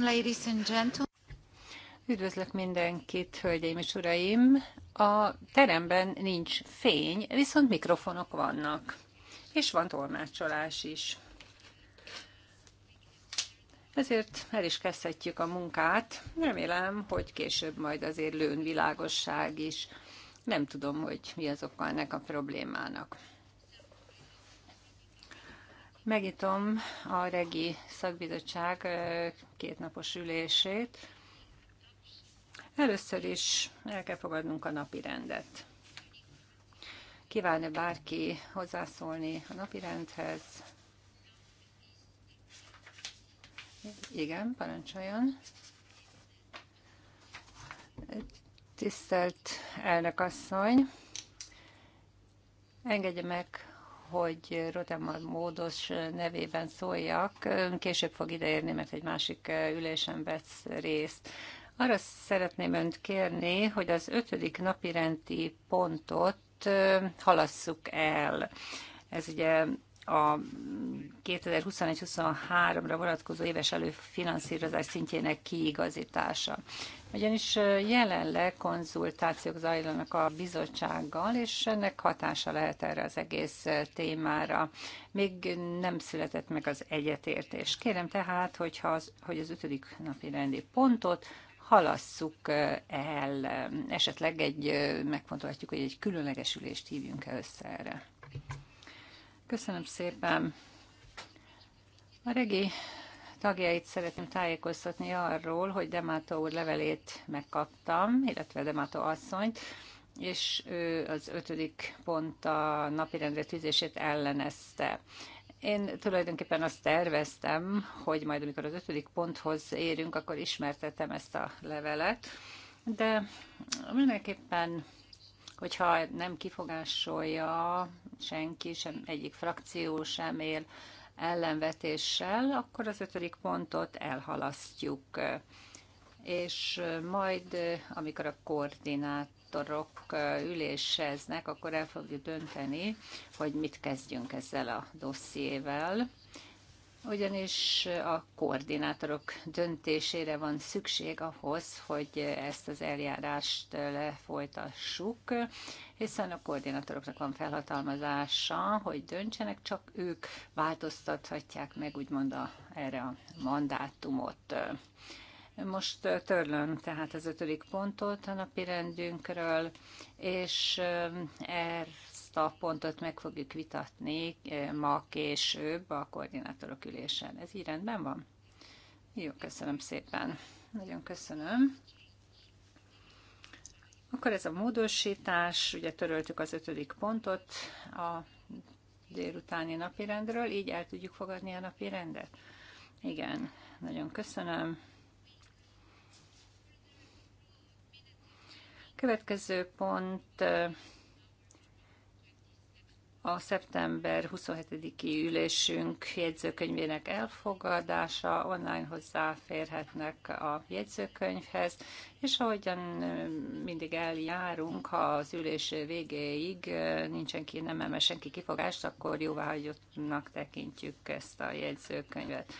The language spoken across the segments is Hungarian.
Ladies and gentlemen. Üdvözlök mindenkit, hölgyeim és uraim! A teremben nincs fény, viszont mikrofonok vannak, és van tolmácsolás is. Ezért el is kezdhetjük a munkát. Remélem, hogy később majd azért lőn világosság is. Nem tudom, hogy mi az oka ennek a problémának. Megítom a Regi Szakbizottság kétnapos ülését. Először is el kell fogadnunk a napi rendet. Kívánja bárki hozzászólni a napi rendhez? Igen, parancsoljon. Tisztelt elnök asszony, engedje meg, hogy Rotemar módos nevében szóljak. Később fog ideérni, mert egy másik ülésen vesz részt. Arra szeretném önt kérni, hogy az ötödik napi pontot halasszuk el. Ez ugye a 2021-23-ra vonatkozó éves előfinanszírozás szintjének kiigazítása. Ugyanis jelenleg konzultációk zajlanak a bizottsággal, és ennek hatása lehet erre az egész témára. Még nem született meg az egyetértés. Kérem tehát, hogyha az, hogy az ötödik napi rendi pontot halasszuk el. Esetleg egy, megfontolhatjuk, hogy egy különleges ülést hívjunk -e össze erre. Köszönöm szépen. A regi tagjait szeretném tájékoztatni arról, hogy Demato úr levelét megkaptam, illetve Demato asszonyt, és ő az ötödik pont a napirendre tűzését ellenezte. Én tulajdonképpen azt terveztem, hogy majd amikor az ötödik ponthoz érünk, akkor ismertetem ezt a levelet, de mindenképpen hogyha nem kifogásolja senki, sem egyik frakció sem él ellenvetéssel, akkor az ötödik pontot elhalasztjuk. És majd, amikor a koordinátorok üléseznek, akkor el fogjuk dönteni, hogy mit kezdjünk ezzel a dossziével ugyanis a koordinátorok döntésére van szükség ahhoz, hogy ezt az eljárást lefolytassuk, hiszen a koordinátoroknak van felhatalmazása, hogy döntsenek, csak ők változtathatják meg úgymond a, erre a mandátumot. Most törlöm tehát az ötödik pontot a napi rendünkről, és erre a pontot meg fogjuk vitatni eh, ma később a koordinátorok ülésen. Ez így rendben van? Jó, köszönöm szépen. Nagyon köszönöm. Akkor ez a módosítás, ugye töröltük az ötödik pontot a délutáni napirendről, így el tudjuk fogadni a napirendet? Igen, nagyon köszönöm. Következő pont eh, a szeptember 27-i ülésünk jegyzőkönyvének elfogadása, online hozzáférhetnek a jegyzőkönyvhez, és ahogyan mindig eljárunk, ha az ülés végéig nincsen ki, nem emel senki kifogást, akkor jóváhagyottnak tekintjük ezt a jegyzőkönyvet.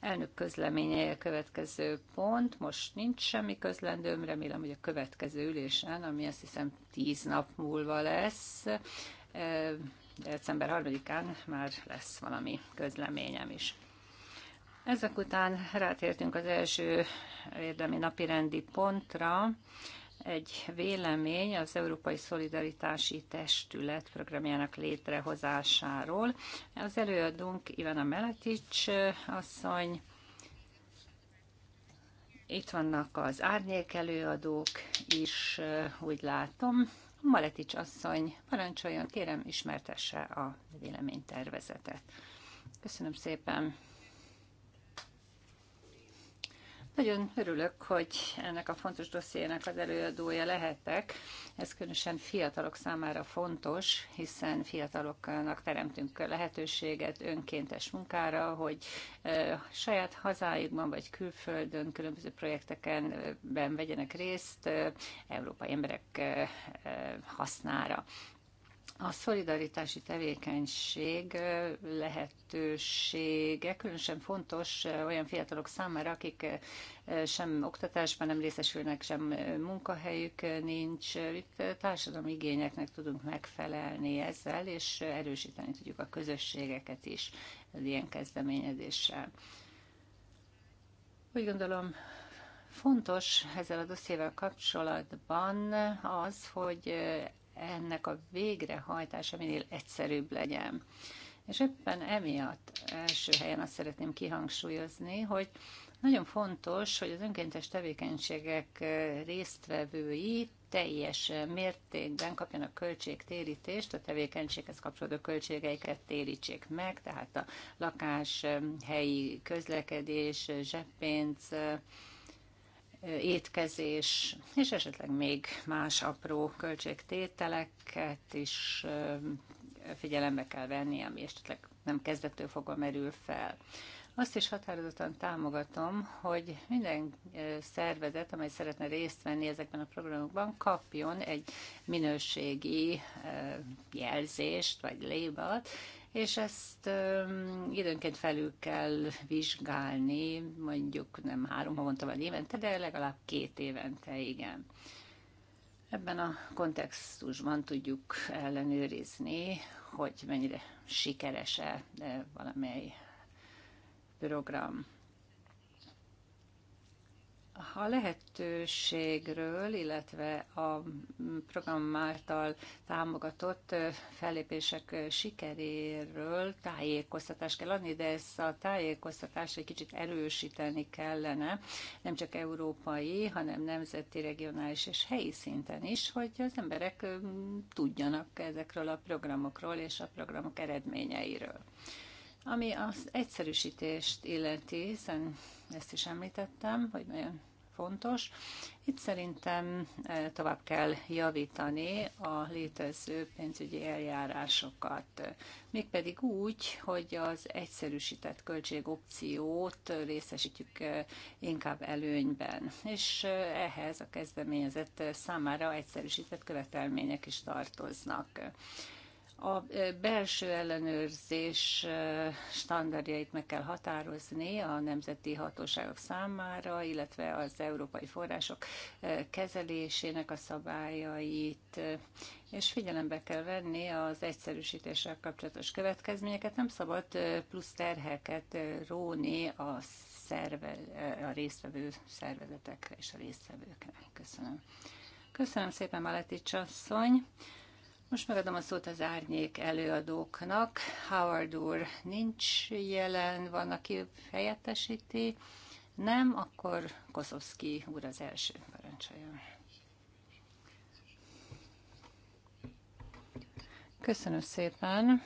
Elnök közleménye a következő pont. Most nincs semmi közlendőm, remélem, hogy a következő ülésen, ami azt hiszem tíz nap múlva lesz, december 3-án már lesz valami közleményem is. Ezek után rátértünk az első érdemi napirendi pontra, egy vélemény az Európai Szolidaritási Testület programjának létrehozásáról. Az előadónk Ivana Meletics asszony, itt vannak az árnyék előadók is, úgy látom, Maletics asszony, parancsoljon, kérem ismertesse a véleménytervezetet. Köszönöm szépen. Nagyon örülök, hogy ennek a fontos dossziének az előadója lehetek. Ez különösen fiatalok számára fontos, hiszen fiataloknak teremtünk lehetőséget önkéntes munkára, hogy saját hazájukban vagy külföldön különböző projekteken ben vegyenek részt európai emberek hasznára a szolidaritási tevékenység lehetősége különösen fontos olyan fiatalok számára, akik sem oktatásban nem részesülnek, sem munkahelyük nincs. Itt társadalmi igényeknek tudunk megfelelni ezzel, és erősíteni tudjuk a közösségeket is az ilyen kezdeményezéssel. Úgy gondolom, fontos ezzel a dossziével kapcsolatban az, hogy ennek a végrehajtása minél egyszerűbb legyen. És éppen emiatt első helyen azt szeretném kihangsúlyozni, hogy nagyon fontos, hogy az önkéntes tevékenységek résztvevői teljes mértékben kapjanak költségtérítést, a tevékenységhez kapcsolódó költségeiket térítsék meg, tehát a lakás, helyi közlekedés, zseppénz, étkezés, és esetleg még más apró költségtételeket is figyelembe kell venni, ami esetleg nem kezdettől fogva merül fel. Azt is határozottan támogatom, hogy minden szervezet, amely szeretne részt venni ezekben a programokban, kapjon egy minőségi jelzést vagy lébat, és ezt időnként felül kell vizsgálni, mondjuk nem három havonta vagy évente, de legalább két évente, igen. Ebben a kontextusban tudjuk ellenőrizni, hogy mennyire sikeres-e valamely program. A lehetőségről, illetve a program által támogatott fellépések sikeréről tájékoztatást kell adni, de ezt a tájékoztatást egy kicsit erősíteni kellene, nem csak európai, hanem nemzeti, regionális és helyi szinten is, hogy az emberek tudjanak ezekről a programokról és a programok eredményeiről. Ami az egyszerűsítést illeti, hiszen ezt is említettem, hogy nagyon fontos. Itt szerintem eh, tovább kell javítani a létező pénzügyi eljárásokat, mégpedig úgy, hogy az egyszerűsített költségopciót részesítjük eh, inkább előnyben, és eh, ehhez a kezdeményezett számára egyszerűsített követelmények is tartoznak a belső ellenőrzés standardjait meg kell határozni a nemzeti hatóságok számára, illetve az európai források kezelésének a szabályait, és figyelembe kell venni az egyszerűsítéssel kapcsolatos következményeket. Nem szabad plusz terheket róni a, szerve, a résztvevő szervezetekre és a résztvevőkre. Köszönöm. Köszönöm szépen, Maleti Csasszony. Most megadom a szót az árnyék előadóknak. Howard úr nincs jelen, van, aki helyettesíti. Nem, akkor Koszovszki úr az első parancsoljon. Köszönöm szépen.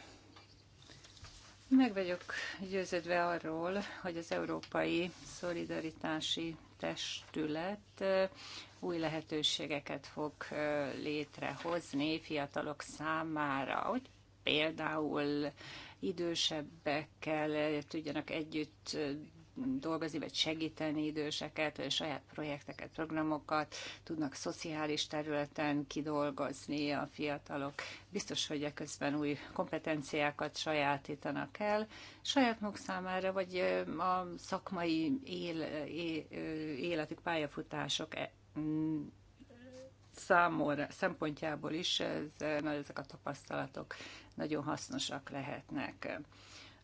Meg vagyok győződve arról, hogy az európai szolidaritási testület új lehetőségeket fog létrehozni fiatalok számára, hogy például idősebbekkel tudjanak együtt dolgozni, vagy segíteni időseket, vagy saját projekteket, programokat tudnak szociális területen kidolgozni a fiatalok. Biztos, hogy e közben új kompetenciákat sajátítanak el saját maguk számára, vagy a szakmai él, életük, pályafutások e, számomra, szempontjából is ez, ezek a tapasztalatok nagyon hasznosak lehetnek.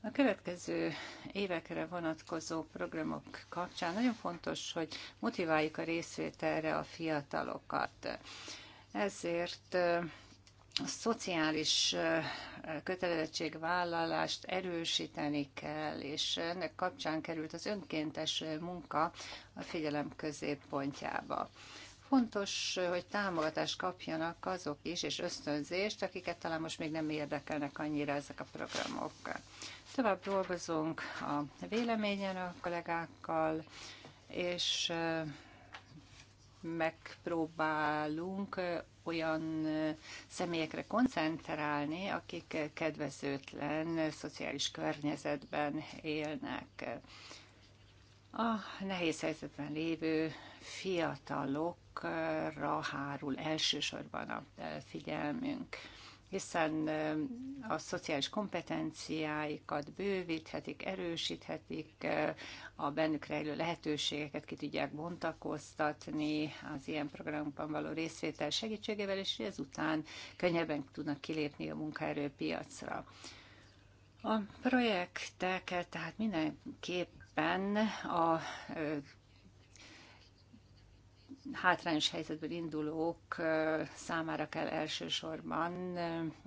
A következő évekre vonatkozó programok kapcsán nagyon fontos, hogy motiváljuk a részvételre a fiatalokat. Ezért a szociális kötelezettségvállalást erősíteni kell, és ennek kapcsán került az önkéntes munka a figyelem középpontjába. Fontos, hogy támogatást kapjanak azok is, és ösztönzést, akiket talán most még nem érdekelnek annyira ezek a programok. Tovább dolgozunk a véleményen a kollégákkal, és megpróbálunk olyan személyekre koncentrálni, akik kedvezőtlen szociális környezetben élnek. A nehéz helyzetben lévő fiatalokra hárul elsősorban a figyelmünk hiszen a szociális kompetenciáikat bővíthetik, erősíthetik, a bennük rejlő lehetőségeket ki tudják bontakoztatni az ilyen programokban való részvétel segítségével, és ezután könnyebben tudnak kilépni a munkaerőpiacra. A projekteket tehát mindenképpen a hátrányos helyzetből indulók számára kell elsősorban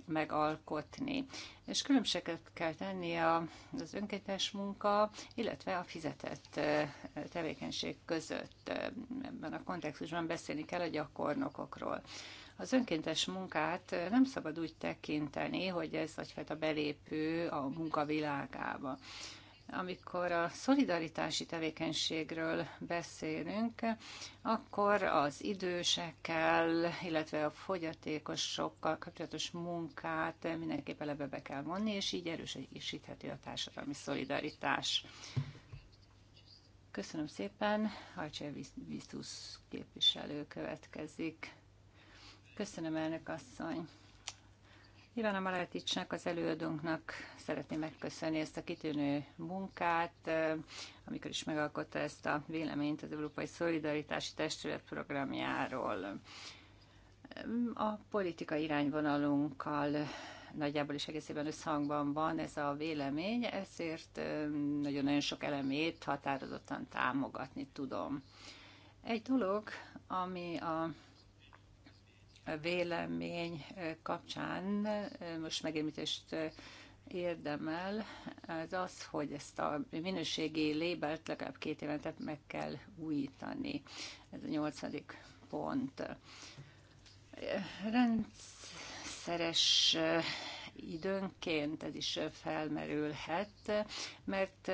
megalkotni. És különbséget kell tenni az önkéntes munka, illetve a fizetett tevékenység között. Ebben a kontextusban beszélni kell a gyakornokokról. Az önkéntes munkát nem szabad úgy tekinteni, hogy ez egyfajta belépő a munkavilágába amikor a szolidaritási tevékenységről beszélünk, akkor az idősekkel, illetve a fogyatékosokkal kapcsolatos munkát mindenképp elebe be kell vonni, és így erősíthető a társadalmi szolidaritás. Köszönöm szépen. Hajcsai Visztus képviselő következik. Köszönöm, elnök asszony. Ivana Maleticsnek, az előadónknak szeretném megköszönni ezt a kitűnő munkát, amikor is megalkotta ezt a véleményt az Európai Szolidaritási Testület programjáról. A politika irányvonalunkkal nagyjából is egészében összhangban van ez a vélemény, ezért nagyon-nagyon sok elemét határozottan támogatni tudom. Egy dolog, ami a vélemény kapcsán most megérmítést érdemel, az az, hogy ezt a minőségi lébelt legalább két évente meg kell újítani. Ez a nyolcadik pont. Rendszeres időnként ez is felmerülhet, mert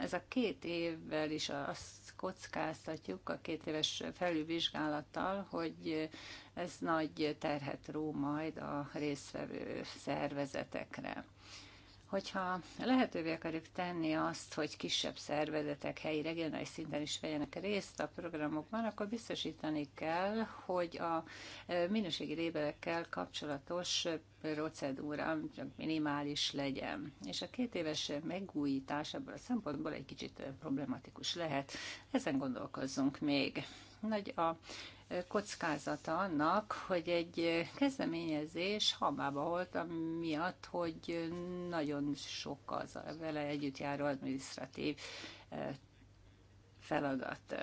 ez a két évvel is azt kockáztatjuk a két éves felülvizsgálattal, hogy ez nagy terhet ró majd a résztvevő szervezetekre. Hogyha lehetővé akarjuk tenni azt, hogy kisebb szervezetek helyi, regionális szinten is vegyenek részt a programokban, akkor biztosítani kell, hogy a e, minőségi lébelekkel kapcsolatos procedúra minimális legyen. És a két éves megújítás ebből a szempontból egy kicsit e, problematikus lehet. Ezen gondolkozzunk még. Nagy a kockázata annak, hogy egy kezdeményezés hamába volt, miatt, hogy nagyon sok az vele együtt járó administratív eh, feladat.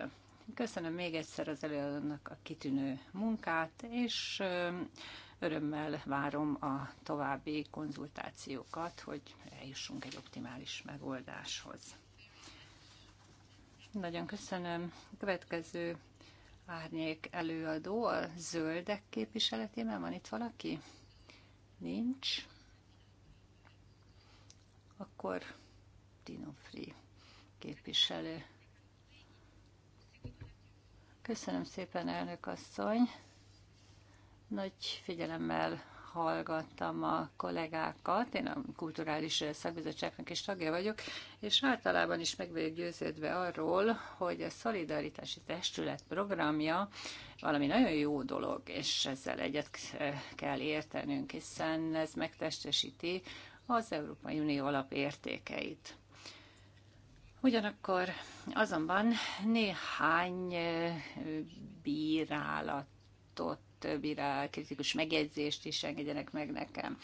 Köszönöm még egyszer az előadónak a kitűnő munkát, és eh, örömmel várom a további konzultációkat, hogy eljussunk egy optimális megoldáshoz. Nagyon köszönöm. Következő árnyék előadó a zöldek képviseletében? Van itt valaki? Nincs. Akkor Dinofri képviselő. Köszönöm szépen, elnök asszony. Nagy figyelemmel meghallgattam a kollégákat, én a kulturális szakbizottságnak is tagja vagyok, és általában is meg vagyok győződve arról, hogy a Szolidaritási Testület programja valami nagyon jó dolog, és ezzel egyet kell értenünk, hiszen ez megtestesíti az Európai Unió alapértékeit. Ugyanakkor azonban néhány bírálatot többire kritikus megjegyzést is engedjenek meg nekem.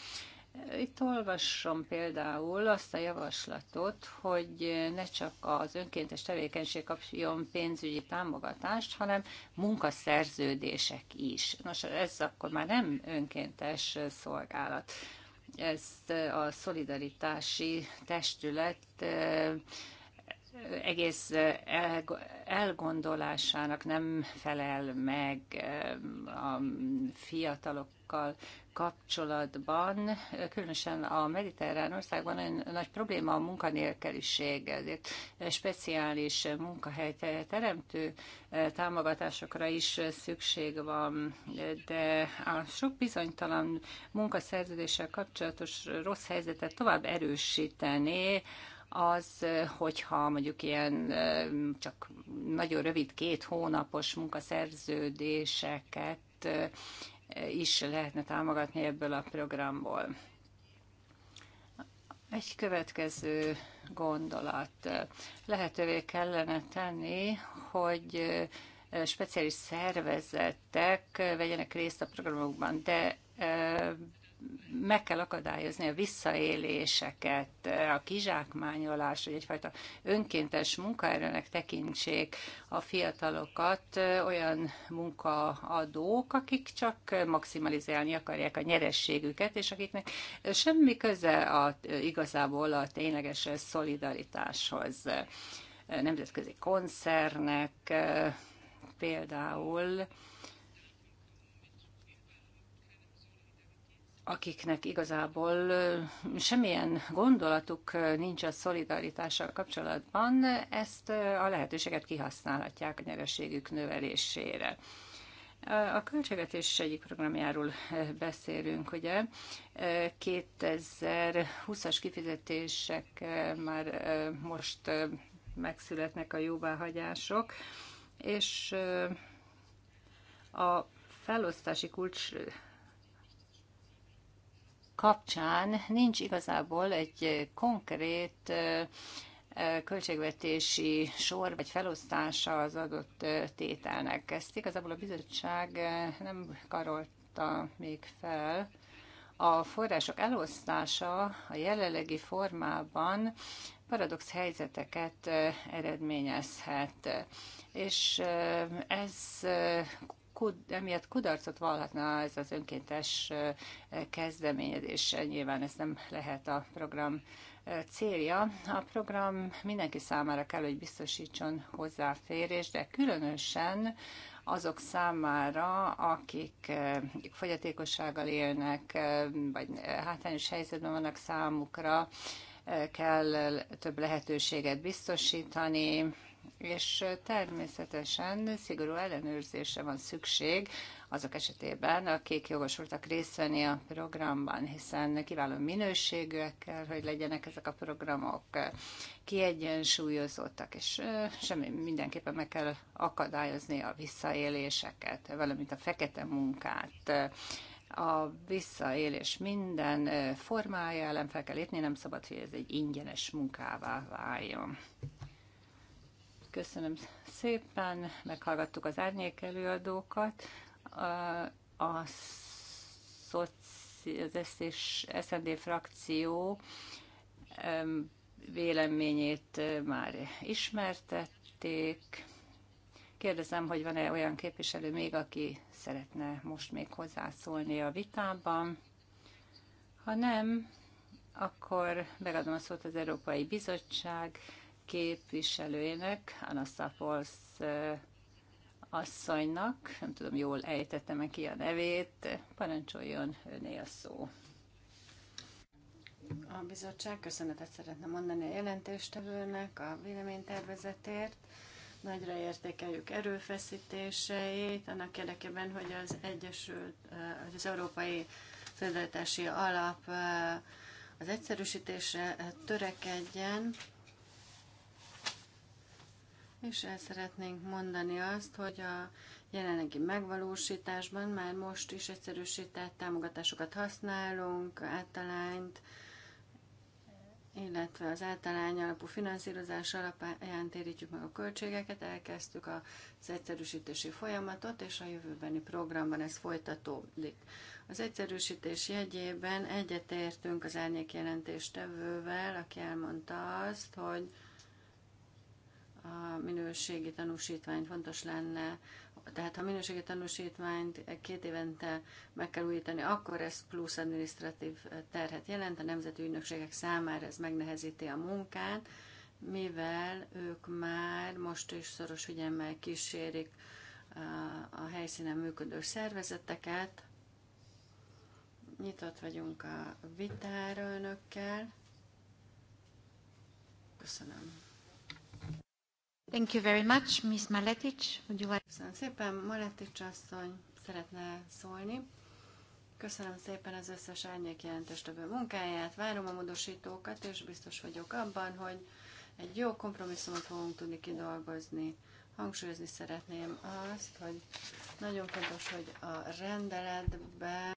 Itt olvasom például azt a javaslatot, hogy ne csak az önkéntes tevékenység kapjon pénzügyi támogatást, hanem munkaszerződések is. Nos, ez akkor már nem önkéntes szolgálat. Ezt a szolidaritási testület egész elgondolásának nem felel meg a fiatalokkal kapcsolatban. Különösen a mediterrán országban egy nagy probléma a munkanélkeliség, ezért speciális munkahely teremtő támogatásokra is szükség van, de a sok bizonytalan munkaszerződéssel kapcsolatos rossz helyzetet tovább erősítené, az, hogyha mondjuk ilyen csak nagyon rövid két hónapos munkaszerződéseket is lehetne támogatni ebből a programból. Egy következő gondolat. Lehetővé kellene tenni, hogy speciális szervezetek vegyenek részt a programokban, de meg kell akadályozni a visszaéléseket, a kizsákmányolás, hogy egyfajta önkéntes munkaerőnek tekintsék a fiatalokat olyan munkaadók, akik csak maximalizálni akarják a nyerességüket, és akiknek semmi köze a, igazából a tényleges szolidaritáshoz. Nemzetközi koncernek például, akiknek igazából semmilyen gondolatuk nincs a szolidaritással kapcsolatban, ezt a lehetőséget kihasználhatják a nyereségük növelésére. A költségvetés egyik programjáról beszélünk, ugye? 2020-as kifizetések már most megszületnek a jóváhagyások, és a felosztási kulcs kapcsán nincs igazából egy konkrét költségvetési sor vagy felosztása az adott tételnek. Ezt igazából a bizottság nem karolta még fel. A források elosztása a jelenlegi formában paradox helyzeteket eredményezhet, és ez emiatt kudarcot vallhatna ez az önkéntes kezdeményezés. Nyilván ez nem lehet a program célja. A program mindenki számára kell, hogy biztosítson hozzáférés, de különösen azok számára, akik fogyatékossággal élnek, vagy hátrányos helyzetben vannak számukra, kell több lehetőséget biztosítani, és természetesen szigorú ellenőrzésre van szükség azok esetében, akik jogosultak részt venni a programban, hiszen kiváló minőségűek kell, hogy legyenek ezek a programok, kiegyensúlyozottak, és semmi, mindenképpen meg kell akadályozni a visszaéléseket, valamint a fekete munkát, a visszaélés minden formája ellen fel kell lépni, nem szabad, hogy ez egy ingyenes munkává váljon. Köszönöm szépen, meghallgattuk az árnyék előadókat. A, a az SZND frakció véleményét már ismertették. Kérdezem, hogy van-e olyan képviselő még, aki szeretne most még hozzászólni a vitában. Ha nem, akkor megadom a szót az Európai Bizottság képviselőjének, Anastapolsz asszonynak, nem tudom, jól ejtettem ki a nevét, parancsoljon öné a szó. A bizottság köszönetet szeretne mondani a jelentéstevőnek a véleménytervezetért. Nagyra értékeljük erőfeszítéseit annak érdekében, hogy az Egyesült, az Európai Földetási Alap az egyszerűsítésre törekedjen, és el szeretnénk mondani azt, hogy a jelenlegi megvalósításban már most is egyszerűsített támogatásokat használunk, általányt, illetve az általány alapú finanszírozás alapján térítjük meg a költségeket, elkezdtük az egyszerűsítési folyamatot, és a jövőbeni programban ez folytatódik. Az egyszerűsítés jegyében egyetértünk az árnyék jelentéstevővel, aki elmondta azt, hogy a minőségi tanúsítvány fontos lenne, tehát ha minőségi tanúsítványt két évente meg kell újítani, akkor ez plusz administratív terhet jelent, a nemzeti ügynökségek számára ez megnehezíti a munkát, mivel ők már most is szoros figyelmmel kísérik a helyszínen működő szervezeteket. Nyitott vagyunk a vitára önökkel. Köszönöm. Thank you very much, Miss Maletic. Would you like... Köszönöm szépen, Maletic asszony szeretne szólni. Köszönöm szépen az összes árnyék jelentéstevő munkáját, várom a módosítókat, és biztos vagyok abban, hogy egy jó kompromisszumot fogunk tudni kidolgozni. Hangsúlyozni szeretném azt, hogy nagyon fontos, hogy a rendeletben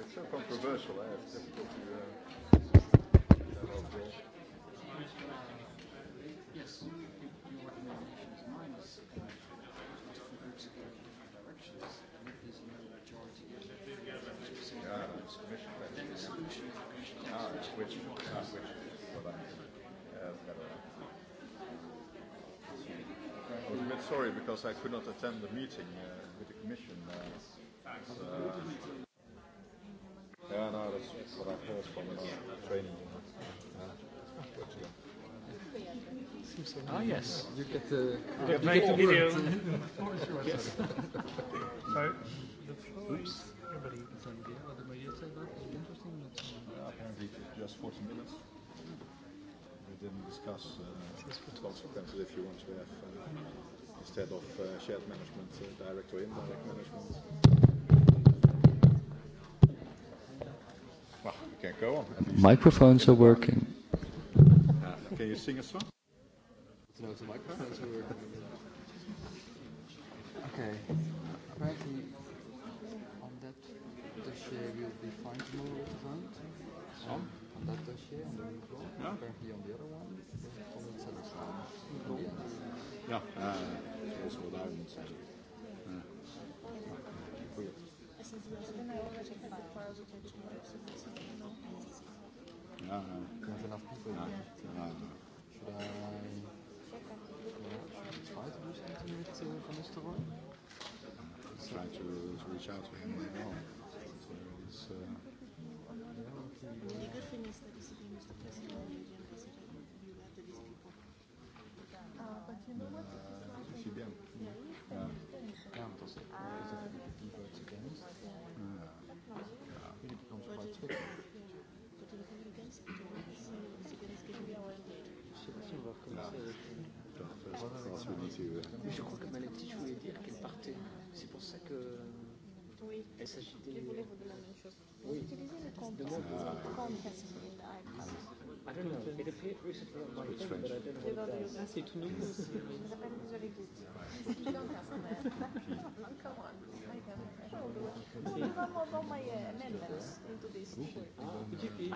it's so controversial, eh? It's difficult to. Uh, yes. sorry because I could not attend the meeting uh, with the Commission. Uh, uh, yeah, no, that's what I heard from the training. Uh, Simpson. Ah, yes. You get the, uh, you get the video. yes. so, the Oops. Everybody is on video. interesting. apparently, just 40 minutes. We didn't discuss uh, consequences if you want to have. Uh, instead of uh, shared management, uh, direct or indirect management. Well, we can go on. Microphones are working. Uh, can you sing a song? No, the microphones are working. Okay. Apparently, on that dossier will be fine tomorrow at event. On? that dossier, on the new floor. Yeah. Apparently on the other one, the comments are fine. Ja, ez volt Ja, ja. Kann ich dann auf Google? Ja, ja. Should I... Try to reach out to you to, for Mr. Roy? Let's try to, to reach out to him later on. So it's... Uh, yeah, okay. Mais je crois que Maletti, je voulais dire qu'elle partait. C'est pour ça que. Oui. Elle s'agitait. Elle voulait vous la même chose. Oui. Utilisez le compte. Ah, ah, I don't know. It appeared recently on my thing, but I don't know what it does. Ah, c'est tout nouveau. Ça s'appelle visualisation. I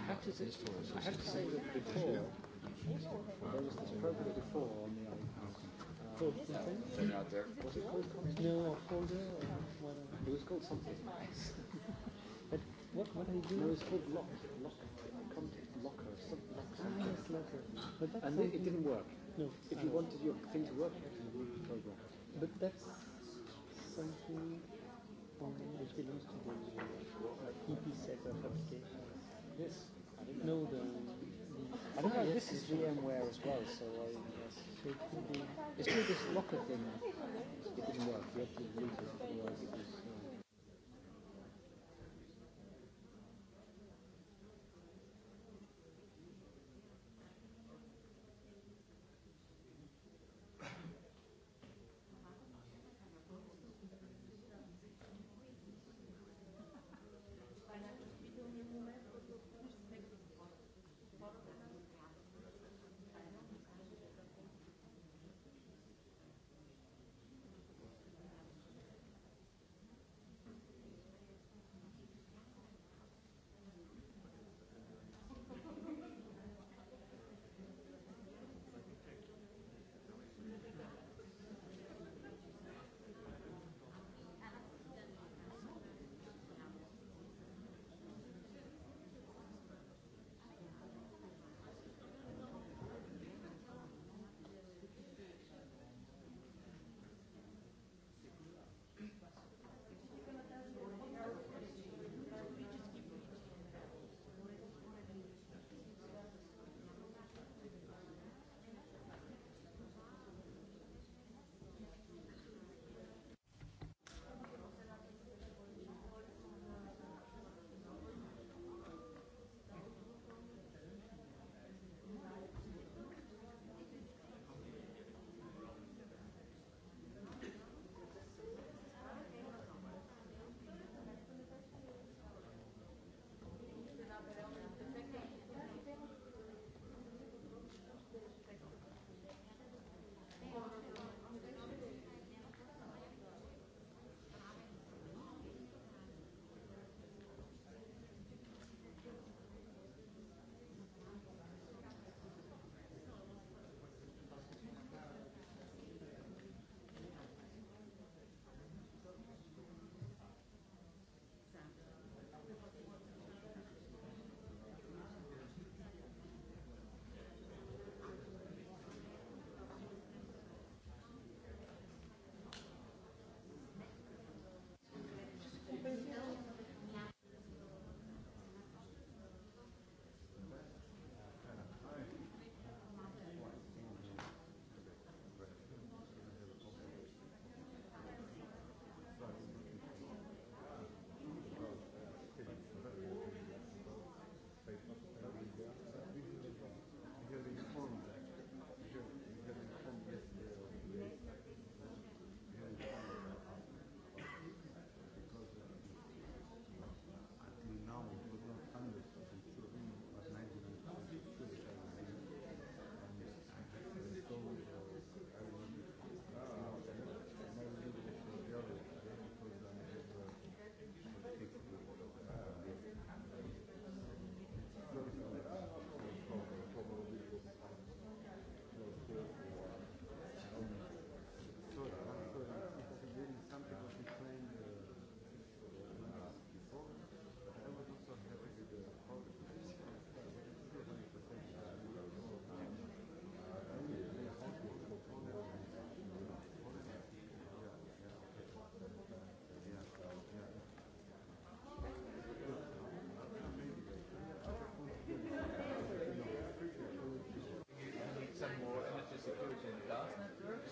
have to say, I have to say that before, there was this program before on the iPhone No, folder It was called something. but what what I do? No, called lock, lock, locker, something. locker. and it didn't work. No. If you wanted your thing to work, would program. But that's something which belongs to the EP set of applications. Yes. No, the. I don't know, this is VMware as well, so I guess so it could be, it's still this locker thing. It didn't work. You have to use it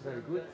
very good.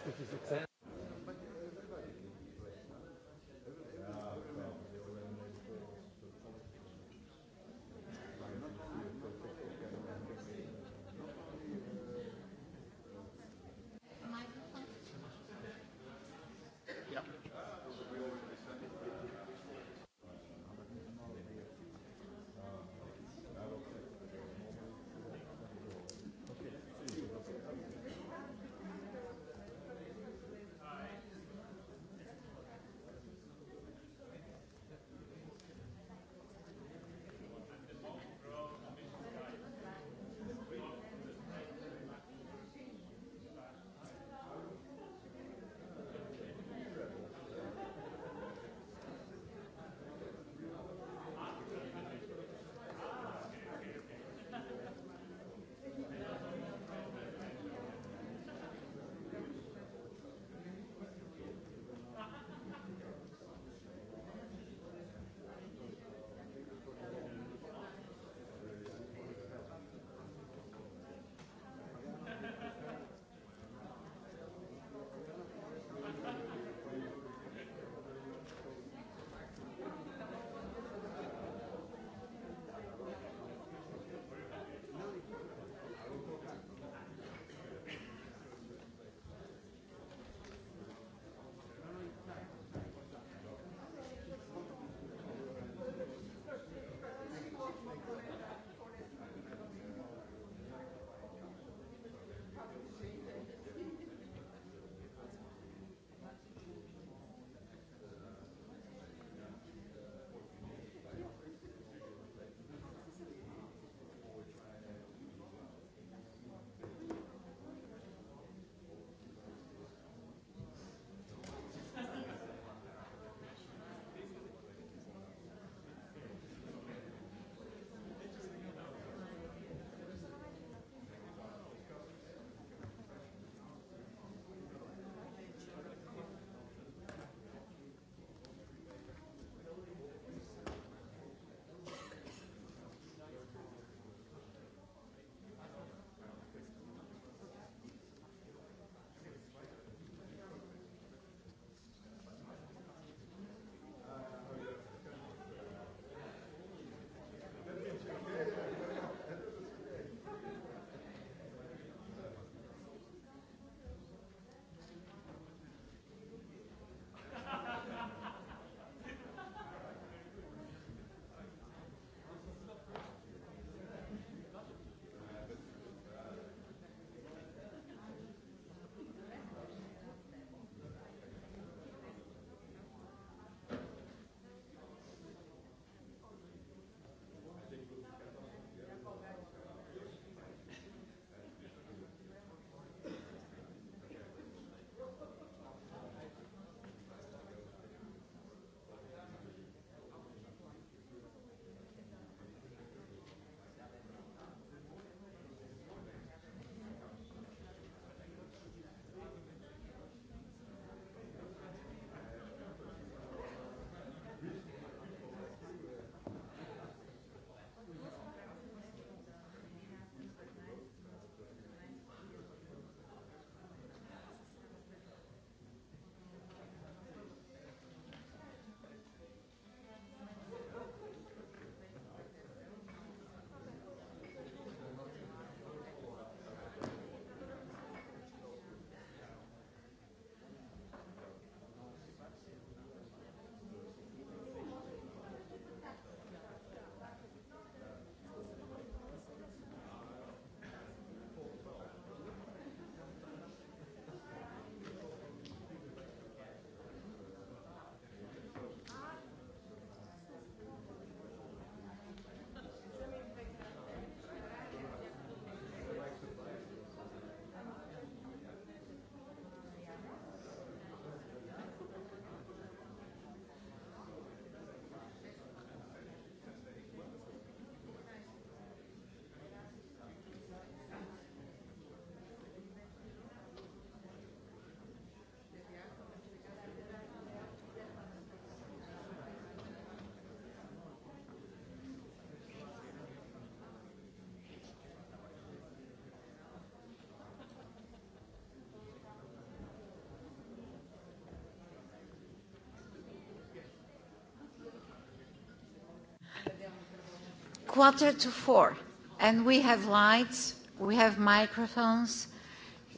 quarter to four, and we have lights, we have microphones,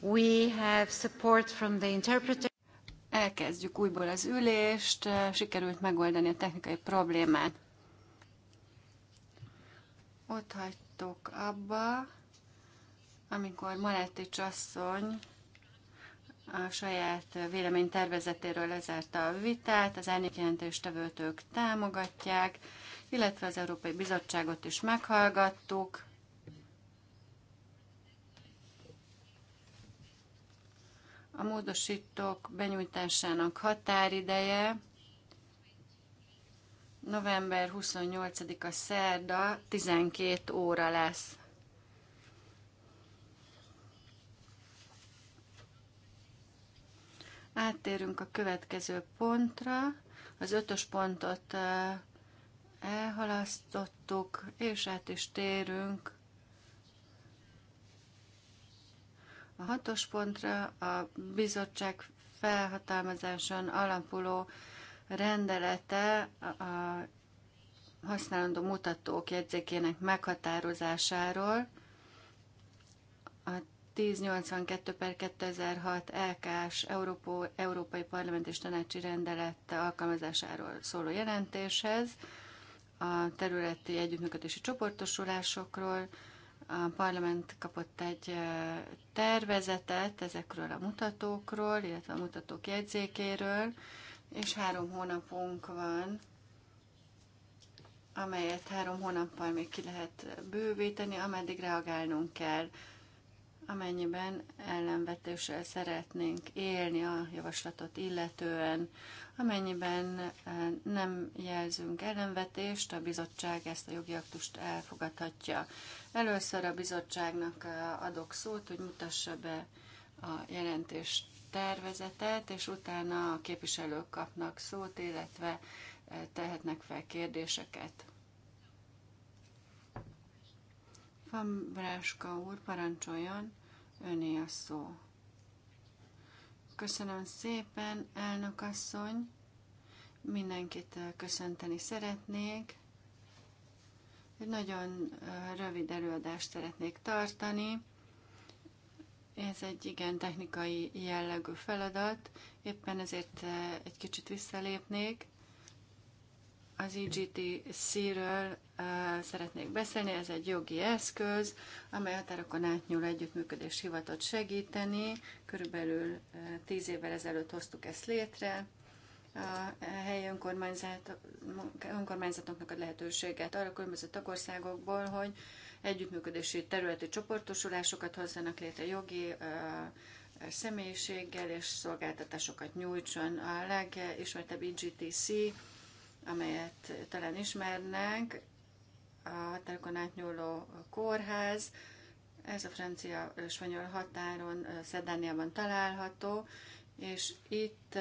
we have support from the interpreter. Elkezdjük újból az ülést, eh, sikerült megoldani a technikai problémát. Ott hagytok abba, amikor Maletti Csasszony a saját véleménytervezetéről lezárta a vitát, az árnyékjelentéstevőt ők támogatják, illetve az Európai Bizottságot is meghallgattuk. A módosítók benyújtásának határideje november 28-a szerda 12 óra lesz. Áttérünk a következő pontra. Az ötös pontot elhalasztottuk, és át is térünk a hatos pontra a bizottság felhatalmazáson alapuló rendelete a használandó mutatók jegyzékének meghatározásáról. A 1082 per 2006 LKS Európai Parlament és Tanácsi rendelet alkalmazásáról szóló jelentéshez a területi együttműködési csoportosulásokról. A parlament kapott egy tervezetet ezekről a mutatókról, illetve a mutatók jegyzékéről, és három hónapunk van, amelyet három hónappal még ki lehet bővíteni, ameddig reagálnunk kell, amennyiben ellenvetéssel szeretnénk élni a javaslatot illetően. Amennyiben eh, nem jelzünk ellenvetést, a bizottság ezt a jogi aktust elfogadhatja. Először a bizottságnak eh, adok szót, hogy mutassa be a jelentést tervezetet, és utána a képviselők kapnak szót, illetve eh, tehetnek fel kérdéseket. Van Bráska úr, parancsoljon, öné a szó. Köszönöm szépen, elnök asszony. Mindenkit eh, köszönteni szeretnék. Egy nagyon eh, rövid előadást szeretnék tartani. Ez egy igen technikai jellegű feladat, éppen ezért eh, egy kicsit visszalépnék. Az IGT-ről e szeretnék beszélni. Ez egy jogi eszköz, amely határokon átnyúló együttműködés hivatott segíteni. Körülbelül tíz évvel ezelőtt hoztuk ezt létre. A helyi önkormányzat, önkormányzatoknak a lehetőséget arra különböző tagországokból, hogy együttműködési területi csoportosulásokat hozzanak létre jogi személyiséggel és szolgáltatásokat nyújtson. A legismertebb IGTC, amelyet talán ismernek, a határokon átnyúló kórház, ez a francia-spanyol határon Szedániában található, és itt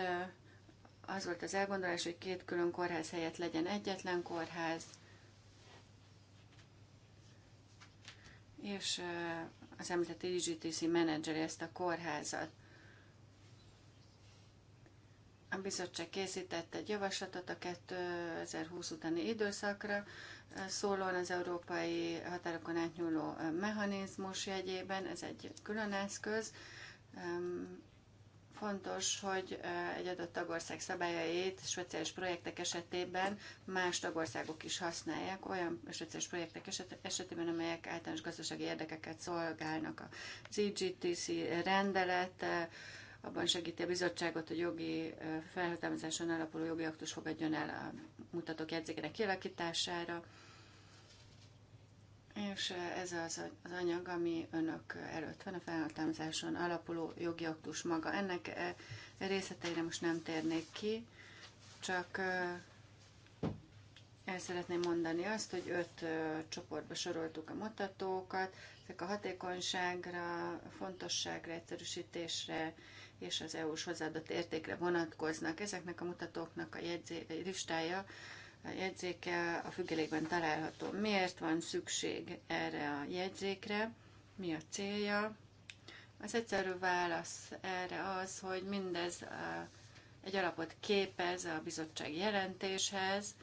az volt az elgondolás, hogy két külön kórház helyett legyen egyetlen kórház, és az említett IGTC menedzseri ezt a kórházat. A bizottság készített egy javaslatot a 2020 utáni időszakra, szólóan az európai határokon átnyúló mechanizmus jegyében, ez egy külön eszköz. Fontos, hogy egy adott tagország szabályait speciális projektek esetében más tagországok is használják, olyan speciális projektek esetében, amelyek általános gazdasági érdekeket szolgálnak. A CGTC rendelet abban segíti a bizottságot, hogy jogi felhatalmazáson alapuló jogi aktus fogadjon el a mutatók jegyzékének kialakítására. És ez az, az anyag, ami önök előtt van, a felhatalmazáson alapuló jogi aktus maga. Ennek részleteire most nem térnék ki, csak el szeretném mondani azt, hogy öt csoportba soroltuk a mutatókat, ezek a hatékonyságra, fontosságra, egyszerűsítésre, és az EU-s hozzáadott értékre vonatkoznak. Ezeknek a mutatóknak a jegyzé, listája, a jegyzéke a függelékben található. Miért van szükség erre a jegyzékre? Mi a célja? Az egyszerű válasz erre az, hogy mindez egy alapot képez a bizottság jelentéshez,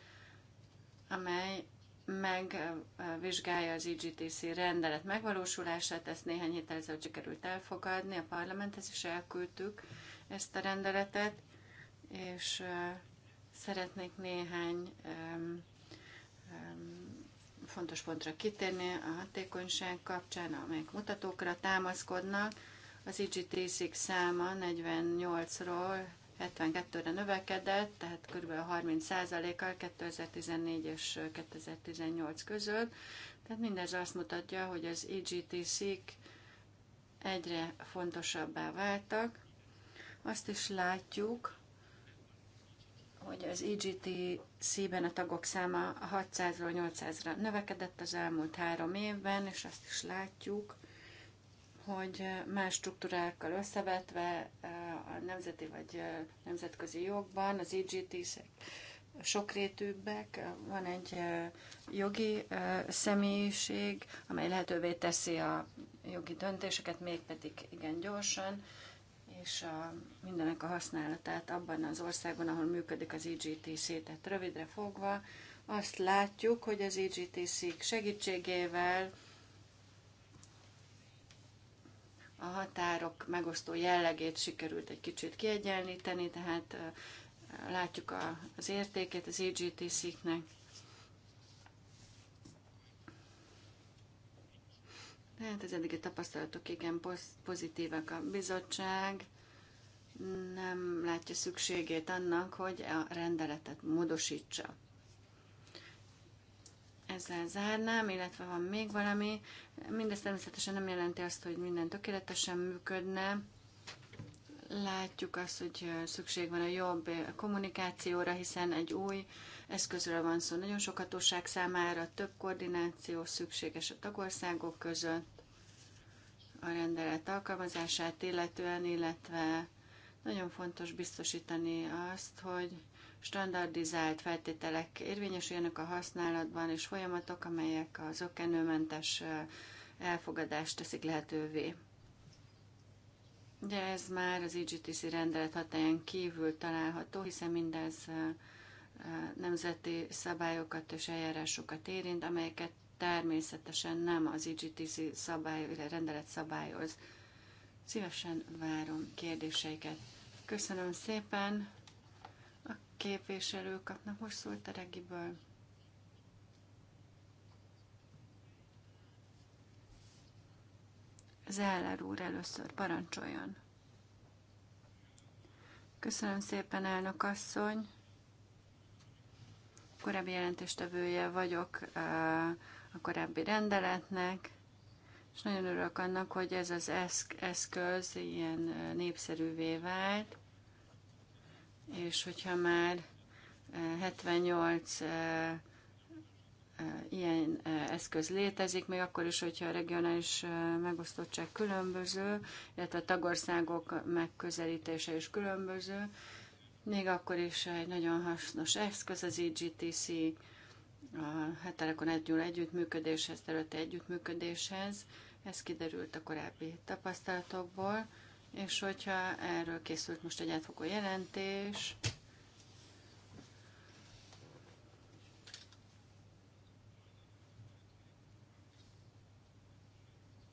amely megvizsgálja az IGTC rendelet megvalósulását, ezt néhány héttel ezelőtt sikerült elfogadni, a parlamenthez is elküldtük ezt a rendeletet, és szeretnék néhány fontos pontra kitérni a hatékonyság kapcsán, amelyek mutatókra támaszkodnak. Az IGTC-k száma 48-ról 72-re növekedett, tehát kb. 30%-kal 2014 és 2018 között. Tehát mindez azt mutatja, hogy az EGTC-k egyre fontosabbá váltak. Azt is látjuk, hogy az EGTC-ben a tagok száma 600-ról 800-ra növekedett az elmúlt három évben, és azt is látjuk, hogy más struktúrákkal összevetve a nemzeti vagy nemzetközi jogban, az IGT-szek sokrétűbbek, van egy jogi személyiség, amely lehetővé teszi a jogi döntéseket, mégpedig igen gyorsan, és a, mindenek a használatát abban az országban, ahol működik az IGTC, tehát rövidre fogva, azt látjuk, hogy az IGTC segítségével a határok megosztó jellegét sikerült egy kicsit kiegyenlíteni, tehát látjuk az értékét az EGTC-knek. Tehát az eddigi tapasztalatok igen pozitívak. a bizottság. Nem látja szükségét annak, hogy a rendeletet módosítsa ezzel zárnám, illetve van még valami. Mindez természetesen nem jelenti azt, hogy minden tökéletesen működne. Látjuk azt, hogy szükség van a jobb kommunikációra, hiszen egy új eszközről van szó nagyon sok hatóság számára, több koordináció szükséges a tagországok között, a rendelet alkalmazását illetően, illetve nagyon fontos biztosítani azt, hogy standardizált feltételek érvényesüljenek a használatban, és folyamatok, amelyek az ökenőmentes elfogadást teszik lehetővé. Ugye ez már az IGTC rendelet hatáján kívül található, hiszen mindez nemzeti szabályokat és eljárásokat érint, amelyeket természetesen nem az IGTC szabály, rendelet szabályoz. Szívesen várom kérdéseiket. Köszönöm szépen! képviselők kapnak most szólt a regiből. Zeller úr először parancsoljon. Köszönöm szépen, elnök asszony. Korábbi jelentéstevője vagyok a korábbi rendeletnek, és nagyon örülök annak, hogy ez az eszköz ilyen népszerűvé vált és hogyha már 78 eh, eh, eh, ilyen eszköz létezik, még akkor is, hogyha a regionális megosztottság különböző, illetve a tagországok megközelítése is különböző, még akkor is egy nagyon hasznos eszköz az EGTC, a hetelekon együtt együttműködéshez, területi együttműködéshez. Ez kiderült a korábbi tapasztalatokból. És hogyha erről készült most egy átfogó jelentés,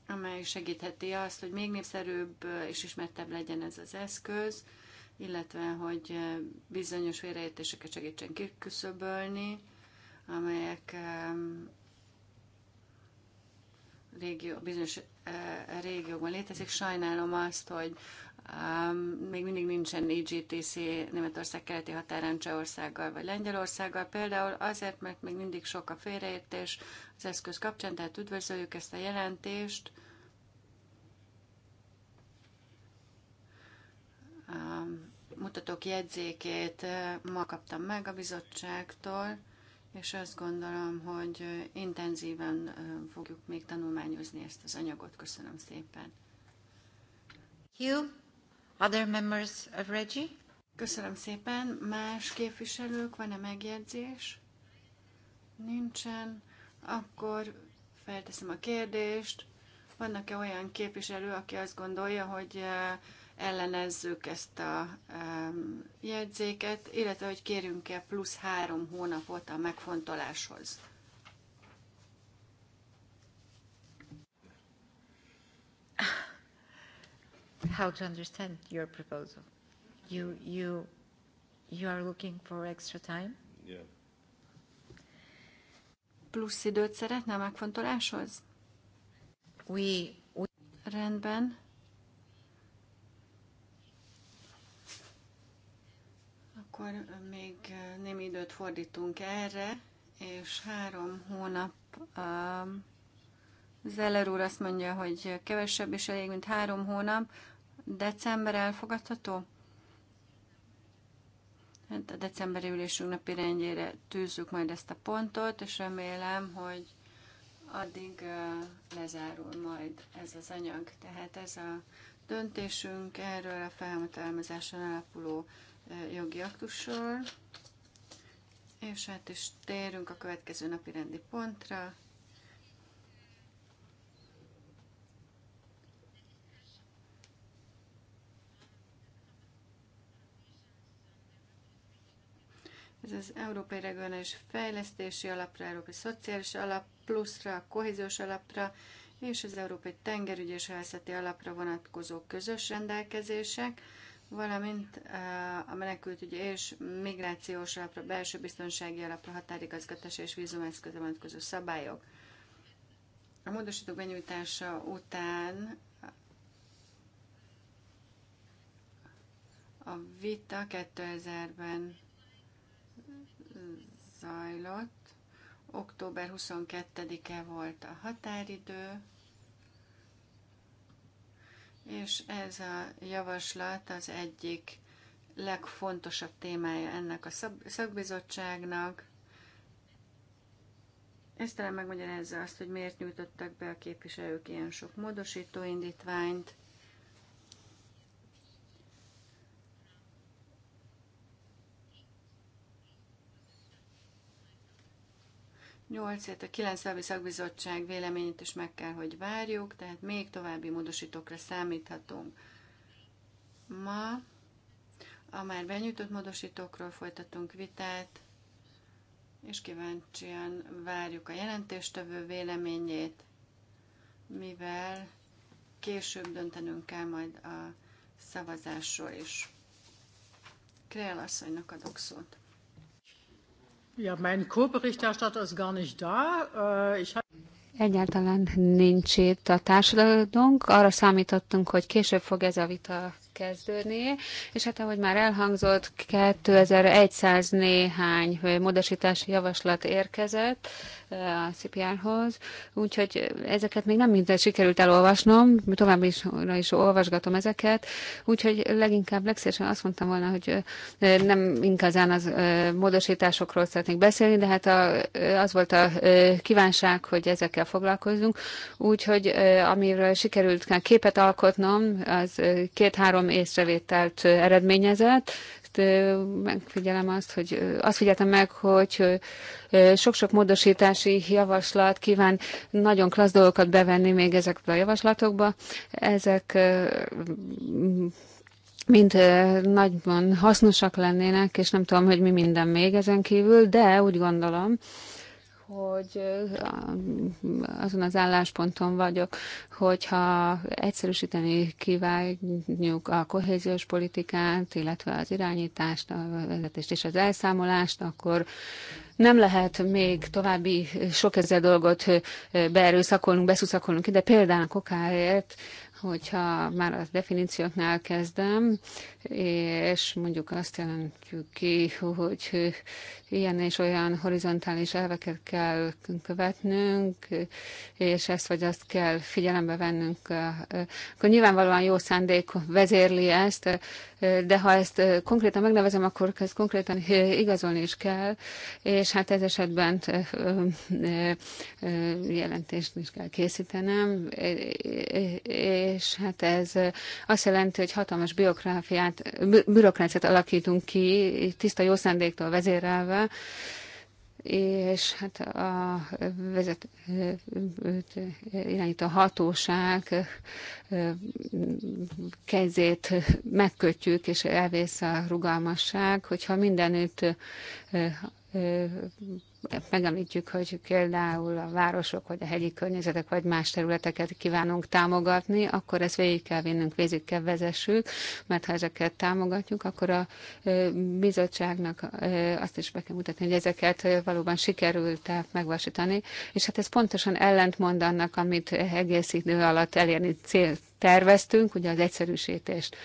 amely segítheti azt, hogy még népszerűbb és ismertebb legyen ez az eszköz, illetve hogy bizonyos félreértéseket segítsen kiküszöbölni, amelyek régió, bizonyos régiókban létezik. Sajnálom azt, hogy Um, még mindig nincsen IGTC Németország keleti határán Csehországgal vagy Lengyelországgal, például azért, mert még mindig sok a félreértés az eszköz kapcsán, tehát üdvözöljük ezt a jelentést. Um, mutatók jegyzékét ma kaptam meg a bizottságtól és azt gondolom, hogy intenzíven fogjuk még tanulmányozni ezt az anyagot. Köszönöm szépen. You, other members of Reggie? Köszönöm szépen. Más képviselők, van-e megjegyzés? Nincsen. Akkor felteszem a kérdést. Vannak-e olyan képviselő, aki azt gondolja, hogy ellenezzük ezt a um, jegyzéket, illetve hogy kérünk-e plusz három hónapot a megfontoláshoz. How to understand your proposal? You, you, you are looking for extra time? Yeah. Plusz időt szeretne a megfontoláshoz? We, we... Rendben akkor még némi időt fordítunk erre, és három hónap um, Zeller úr azt mondja, hogy kevesebb is elég, mint három hónap. December elfogadható? Hát a decemberi ülésünk napi rendjére tűzzük majd ezt a pontot, és remélem, hogy addig uh, lezárul majd ez az anyag. Tehát ez a döntésünk erről a felhatalmazáson alapuló jogi aktussal. és hát is térünk a következő napi rendi pontra. Ez az Európai Regionális Fejlesztési Alapra, Európai Szociális Alap Pluszra, a Kohéziós Alapra és az Európai Tengerügyi és Halászati Alapra vonatkozó közös rendelkezések valamint eh, a ügy és migrációs alapra, belső biztonsági alapra, határigazgatása és vízumeszköze vonatkozó szabályok. A módosítók benyújtása után a vita 2000-ben zajlott, október 22-e volt a határidő, és ez a javaslat az egyik legfontosabb témája ennek a szakbizottságnak. Ez talán megmagyarázza azt, hogy miért nyújtottak be a képviselők ilyen sok módosító indítványt. 8 a 9 szakbizottság véleményét is meg kell, hogy várjuk, tehát még további módosítókra számíthatunk. Ma a már benyújtott módosítókról folytatunk vitát, és kíváncsian várjuk a jelentéstevő véleményét, mivel később döntenünk kell majd a szavazásról is. Krél asszonynak adok szót. Ja, mein Co-Berichterstatter ist gar nicht da. Äh, ich Egyáltalán nincs itt a társadalmunk. Arra számítottunk, hogy később fog ez a vita kezdődni, és hát ahogy már elhangzott, 2100 néhány módosítási javaslat érkezett eh, a CPR-hoz, úgyhogy ezeket még nem mindent sikerült elolvasnom, tovább is, is olvasgatom ezeket, úgyhogy leginkább legszívesen azt mondtam volna, hogy eh, nem inkazán az eh, módosításokról szeretnék beszélni, de hát a, az volt a kívánság, hogy ezekkel foglalkozzunk, úgyhogy amiről sikerült képet alkotnom, az két-három észrevételt eredményezett. Megfigyelem azt, hogy azt figyeltem meg, hogy sok-sok módosítási javaslat kíván nagyon klassz dolgokat bevenni még ezekbe a javaslatokba. Ezek mint nagyban hasznosak lennének, és nem tudom, hogy mi minden még ezen kívül, de úgy gondolom, hogy azon az állásponton vagyok, hogyha egyszerűsíteni kívánjuk a kohéziós politikát, illetve az irányítást, a vezetést és az elszámolást, akkor nem lehet még további sok ezer dolgot beerőszakolnunk, beszuszakolnunk ide, például a kokáért hogyha már a definícióknál kezdem, és mondjuk azt jelentjük ki, hogy ilyen és olyan horizontális elveket kell követnünk, és ezt vagy azt kell figyelembe vennünk, akkor nyilvánvalóan jó szándék vezérli ezt, de ha ezt konkrétan megnevezem, akkor ezt konkrétan igazolni is kell, és hát ez esetben jelentést is kell készítenem, és hát ez azt jelenti, hogy hatalmas bürokráciát alakítunk ki, tiszta jó szándéktól vezérelve, és hát a vezet, irányít a hatóság kezét megkötjük, és elvész a rugalmasság, hogyha mindenütt megemlítjük, hogy például a városok, vagy a hegyi környezetek, vagy más területeket kívánunk támogatni, akkor ezt végig kell vinnünk, végig kell vezessük, mert ha ezeket támogatjuk, akkor a bizottságnak azt is be kell mutatni, hogy ezeket valóban sikerült megvasítani, és hát ez pontosan ellentmond annak, amit egész idő alatt elérni cél terveztünk, ugye az egyszerűsítést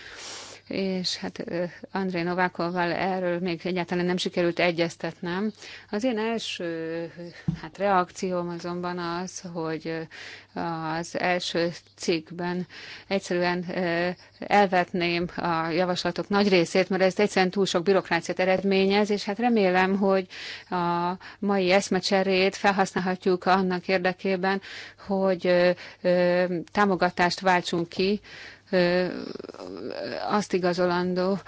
és hát André Novákovval erről még egyáltalán nem sikerült egyeztetnem. Az én első hát reakcióm azonban az, hogy az első cikkben egyszerűen elvetném a javaslatok nagy részét, mert ez egyszerűen túl sok bürokráciát eredményez, és hát remélem, hogy a mai eszmecserét felhasználhatjuk annak érdekében, hogy támogatást váltsunk ki azt igazolandó,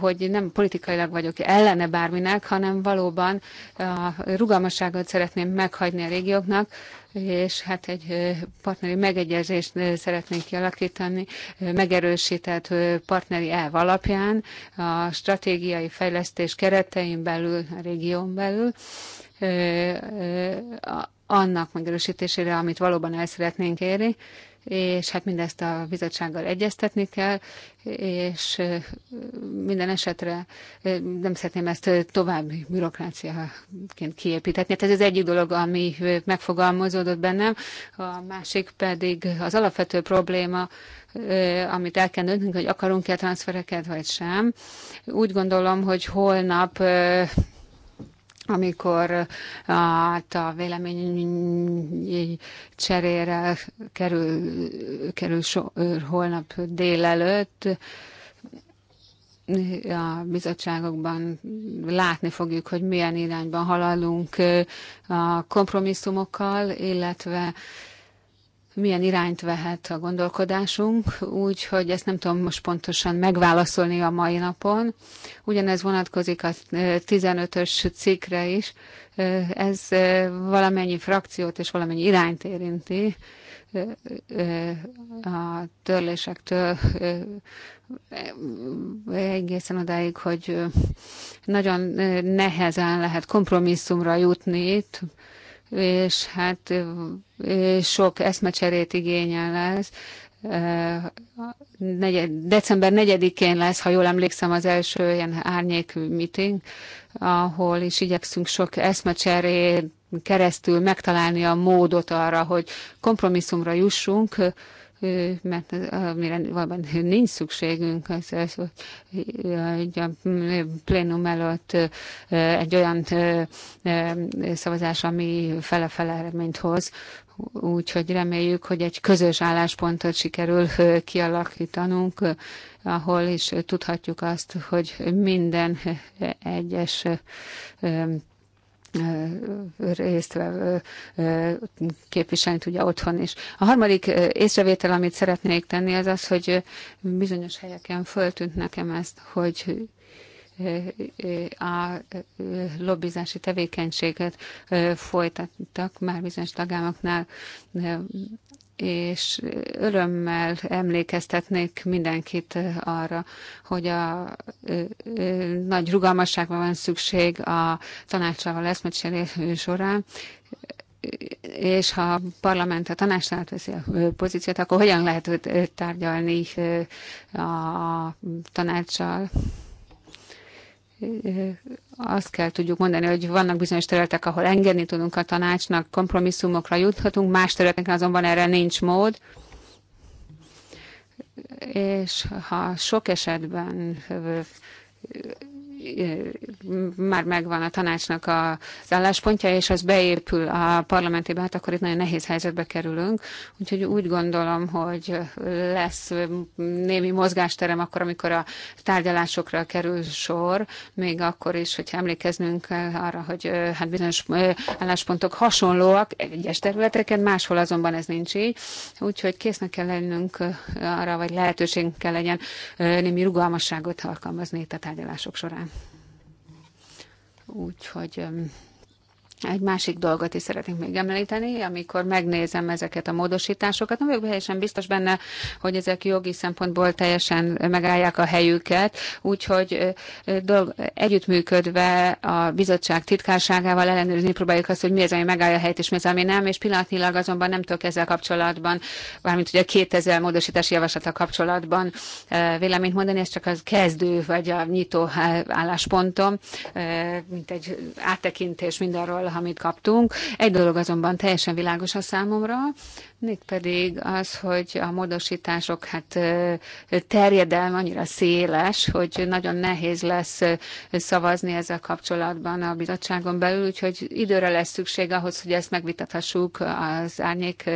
hogy nem politikailag vagyok ellene bárminek, hanem valóban a rugalmasságot szeretném meghagyni a régióknak, és hát egy partneri megegyezést szeretnénk kialakítani, megerősített partneri elv alapján a stratégiai fejlesztés keretein belül, a régión belül, annak megerősítésére, amit valóban el szeretnénk érni, és hát mindezt a bizottsággal egyeztetni kell, és minden esetre nem szeretném ezt tovább bürokráciaként kiépíteni. Hát ez az egyik dolog, ami megfogalmazódott bennem, a másik pedig az alapvető probléma, amit el kell döntünk, hogy akarunk-e transfereket, vagy sem. Úgy gondolom, hogy holnap amikor hát a vélemény cserére kerül, kerül so, holnap délelőtt, a bizottságokban látni fogjuk, hogy milyen irányban haladunk a kompromisszumokkal, illetve milyen irányt vehet a gondolkodásunk, úgyhogy ezt nem tudom most pontosan megválaszolni a mai napon. Ugyanez vonatkozik a 15-ös cikkre is. Ez valamennyi frakciót és valamennyi irányt érinti a törlésektől egészen odáig, hogy nagyon nehezen lehet kompromisszumra jutni itt, és hát sok eszmecserét igényel ez. December 4-én lesz, ha jól emlékszem, az első ilyen árnyék meeting, ahol is igyekszünk sok eszmecserét keresztül megtalálni a módot arra, hogy kompromisszumra jussunk, mert amire valóban nincs szükségünk, az, az hogy a plénum előtt egy olyan szavazás, ami fele-fele eredményt hoz, úgyhogy reméljük, hogy egy közös álláspontot sikerül kialakítanunk, ahol is tudhatjuk azt, hogy minden egyes részt képviselni tudja otthon is. A harmadik észrevétel, amit szeretnék tenni, az az, hogy bizonyos helyeken föltűnt nekem ezt, hogy a lobbizási tevékenységet folytattak már bizonyos tagállamoknál és örömmel emlékeztetnék mindenkit arra, hogy a ö, ö, nagy rugalmasságra van szükség a tanácsával eszmecseré során, és ha a parlament a tanácsnál átveszi a pozíciót, akkor hogyan lehet tárgyalni a tanácssal? azt kell tudjuk mondani, hogy vannak bizonyos területek, ahol engedni tudunk a tanácsnak, kompromisszumokra juthatunk, más területeken azonban erre nincs mód. És ha sok esetben már megvan a tanácsnak az álláspontja, és az beépül a parlamentébe, hát akkor itt nagyon nehéz helyzetbe kerülünk. Úgyhogy úgy gondolom, hogy lesz némi mozgásterem akkor, amikor a tárgyalásokra kerül sor, még akkor is, hogyha emlékeznünk arra, hogy hát bizonyos álláspontok hasonlóak egyes területeken, máshol azonban ez nincs így. Úgyhogy késznek kell lennünk arra, vagy lehetőségünk kell legyen némi rugalmasságot alkalmazni itt a tárgyalások során úgyhogy egy másik dolgot is szeretnék még említeni, amikor megnézem ezeket a módosításokat, nem vagyok teljesen biztos benne, hogy ezek jogi szempontból teljesen megállják a helyüket, úgyhogy dolg, együttműködve a bizottság titkárságával ellenőrizni próbáljuk azt, hogy mi az, ami megállja a helyt, és mi az, ami nem, és pillanatnyilag azonban nem tudok ezzel kapcsolatban, valamint ugye a 2000 módosítási javaslata kapcsolatban véleményt mondani, ez csak az kezdő vagy a nyitó álláspontom, mint egy áttekintés mindarról, amit kaptunk. Egy dolog azonban teljesen világos a számomra, pedig az, hogy a módosítások hát terjedelme annyira széles, hogy nagyon nehéz lesz szavazni ezzel kapcsolatban a bizottságon belül, úgyhogy időre lesz szükség ahhoz, hogy ezt megvitathassuk az árnyék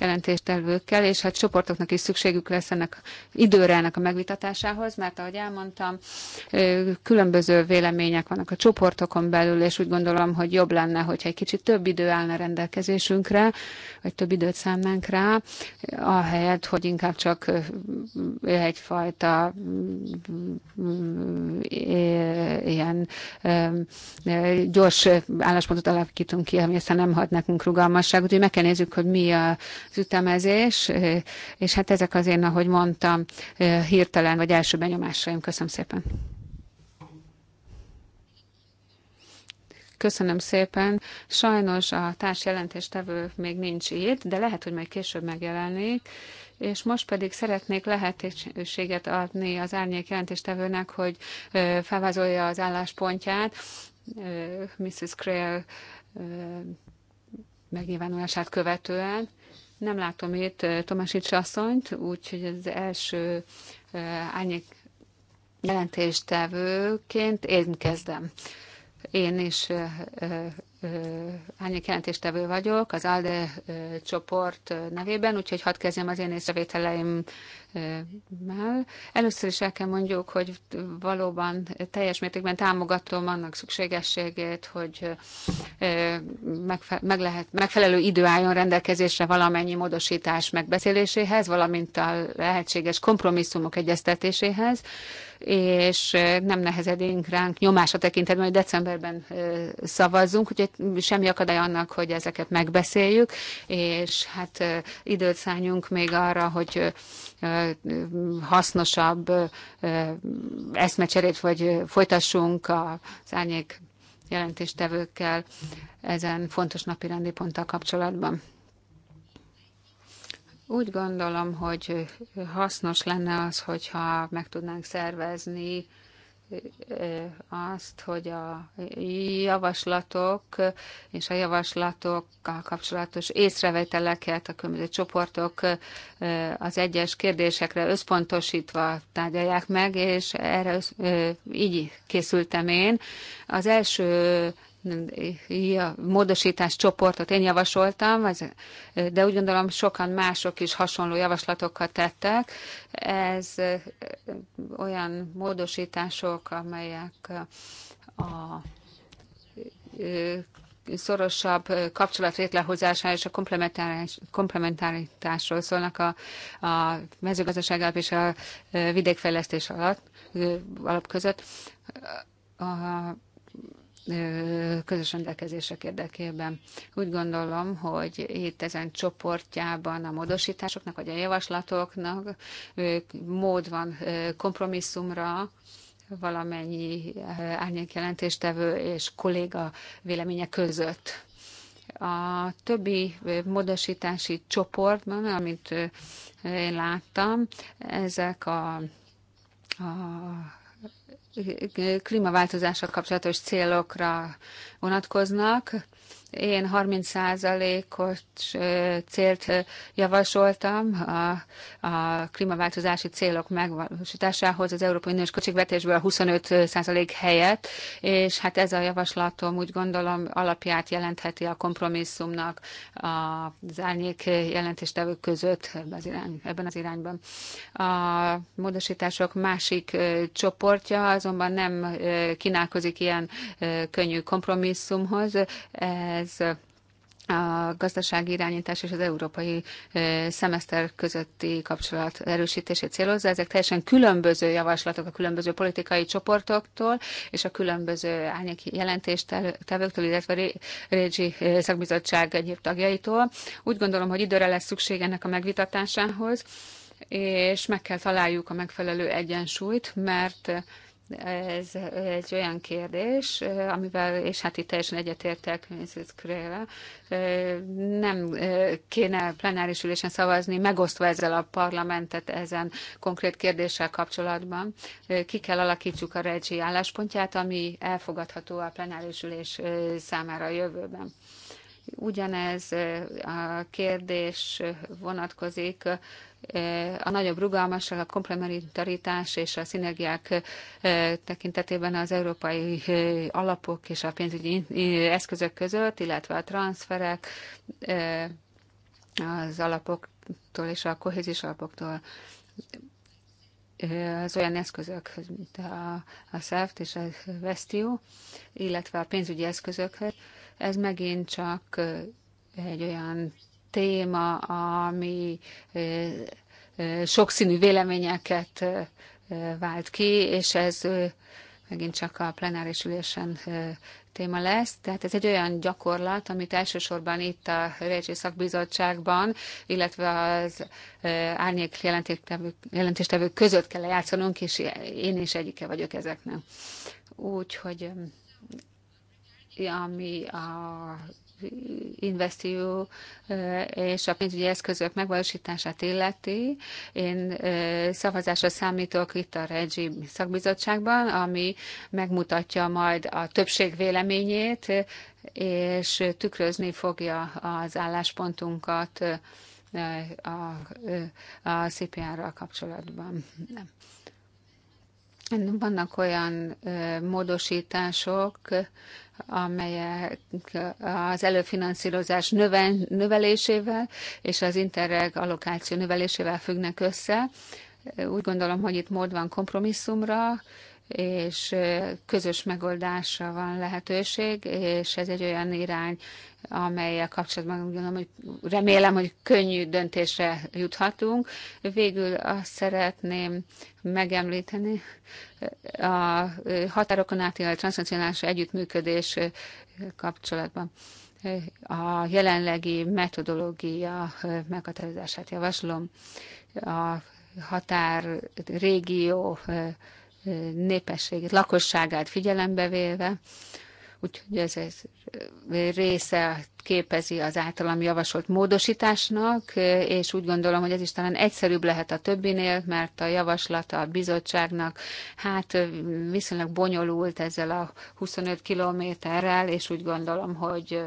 jelentéstervőkkel, és hát csoportoknak is szükségük lesz ennek időre ennek a megvitatásához, mert ahogy elmondtam, különböző vélemények vannak a csoportokon belül, és úgy gondolom, hogy jobb lenne, hogyha egy kicsit több idő állna rendelkezésünkre, vagy több időt számnál térnénk rá, ahelyett, hogy inkább csak egyfajta mm, mm, mm, ilyen gyors álláspontot alakítunk ki, ami aztán nem hat nekünk rugalmasságot, úgyhogy meg kell nézzük, hogy mi az ütemezés, és hát ezek az én, ahogy mondtam, hirtelen vagy első benyomásaim. Köszönöm szépen. Köszönöm szépen. Sajnos a társ jelentéstevő még nincs itt, de lehet, hogy majd később megjelenik. És most pedig szeretnék lehetőséget adni az árnyék jelentéstevőnek, hogy felvázolja az álláspontját. Mrs. Crail megnyilvánulását követően. Nem látom itt Tomasics asszonyt, úgyhogy az első árnyék jelentéstevőként én kezdem. Én is árnyék jelentéstevő vagyok az ALDE csoport nevében, úgyhogy hadd kezdjem az én észrevételeimmel. Először is el kell mondjuk, hogy valóban teljes mértékben támogatom annak szükségességét, hogy meg lehet, megfelelő idő álljon rendelkezésre valamennyi módosítás megbeszéléséhez, valamint a lehetséges kompromisszumok egyeztetéséhez és nem nehezedünk ránk nyomás a tekintetben, hogy decemberben szavazzunk, úgyhogy semmi akadály annak, hogy ezeket megbeszéljük, és hát időt szálljunk még arra, hogy hasznosabb eszmecserét, vagy folytassunk az árnyék jelentéstevőkkel ezen fontos napi rendi ponttal kapcsolatban. Úgy gondolom, hogy hasznos lenne az, hogyha meg tudnánk szervezni azt, hogy a javaslatok és a javaslatokkal kapcsolatos észrevételeket a különböző csoportok az egyes kérdésekre összpontosítva tárgyalják meg, és erre így készültem én. Az első módosítás csoportot én javasoltam, de úgy gondolom sokan mások is hasonló javaslatokat tettek. Ez olyan módosítások, amelyek a szorosabb kapcsolat létrehozására és a komplementáritásról szólnak a, a mezőgazdaság alap és a vidékfejlesztés alatt, alap között. A, közös rendelkezések érdekében. Úgy gondolom, hogy itt ezen csoportjában a módosításoknak vagy a javaslatoknak mód van kompromisszumra, valamennyi árnyék jelentéstevő és kolléga véleménye között. A többi módosítási csoportban, amit én láttam, ezek a, a klímaváltozással kapcsolatos célokra vonatkoznak, én 30%-os célt javasoltam a, a klímaváltozási célok megvalósításához az Európai Uniós költségvetésből a 25% helyett, és hát ez a javaslatom úgy gondolom alapját jelentheti a kompromisszumnak az árnyék jelentéstevők között ebben az, irány, ebben az irányban. A módosítások másik csoportja azonban nem kínálkozik ilyen könnyű kompromisszumhoz, ez a gazdasági irányítás és az európai szemeszter közötti kapcsolat erősítését célozza. Ezek teljesen különböző javaslatok a különböző politikai csoportoktól és a különböző árnyék jelentéstevőktől, illetve Régi szakbizottság egyéb tagjaitól. Úgy gondolom, hogy időre lesz szükség ennek a megvitatásához, és meg kell találjuk a megfelelő egyensúlyt, mert ez egy olyan kérdés, amivel, és hát itt teljesen egyetértek nem kéne plenáris ülésen szavazni, megosztva ezzel a parlamentet ezen konkrét kérdéssel kapcsolatban. Ki kell alakítsuk a Regi álláspontját, ami elfogadható a plenáris ülés számára a jövőben. Ugyanez a kérdés vonatkozik E, a nagyobb rugalmasság, a komplementaritás és a szinergiák e, tekintetében az európai e, alapok és a pénzügyi eszközök között, illetve a transferek az alapoktól és a kohézis alapoktól az olyan eszközök, mint a, a SZEFT és a Vestio, illetve a pénzügyi eszközök, ez megint csak egy olyan téma, ami sokszínű véleményeket vált ki, és ez megint csak a plenáris ülésen téma lesz. Tehát ez egy olyan gyakorlat, amit elsősorban itt a Récsi Szakbizottságban, illetve az árnyék jelentéstevők között kell játszanunk, és én is egyike vagyok ezeknek. Úgyhogy ami a investíció és a pénzügyi eszközök megvalósítását illeti. Én szavazásra számítok itt a Regi szakbizottságban, ami megmutatja majd a többség véleményét, és tükrözni fogja az álláspontunkat a, a CPR-ral kapcsolatban. Nem. Vannak olyan módosítások, amelyek az előfinanszírozás növel, növelésével és az interreg allokáció növelésével függnek össze. Úgy gondolom, hogy itt mód van kompromisszumra, és közös megoldásra van lehetőség, és ez egy olyan irány, amelyel kapcsolatban gondolom, hogy remélem, hogy könnyű döntésre juthatunk. Végül azt szeretném megemlíteni a határokon átélő transnacionális együttműködés kapcsolatban a jelenlegi metodológia meghatározását javaslom. A határ régió népességét, lakosságát figyelembe véve, úgyhogy ez egy része képezi az általam javasolt módosításnak, és úgy gondolom, hogy ez is talán egyszerűbb lehet a többinél, mert a javaslata a bizottságnak hát viszonylag bonyolult ezzel a 25 kilométerrel, és úgy gondolom, hogy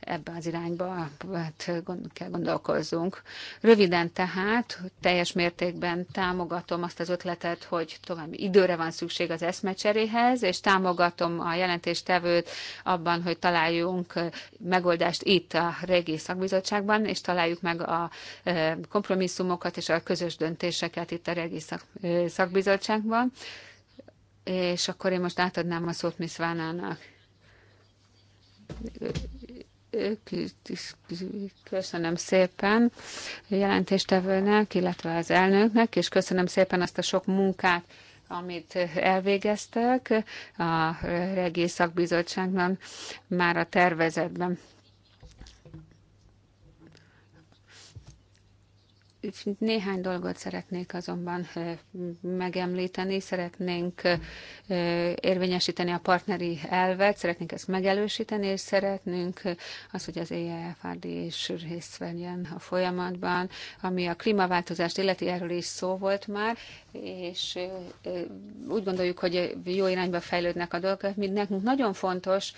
ebbe az irányba hát, kell gondolkozzunk. Röviden tehát teljes mértékben támogatom azt az ötletet, hogy további időre van szükség az eszmecseréhez, és támogatom a jelentéstevőt abban, hogy találjunk megoldást megoldást itt a régi szakbizottságban, és találjuk meg a kompromisszumokat és a közös döntéseket itt a régi szak, szakbizottságban. És akkor én most átadnám a szót Miss Vánának. Köszönöm szépen jelentéstevőnek, illetve az elnöknek, és köszönöm szépen azt a sok munkát, amit elvégeztek a regészakbizottságban, már a tervezetben. Néhány dolgot szeretnék azonban megemlíteni, szeretnénk érvényesíteni a partneri elvet, szeretnénk ezt megelősíteni, és szeretnénk az, hogy az EIFRD is részt vegyen a folyamatban, ami a klímaváltozást illeti, erről is szó volt már, és úgy gondoljuk, hogy jó irányba fejlődnek a dolgok, mint nekünk nagyon fontos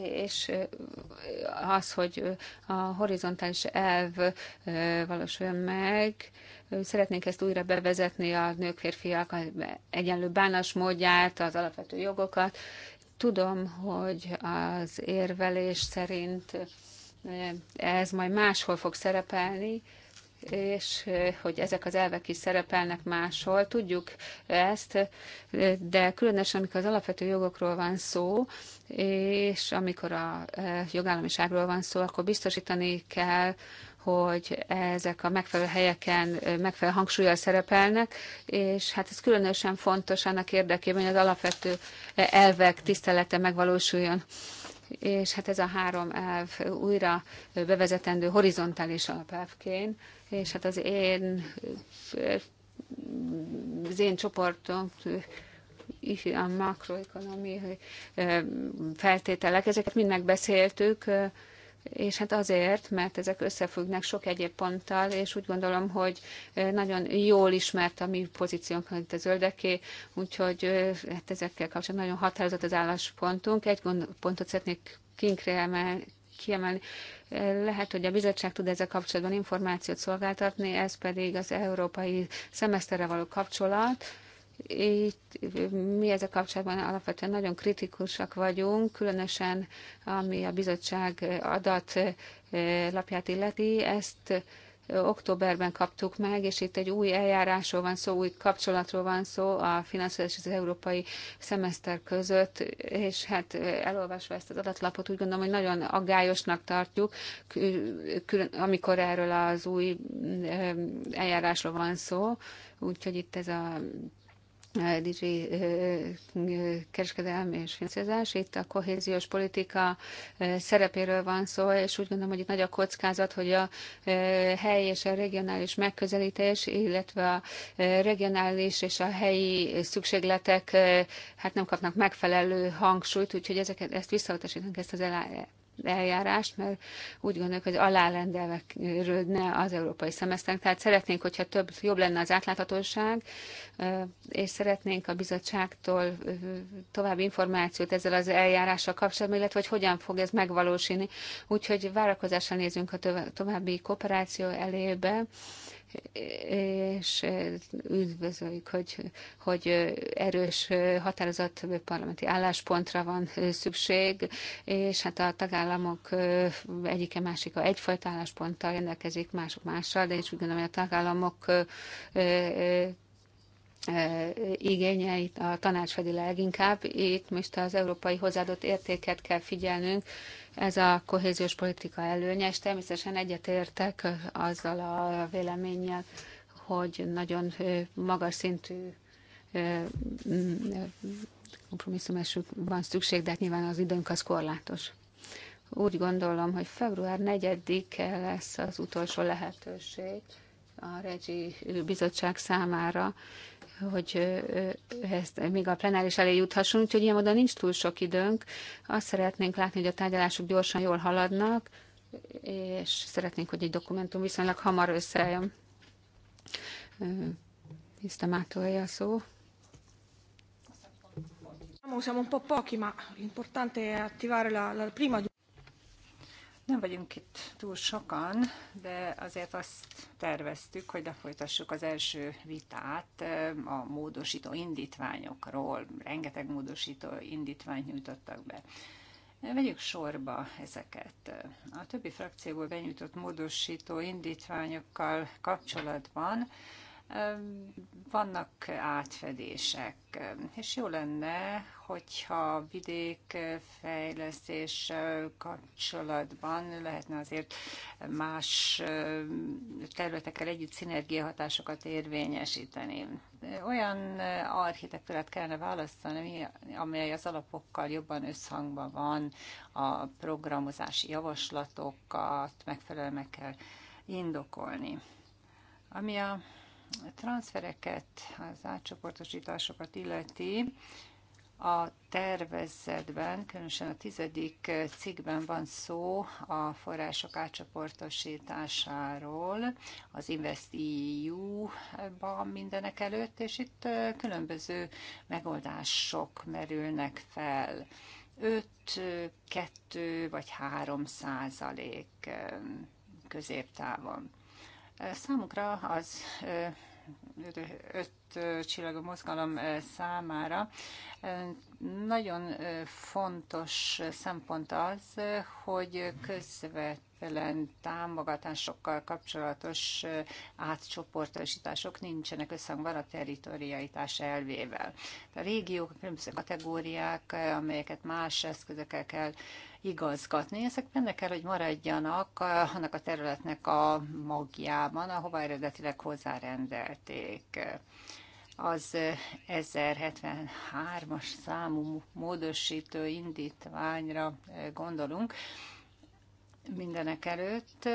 és az, hogy a horizontális elv valósuljon meg, szeretnénk ezt újra bevezetni a nők férfiak egyenlő bánásmódját, az alapvető jogokat. Tudom, hogy az érvelés szerint ez majd máshol fog szerepelni, és eh, hogy ezek az elvek is szerepelnek máshol. Tudjuk ezt, de különösen, amikor az alapvető jogokról van szó, és amikor a eh, jogállamiságról van szó, akkor biztosítani kell, hogy ezek a megfelelő helyeken eh, megfelelő hangsúlyjal szerepelnek, és hát ez különösen fontos annak érdekében, hogy az alapvető elvek tisztelete megvalósuljon. És hát ez a három elv újra bevezetendő horizontális alapelvként, és hát az én, az én csoportom a makroekonomiai feltételek, ezeket mind megbeszéltük, és hát azért, mert ezek összefüggnek sok egyéb ponttal, és úgy gondolom, hogy nagyon jól ismert a mi pozíciónk mint a zöldeké, úgyhogy hát ezekkel kapcsolatban nagyon határozott az álláspontunk. Egy pontot szeretnék kiemelni. Lehet, hogy a bizottság tud ezzel kapcsolatban információt szolgáltatni, ez pedig az európai szemeszterre való kapcsolat. Itt mi ezzel kapcsolatban alapvetően nagyon kritikusak vagyunk, különösen ami a bizottság adat eh, lapját illeti, ezt októberben kaptuk meg, és itt egy új eljárásról van szó, új kapcsolatról van szó a finanszírozás és az európai szemeszter között, és hát elolvasva ezt az adatlapot úgy gondolom, hogy nagyon aggályosnak tartjuk, amikor erről az új eljárásról van szó, úgyhogy itt ez a Digi kereskedelmi és finanszírozás. Itt a kohéziós politika szerepéről van szó, és úgy gondolom, hogy itt nagy a kockázat, hogy a helyi és a regionális megközelítés, illetve a regionális és a helyi szükségletek hát nem kapnak megfelelő hangsúlyt, úgyhogy ezeket, ezt visszautasítunk, ezt az eljárást, mert úgy gondoljuk, hogy alárendelve rődne az európai szemeszternek. Tehát szeretnénk, hogyha több, jobb lenne az átláthatóság, és szeretnénk a bizottságtól további információt ezzel az eljárással kapcsolatban, illetve hogy hogyan fog ez megvalósulni. Úgyhogy várakozással nézünk a további kooperáció elébe és üdvözöljük, hogy, hogy erős határozott parlamenti álláspontra van szükség, és hát a tagállamok egyike másika egyfajta állásponttal rendelkezik, mások mással, de és úgy gondolom, hogy a tagállamok igényeit a tanács fedi leginkább. Itt most az európai hozzáadott értéket kell figyelnünk, ez a kohéziós politika előnye, és természetesen egyetértek azzal a véleménnyel, hogy nagyon magas szintű mm, kompromisszumesük van szükség, de hát nyilván az időnk az korlátos. Úgy gondolom, hogy február 4-e lesz az utolsó lehetőség a Regi Bizottság számára, hogy ezt még a plenáris elé juthassunk, úgyhogy ilyen oda nincs túl sok időnk. Azt szeretnénk látni, hogy a tárgyalások gyorsan jól haladnak, és szeretnénk, hogy egy dokumentum viszonylag hamar összejön. Tisztem átolja a szó. Siamo un po' pochi, ma l'importante è attivare la, la prima. Nem vagyunk itt túl sokan, de azért azt terveztük, hogy lefolytassuk az első vitát eh, a módosító indítványokról. Rengeteg módosító indítványt nyújtottak be. Vegyük sorba ezeket. A többi frakcióból benyújtott módosító indítványokkal kapcsolatban vannak átfedések, és jó lenne, hogyha vidékfejlesztés kapcsolatban lehetne azért más területekkel együtt szinergiahatásokat érvényesíteni. Olyan architektúrát kellene választani, amely az alapokkal jobban összhangban van, a programozási javaslatokat megfelelően meg kell indokolni. Ami a transfereket, az átcsoportosításokat illeti, a tervezetben, különösen a tizedik cikkben van szó a források átcsoportosításáról az InvestEU-ban mindenek előtt, és itt különböző megoldások merülnek fel. 5, 2 vagy 3 százalék középtávon. Számukra az öt csillagú mozgalom számára. Nagyon fontos szempont az, hogy közvetlen támogatásokkal kapcsolatos átcsoportosítások nincsenek összhangban a territoriaitás elvével. A régiók, a különböző kategóriák, amelyeket más eszközökkel kell igazgatni. Ezek benne kell, hogy maradjanak eh, annak a területnek a magjában, ahova eredetileg hozzárendelték. Az 1073-as számú módosító indítványra eh, gondolunk. Mindenek előtt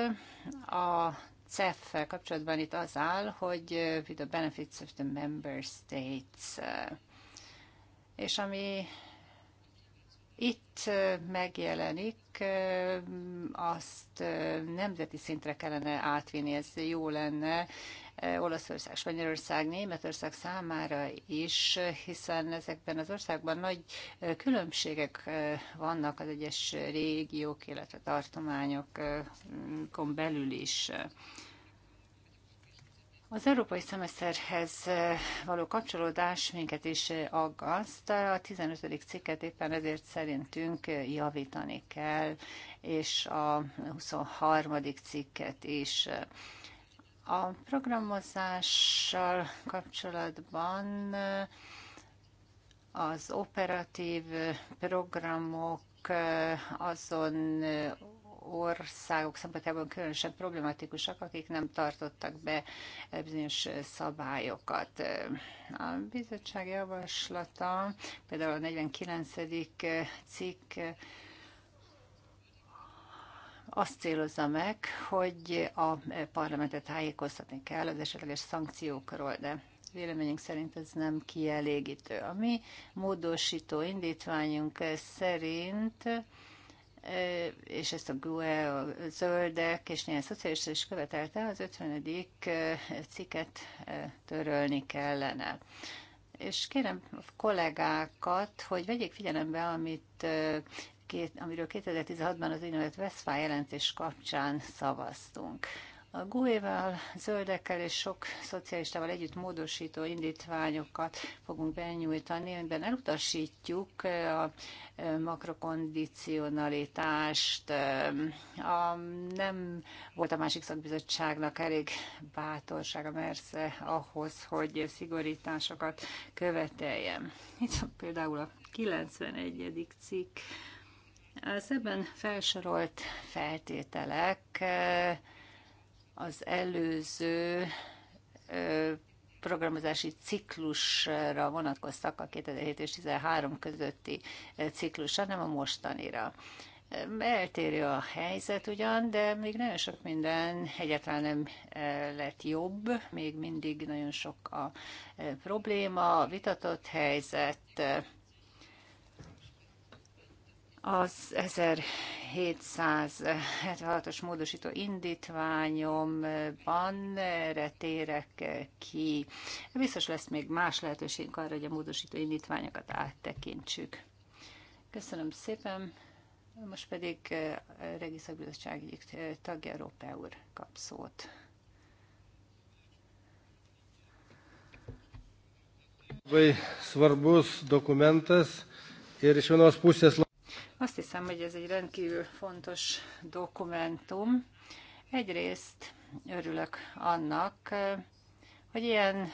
a CEF-fel kapcsolatban itt az áll, hogy eh, with the benefits of the member states. És ami itt megjelenik, azt nemzeti szintre kellene átvinni, ez jó lenne Olaszország, Spanyolország, Németország számára is, hiszen ezekben az országban nagy különbségek vannak az egyes régiók, illetve tartományokon belül is. Az európai szemeszterhez eh, való kapcsolódás minket is eh, aggaszt. A 15. cikket éppen ezért szerintünk eh, javítani kell, és a 23. cikket is. A programozással kapcsolatban az operatív programok azon országok szempontjából különösen problematikusak, akik nem tartottak be bizonyos szabályokat. A bizottság javaslata, például a 49. cikk azt célozza meg, hogy a parlamentet tájékoztatni kell az esetleges szankciókról, de véleményünk szerint ez nem kielégítő. A mi módosító indítványunk szerint és ezt a GUE, a zöldek és néhány szociális is követelte, az 50. cikket törölni kellene. És kérem a kollégákat, hogy vegyék figyelembe, amit két, amiről 2016-ban az úgynevezett Westfál jelentés kapcsán szavaztunk. A GUE-vel, zöldekkel és sok szocialistával együtt módosító indítványokat fogunk benyújtani, amiben elutasítjuk a makrokondicionalitást. A, nem volt a másik szakbizottságnak elég bátorsága mersze ahhoz, hogy szigorításokat követeljem. Itt van például a 91. cikk. Az ebben felsorolt feltételek az előző programozási ciklusra vonatkoztak a 2007 és 2013 közötti ciklusra, nem a mostanira. Eltérő a helyzet ugyan, de még nagyon sok minden egyáltalán nem lett jobb, még mindig nagyon sok a probléma, a vitatott helyzet, az 1776-os módosító indítványomban erre térek ki. Biztos lesz még más lehetőségünk arra, hogy a módosító indítványokat áttekintsük. Köszönöm szépen. Most pedig eh, Regi egyik eh, tagja, Rópe úr kap szót. Vagy szvarbusz dokumentes, és van az pusės azt hiszem, hogy ez egy rendkívül fontos dokumentum. Egyrészt örülök annak, hogy ilyen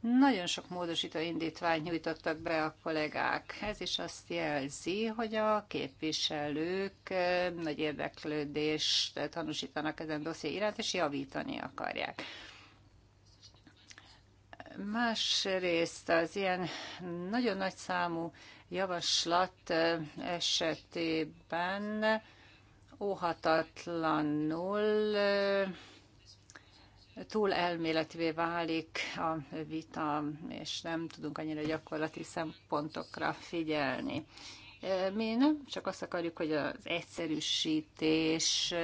nagyon sok módosító indítványt nyújtottak be a kollégák. Ez is azt jelzi, hogy a képviselők nagy érdeklődést tanúsítanak ezen dosszié iránt, és javítani akarják. Másrészt az ilyen nagyon nagy számú javaslat eh, esetében óhatatlanul eh, túl elméletivé válik a vita, és nem tudunk annyira gyakorlati szempontokra figyelni. Mi nem csak azt akarjuk, hogy az egyszerűsítés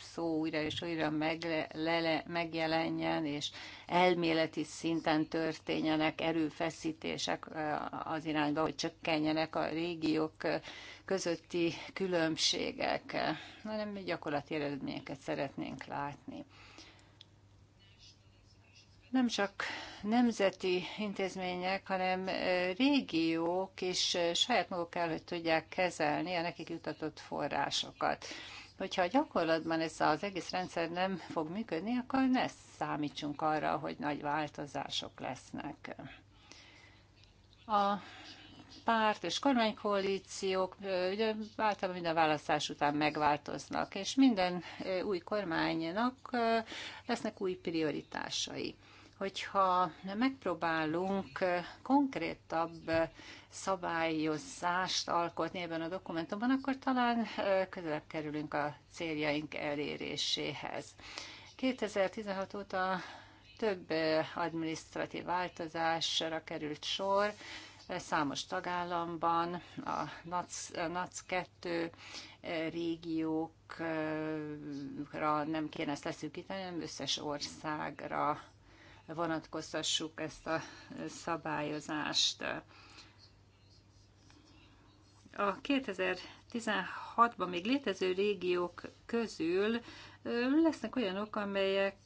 szó újra és újra megle, le, megjelenjen, és elméleti szinten történjenek erőfeszítések az irányba, hogy csökkenjenek a régiók közötti különbségek, hanem mi gyakorlati eredményeket szeretnénk látni nem csak nemzeti intézmények, hanem régiók is saját maguk kell, hogy tudják kezelni a nekik jutatott forrásokat. Hogyha a gyakorlatban ez az egész rendszer nem fog működni, akkor ne számítsunk arra, hogy nagy változások lesznek. A párt és kormánykoalíciók ugye, általában minden választás után megváltoznak, és minden új kormánynak lesznek új prioritásai hogyha megpróbálunk konkrétabb szabályozást alkotni ebben a dokumentumban, akkor talán közelebb kerülünk a céljaink eléréséhez. 2016 óta több adminisztratív változásra került sor, számos tagállamban, a NAC, NAC 2 régiókra nem kéne ezt leszűkíteni, hanem összes országra vonatkoztassuk ezt a szabályozást. A 2016-ban még létező régiók közül lesznek olyanok, amelyek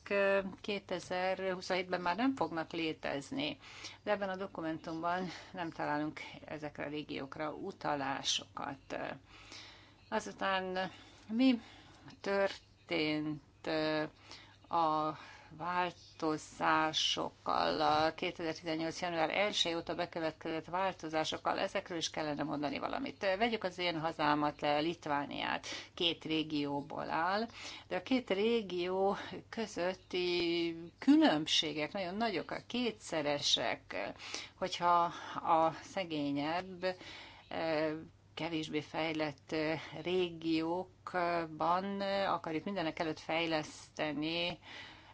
2027-ben már nem fognak létezni. De ebben a dokumentumban nem találunk ezekre a régiókra utalásokat. Azután mi történt a változásokkal, 2018. január 1 óta bekövetkezett változásokkal, ezekről is kellene mondani valamit. Vegyük az én hazámat, Litvániát, két régióból áll, de a két régió közötti különbségek nagyon nagyok, a kétszeresek, hogyha a szegényebb e, kevésbé fejlett e, régiókban akarjuk mindenek előtt fejleszteni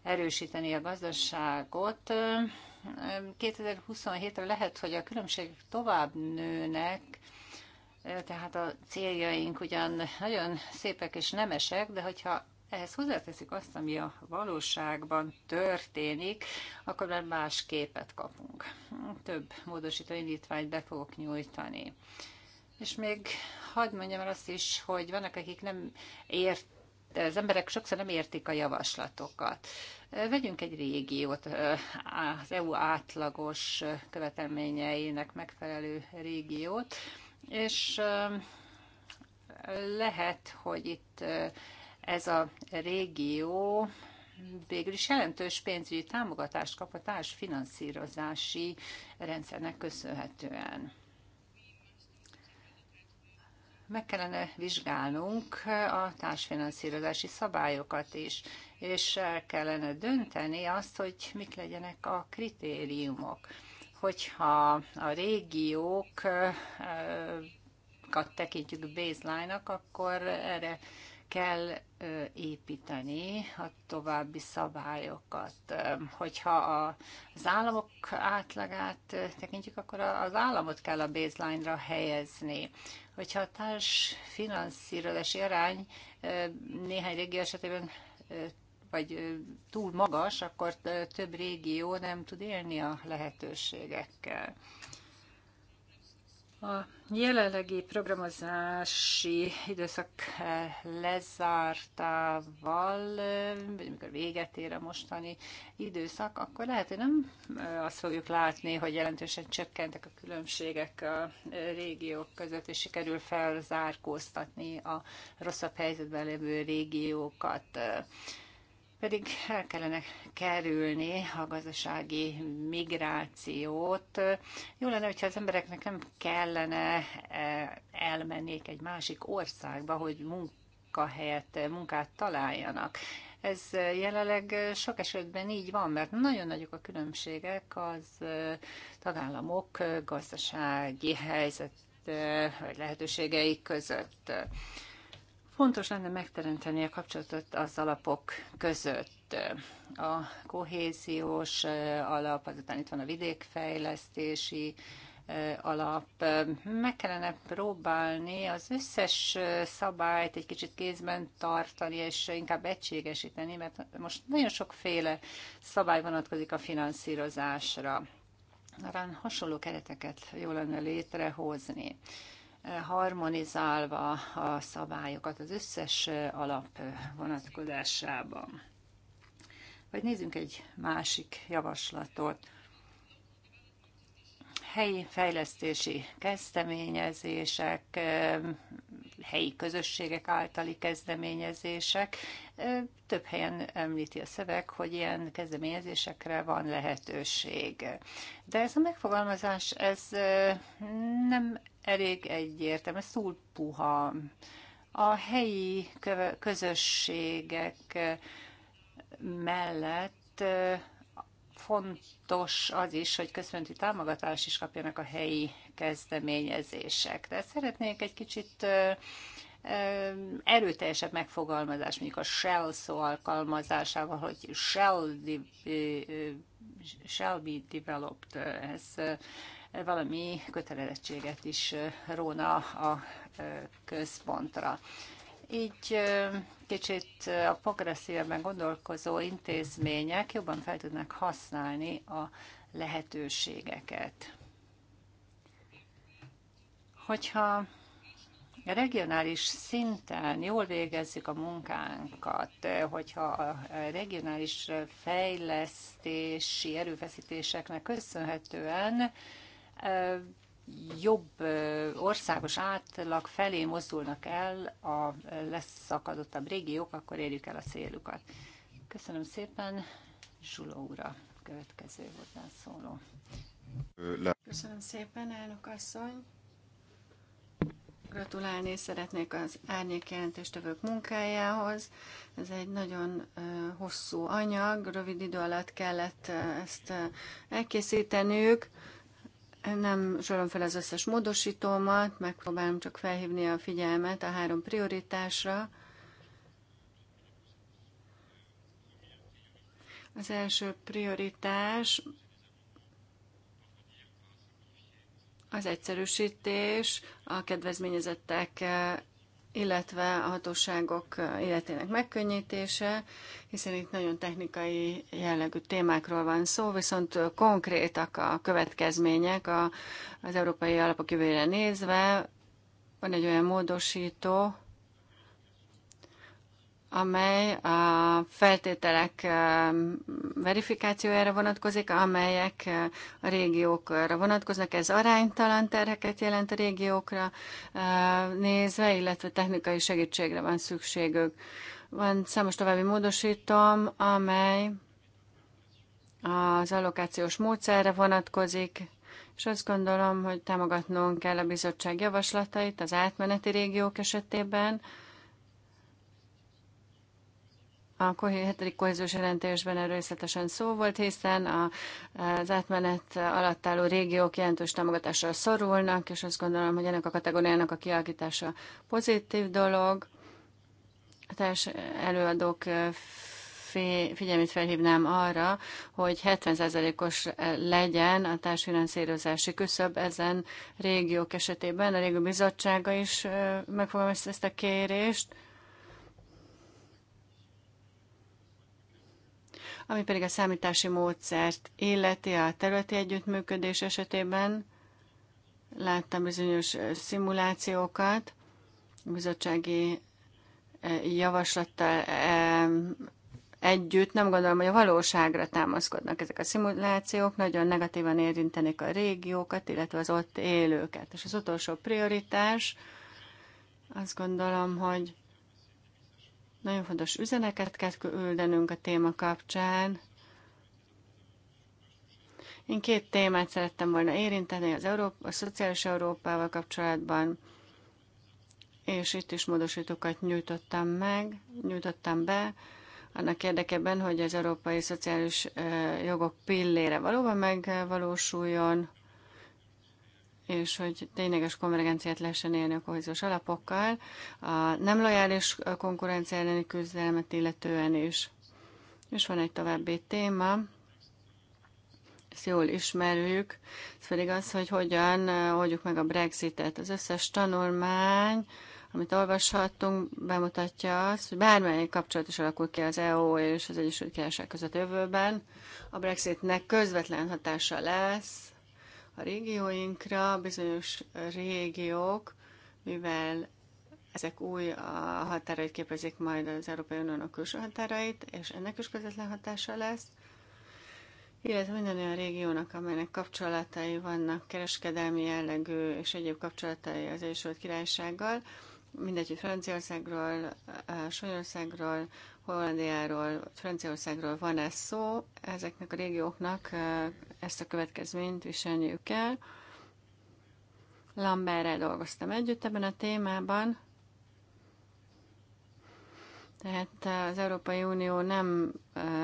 erősíteni a gazdaságot. 2027-re lehet, hogy a különbség tovább nőnek, tehát a céljaink ugyan nagyon szépek és nemesek, de hogyha ehhez hozzáteszik azt, ami a valóságban történik, akkor már más képet kapunk. Több módosító indítványt be fogok nyújtani. És még hadd mondjam el azt is, hogy vannak, akik nem ért de az emberek sokszor nem értik a javaslatokat. Vegyünk egy régiót, az EU átlagos követelményeinek megfelelő régiót, és lehet, hogy itt ez a régió végül is jelentős pénzügyi támogatást kap a társfinanszírozási rendszernek köszönhetően meg kellene vizsgálnunk a társfinanszírozási szabályokat is, és el kellene dönteni azt, hogy mik legyenek a kritériumok. Hogyha a régiók tekintjük baseline-nak, akkor erre kell építeni a további szabályokat. Hogyha az államok átlagát tekintjük, akkor az államot kell a baseline-ra helyezni. Hogyha a társ finanszírozási arány néhány régió esetében vagy túl magas, akkor több régió nem tud élni a lehetőségekkel. A jelenlegi programozási időszak eh, lezártával, eh, vagy amikor véget ér a mostani időszak, akkor lehet, hogy nem eh, azt fogjuk látni, hogy jelentősen csökkentek a különbségek a régiók között, és sikerül felzárkóztatni a rosszabb helyzetben lévő régiókat pedig el kellene kerülni a gazdasági migrációt. Jó lenne, hogyha az embereknek nem kellene e, elmennék egy másik országba, hogy munkahelyet, munkát találjanak. Ez jelenleg sok esetben így van, mert nagyon nagyok a különbségek az e, tagállamok gazdasági helyzet e, vagy lehetőségei között. Fontos lenne megteremteni a kapcsolatot az alapok között. A kohéziós alap, azután itt van a vidékfejlesztési alap. Meg kellene próbálni az összes szabályt egy kicsit kézben tartani, és inkább egységesíteni, mert most nagyon sokféle szabály vonatkozik a finanszírozásra. Talán hasonló kereteket jó lenne létrehozni harmonizálva a szabályokat az összes alap vonatkozásában. Vagy nézzünk egy másik javaslatot. Helyi fejlesztési kezdeményezések, helyi közösségek általi kezdeményezések. Több helyen említi a szöveg, hogy ilyen kezdeményezésekre van lehetőség. De ez a megfogalmazás, ez nem elég egyértelmű, ez túl puha. A helyi közösségek mellett fontos az is, hogy központi támogatást is kapjanak a helyi kezdeményezések. De szeretnék egy kicsit erőteljesebb megfogalmazás, mondjuk a shell szó alkalmazásával, hogy Shell shall be developed, ez valami kötelezettséget is róna a központra. Így kicsit a progresszívben gondolkozó intézmények jobban fel tudnak használni a lehetőségeket. Hogyha regionális szinten jól végezzük a munkánkat, hogyha a regionális fejlesztési erőfeszítéseknek köszönhetően jobb országos átlag felé mozdulnak el a leszakadottabb régiók, akkor érjük el a célukat. Köszönöm szépen, Zsuló úra, következő hozzászóló. Köszönöm szépen, elnök asszony. Gratulálni szeretnék az árnyék jelentéstevők munkájához. Ez egy nagyon hosszú anyag, rövid idő alatt kellett ezt elkészíteniük. Nem sorolom fel az összes módosítómat, megpróbálom csak felhívni a figyelmet a három prioritásra. Az első prioritás az egyszerűsítés, a kedvezményezettek illetve a hatóságok életének megkönnyítése, hiszen itt nagyon technikai jellegű témákról van szó, viszont konkrétak a következmények a, az európai alapok jövőjére nézve. Van egy olyan módosító, amely a feltételek verifikációjára vonatkozik, amelyek a régiókra vonatkoznak. Ez aránytalan terheket jelent a régiókra nézve, illetve technikai segítségre van szükségük. Van számos további módosítom, amely az allokációs módszerre vonatkozik, és azt gondolom, hogy támogatnunk kell a bizottság javaslatait az átmeneti régiók esetében, a hetedik kohéziós jelentésben erről részletesen szó volt, hiszen a, az átmenet alatt álló régiók jelentős támogatásra szorulnak, és azt gondolom, hogy ennek a kategóriának a kialakítása pozitív dolog. A teljes előadók figyelmét felhívnám arra, hogy 70%-os legyen a társfinanszírozási küszöb ezen régiók esetében. A régió bizottsága is megfogalmazta ezt a kérést. Ami pedig a számítási módszert illeti a területi együttműködés esetében, láttam bizonyos szimulációkat, bizottsági javaslattal együtt, nem gondolom, hogy a valóságra támaszkodnak ezek a szimulációk, nagyon negatívan érintenek a régiókat, illetve az ott élőket. És az utolsó prioritás, azt gondolom, hogy nagyon fontos üzeneket kell küldenünk a téma kapcsán. Én két témát szerettem volna érinteni az Európa, a szociális Európával kapcsolatban, és itt is módosítókat nyújtottam meg, nyújtottam be, annak érdekében, hogy az európai szociális eh, jogok pillére valóban megvalósuljon, és hogy tényleges konvergenciát lehessen élni a kohéziós alapokkal, a nem lojális konkurencia elleni küzdelmet illetően is. És van egy további téma, ezt jól ismerjük, ez pedig az, hogy hogyan oldjuk meg a Brexitet. Az összes tanulmány, amit olvashattunk, bemutatja azt, hogy bármelyik kapcsolat is alakul ki az EU és az Egyesült Királyság között jövőben, a Brexitnek közvetlen hatása lesz a régióinkra, bizonyos régiók, mivel ezek új a határait képezik majd az Európai Uniónak külső határait, és ennek is közvetlen hatása lesz, illetve minden olyan régiónak, amelynek kapcsolatai vannak, kereskedelmi jellegű és egyéb kapcsolatai az Egyesült Királysággal, mindegy, hogy Franciaországról, Sanyországról, Hollandiáról, Franciaországról van ez szó, ezeknek a régióknak ezt a következményt viselniük kell. Lamberrel dolgoztam együtt ebben a témában, tehát az Európai Unió nem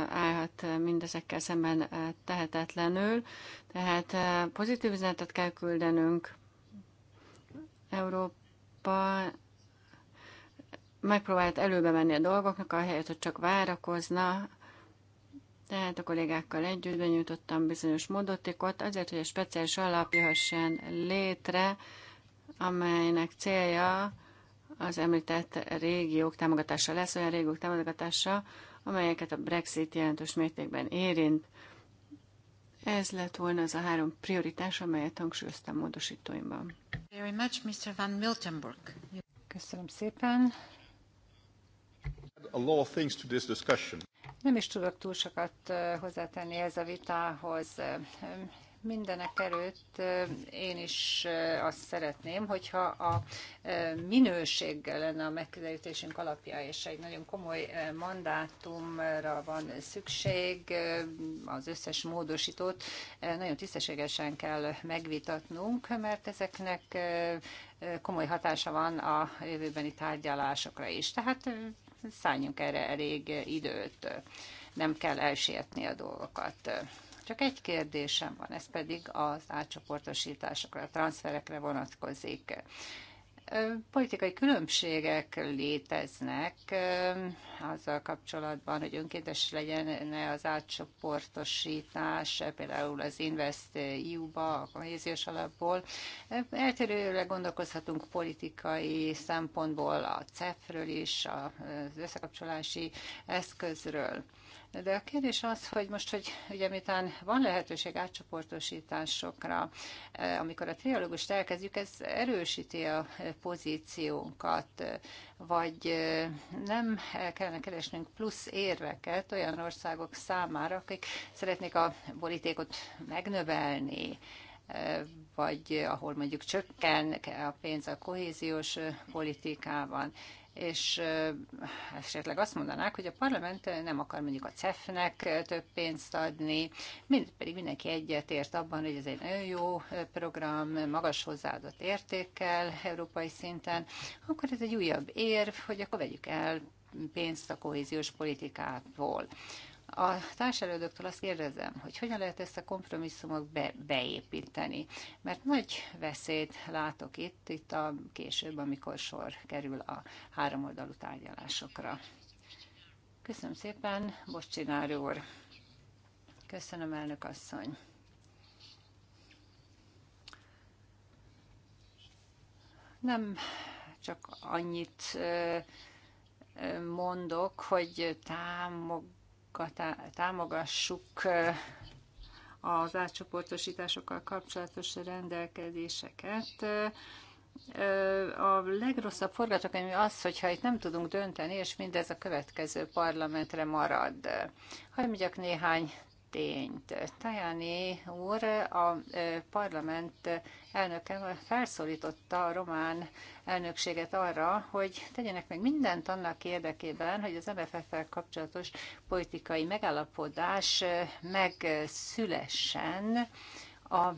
állhat mindezekkel szemben tehetetlenül, tehát pozitív üzenetet kell küldenünk. Európa megpróbált előbe menni a dolgoknak, ahelyett, hogy csak várakozna. Tehát a kollégákkal együtt benyújtottam bizonyos modotikot, azért, hogy a speciális alap jöhessen létre, amelynek célja az említett régiók támogatása lesz, olyan régiók támogatása, amelyeket a Brexit jelentős mértékben érint. Ez lett volna az a három prioritás, amelyet hangsúlyoztam módosítóimban. Köszönöm szépen. Nem is tudok túl sokat hozzátenni ez a vitához. Mindenek előtt én is azt szeretném, hogyha a minőséggel lenne a megközelítésünk alapja, és egy nagyon komoly mandátumra van szükség, az összes módosítót nagyon tisztességesen kell megvitatnunk, mert ezeknek komoly hatása van a jövőbeni tárgyalásokra is. Tehát szálljunk erre elég időt, nem kell elsietni a dolgokat. Csak egy kérdésem van, ez pedig az átcsoportosításokra, a transferekre vonatkozik. Politikai különbségek léteznek azzal kapcsolatban, hogy önkéntes legyen az átcsoportosítás, például az Invest EU-ba, a kohéziós alapból. Eltérőre gondolkozhatunk politikai szempontból a CEF-ről is, az összekapcsolási eszközről. De a kérdés az, hogy most, hogy ugye miután van lehetőség átcsoportosításokra, e, amikor a triológust elkezdjük, ez erősíti a pozíciónkat, vagy e, nem kellene keresnünk plusz érveket olyan országok számára, akik szeretnék a borítékot megnövelni, e, vagy ahol mondjuk csökken a pénz a kohéziós politikában és esetleg azt mondanák, hogy a parlament nem akar mondjuk a CEF-nek több pénzt adni, mind, pedig mindenki egyetért abban, hogy ez egy nagyon jó program, magas hozzáadott értékkel európai szinten, akkor ez egy újabb érv, hogy akkor vegyük el pénzt a kohéziós politikától. A társelődöktől azt kérdezem, hogy hogyan lehet ezt a kompromisszumok be, beépíteni, mert nagy veszélyt látok itt, itt a később, amikor sor kerül a háromoldalú tárgyalásokra. Köszönöm szépen, Bocsinár úr. Köszönöm, elnök asszony. Nem csak annyit mondok, hogy támog támogassuk az átcsoportosításokkal kapcsolatos rendelkezéseket. A legrosszabb forgatókönyv az, hogyha itt nem tudunk dönteni, és mindez a következő parlamentre marad. Hagyj mondjak néhány tényt. Tajani úr, a parlament elnöke felszólította a román elnökséget arra, hogy tegyenek meg mindent annak érdekében, hogy az MFF-fel kapcsolatos politikai megállapodás megszülessen a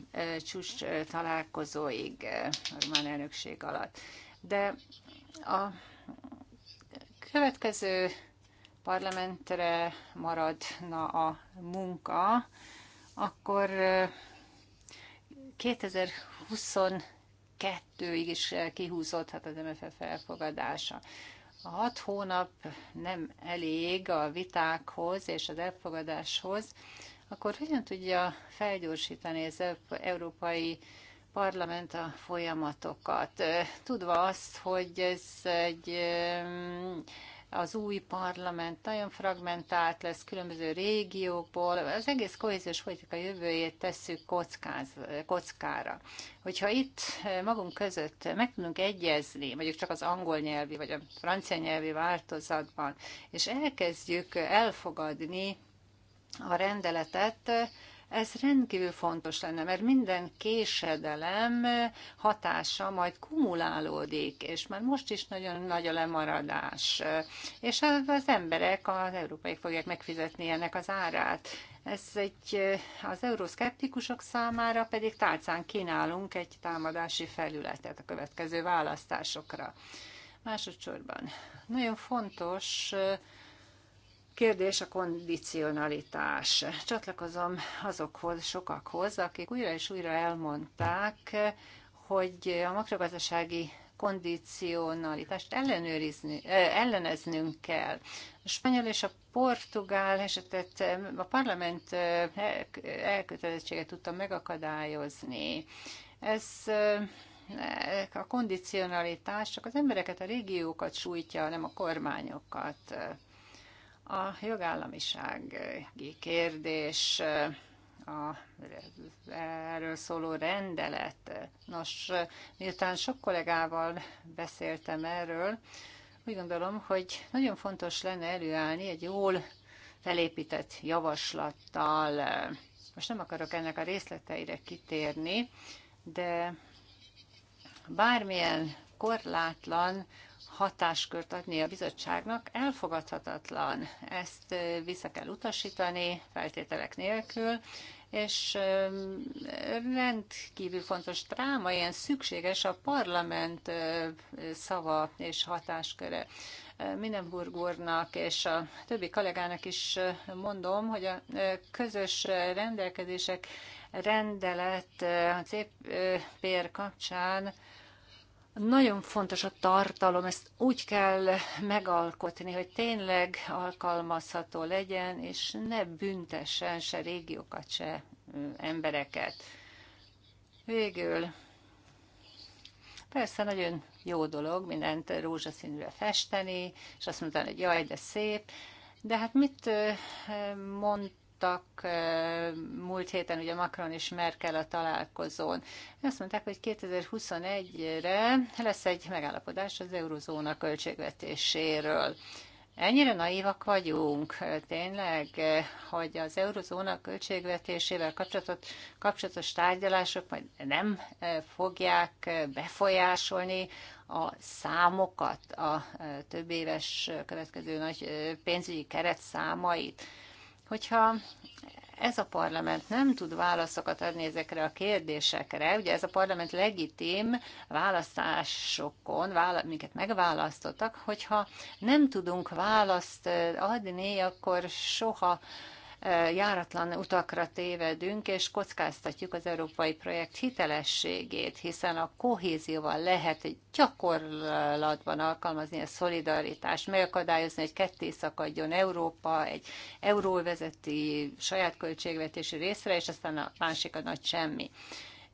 csúcs találkozóig a román elnökség alatt. De a következő parlamentre maradna a munka, akkor 2022-ig is kihúzódhat az MFF elfogadása. A hat hónap nem elég a vitákhoz és az elfogadáshoz, akkor hogyan tudja felgyorsítani az európai parlament a folyamatokat, tudva azt, hogy ez egy az új parlament nagyon fragmentált lesz, különböző régiókból, az egész kohéziós politika jövőjét tesszük kockáz, kockára. Hogyha itt eh, magunk között meg tudunk egyezni, mondjuk csak az angol nyelvi vagy a francia nyelvi változatban, és elkezdjük elfogadni a rendeletet, ez rendkívül fontos lenne, mert minden késedelem hatása majd kumulálódik, és már most is nagyon nagy a lemaradás. És az emberek, az európai fogják megfizetni ennek az árát. Ez egy, az euroszkeptikusok számára pedig tálcán kínálunk egy támadási felületet a következő választásokra. Másodszorban nagyon fontos kérdés a kondicionalitás. Csatlakozom azokhoz, sokakhoz, akik újra és újra elmondták, hogy a makrogazdasági kondicionalitást ellenőrizni, elleneznünk kell. A spanyol és a portugál esetet a parlament e, elkötelezettséget tudta megakadályozni. Ez e, a kondicionalitás csak az embereket, a régiókat sújtja, nem a kormányokat. A jogállamisági kérdés, a, erről szóló rendelet. Nos, miután sok kollégával beszéltem erről, úgy gondolom, hogy nagyon fontos lenne előállni egy jól felépített javaslattal. Most nem akarok ennek a részleteire kitérni, de bármilyen korlátlan hatáskört adni a bizottságnak elfogadhatatlan. Ezt vissza kell utasítani feltételek nélkül, és rendkívül fontos dráma, ilyen szükséges a parlament szava és hatásköre. Mindenburg úrnak és a többi kollégának is mondom, hogy a közös rendelkezések rendelet a CPR kapcsán nagyon fontos a tartalom, ezt úgy kell megalkotni, hogy tényleg alkalmazható legyen, és ne büntessen se régiókat, se embereket. Végül, persze nagyon jó dolog mindent rózsaszínűre festeni, és azt mondani, hogy jaj, de szép, de hát mit mond elmondtak múlt héten, ugye Macron és Merkel a találkozón. Azt mondták, hogy 2021-re lesz egy megállapodás az eurozóna költségvetéséről. Ennyire naívak vagyunk tényleg, hogy az eurozóna költségvetésével kapcsolatos tárgyalások majd nem fogják befolyásolni a számokat, a többéves következő nagy pénzügyi keret számait. Hogyha ez a parlament nem tud válaszokat adni ezekre a kérdésekre, ugye ez a parlament legitim választásokon, vála, minket megválasztottak, hogyha nem tudunk választ eh, adni, akkor soha járatlan utakra tévedünk, és kockáztatjuk az európai projekt hitelességét, hiszen a kohézióval lehet egy gyakorlatban alkalmazni a szolidaritást, megakadályozni, hogy ketté szakadjon Európa, egy euróvezeti saját költségvetési részre, és aztán a másik a nagy semmi.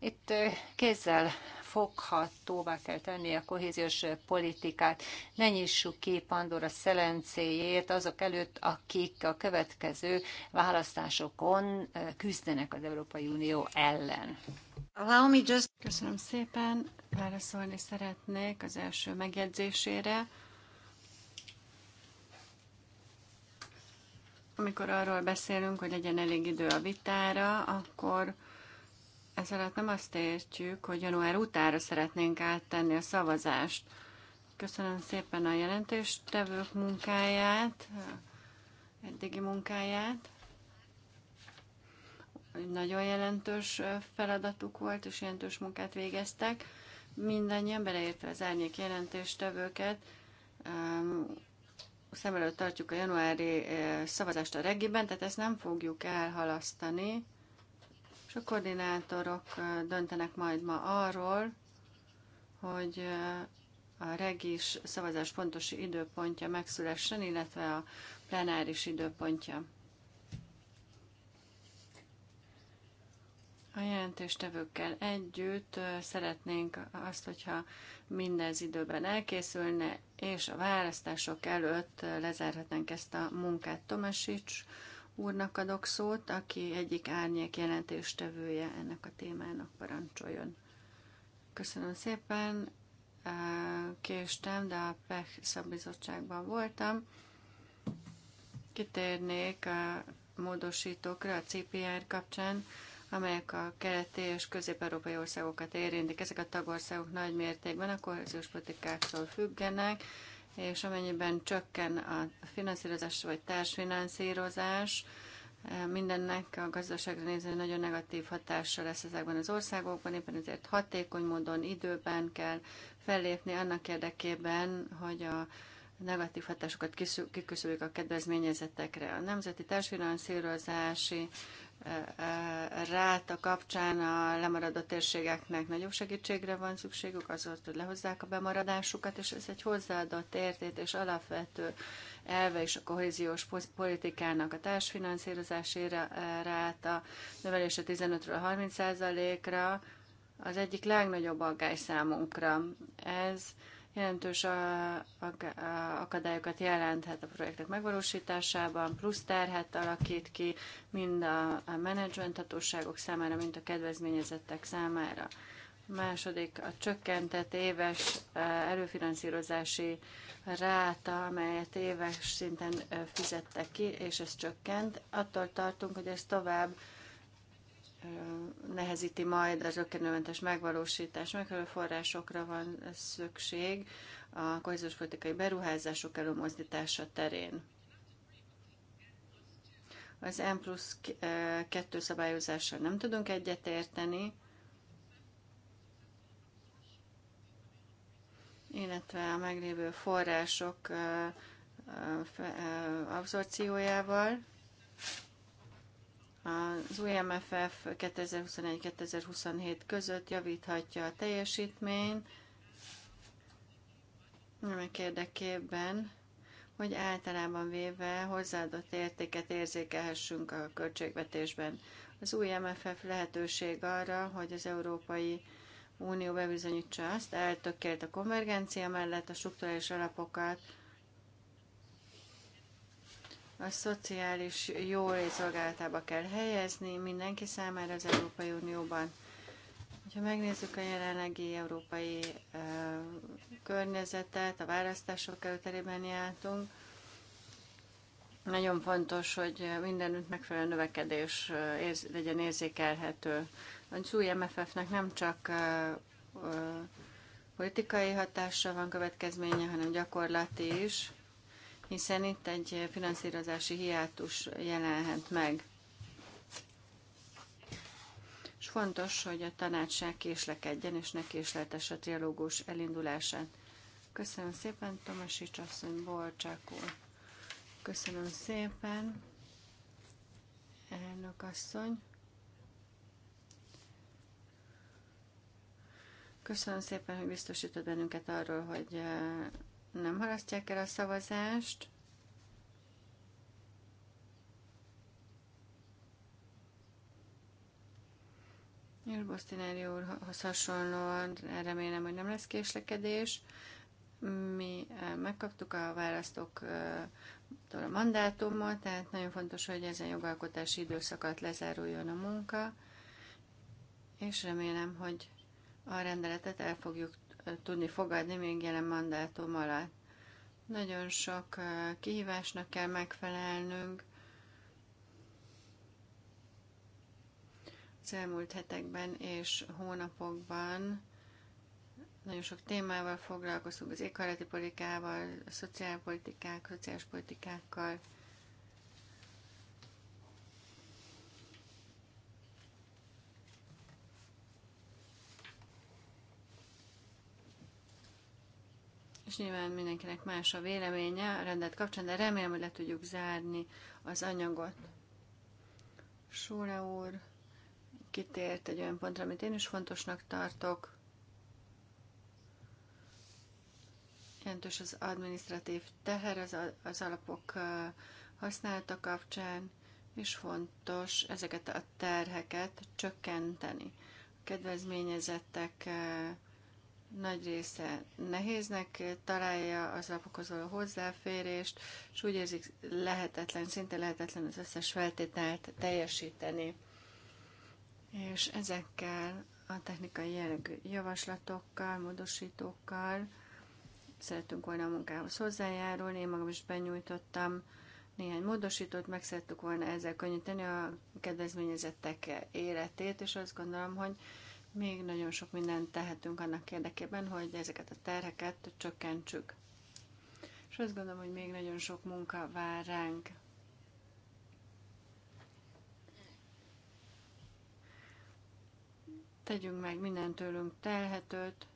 Itt kézzel foghatóvá kell tenni a kohéziós politikát. Ne nyissuk ki Pandora szelencéjét azok előtt, akik a következő választásokon eh, küzdenek az Európai Unió ellen. Köszönöm szépen. Válaszolni szeretnék az első megjegyzésére. amikor arról beszélünk, hogy legyen elég idő a vitára, akkor ez alatt nem azt értjük, hogy január utára szeretnénk áttenni a szavazást. Köszönöm szépen a jelentéstevők munkáját, eddigi munkáját. Nagyon jelentős feladatuk volt, és jelentős munkát végeztek. Mindannyian beleértve az árnyék jelentéstevőket, ehm, szem előtt tartjuk a januári eh, szavazást a reggiben, tehát ezt nem fogjuk elhalasztani a koordinátorok döntenek majd ma arról, hogy a regis szavazás pontos időpontja megszülessen, illetve a plenáris időpontja. A jelentéstevőkkel együtt szeretnénk azt, hogyha mindez időben elkészülne, és a választások előtt lezárhatnánk ezt a munkát. Tomasics úrnak adok szót, aki egyik árnyék jelentéstevője ennek a témának parancsoljon. Köszönöm szépen, késtem, de a PEH szabizottságban voltam. Kitérnék a módosítókra a CPR kapcsán, amelyek a keleti és közép-európai országokat érintik. Ezek a tagországok nagy mértékben a kohéziós politikáktól függenek, és amennyiben csökken a finanszírozás vagy társfinanszírozás, mindennek a gazdaságra nézve nagyon negatív hatása lesz ezekben az országokban, éppen ezért hatékony módon, időben kell fellépni annak érdekében, hogy a negatív hatásokat kiküszöljük a kedvezményezetekre. A nemzeti társfinanszírozási ráta kapcsán a lemaradott térségeknek nagyobb segítségre van szükségük, azért, hogy lehozzák a bemaradásukat, és ez egy hozzáadott értét és alapvető elve is a kohéziós politikának a társfinanszírozási eh, ráta növelése 15-ről 30%-ra az egyik legnagyobb aggály számunkra. Ez jelentős akadályokat jelenthet a projektek megvalósításában, plusz terhet alakít ki mind a menedzsment hatóságok számára, mind a kedvezményezettek számára. A második a csökkentett éves előfinanszírozási ráta, amelyet éves szinten fizettek ki, és ez csökkent. Attól tartunk, hogy ez tovább nehezíti majd az ökkenőmentes megvalósítás. Megfelelő forrásokra van szükség a kohéziós politikai beruházások előmozdítása terén. Az M plusz kettő szabályozással nem tudunk egyetérteni, illetve a meglévő források abszorciójával az új MFF 2021-2027 között javíthatja a teljesítményt, annak érdekében, hogy általában véve hozzáadott értéket érzékelhessünk a költségvetésben. Az új e MFF lehetőség arra, hogy az Európai Unió bebizonyítsa azt, eltökélt a konvergencia mellett a struktúrális alapokat a szociális jólét szolgálatába kell helyezni mindenki számára az Európai Unióban. Ha megnézzük a jelenlegi európai uh, környezetet, a választások előterében jártunk, nagyon fontos, hogy mindenütt megfelelő növekedés uh, érz, legyen érzékelhető. Az új MFF-nek nem csak uh, politikai hatása van következménye, hanem gyakorlati is hiszen itt egy finanszírozási hiátus jelenhet meg. És fontos, hogy a tanácság késlekedjen, és ne késletes a trialógus elindulását. Köszönöm szépen, Tomasics asszony, Borcsák úr. Köszönöm szépen, elnök asszony. Köszönöm szépen, hogy biztosítod bennünket arról, hogy eh, nem halasztják el a szavazást. Bosztinári úrhoz hasonlóan remélem, hogy nem lesz késlekedés. Mi eh, megkaptuk a választóktól a mandátumot, tehát nagyon fontos, hogy ezen jogalkotási időszakat lezáruljon a munka, és remélem, hogy a rendeletet el fogjuk tudni fogadni még jelen mandátum alatt. Nagyon sok kihívásnak kell megfelelnünk. Az elmúlt hetekben és hónapokban nagyon sok témával foglalkoztunk, az éghajlati politikával, a szociálpolitikák, szociális politikákkal, és nyilván mindenkinek más a véleménye a rendet kapcsán, de remélem, hogy le tudjuk zárni az anyagot. Sóra úr kitért egy olyan pontra, amit én is fontosnak tartok. Jelentős az administratív teher az, az alapok használata kapcsán, és fontos ezeket a terheket csökkenteni. A kedvezményezettek nagy része nehéznek találja az alapokhoz való hozzáférést, és úgy érzik lehetetlen, szinte lehetetlen az összes feltételt teljesíteni. És ezekkel a technikai jellegű javaslatokkal, módosítókkal szeretünk volna a munkához hozzájárulni. Én magam is benyújtottam néhány módosítót, meg szerettük volna ezzel könnyíteni a kedvezményezettek életét, és azt gondolom, hogy még nagyon sok mindent tehetünk annak érdekében, hogy ezeket a terheket csökkentsük. És azt gondolom, hogy még nagyon sok munka vár ránk. Tegyünk meg mindent tőlünk telhetőt,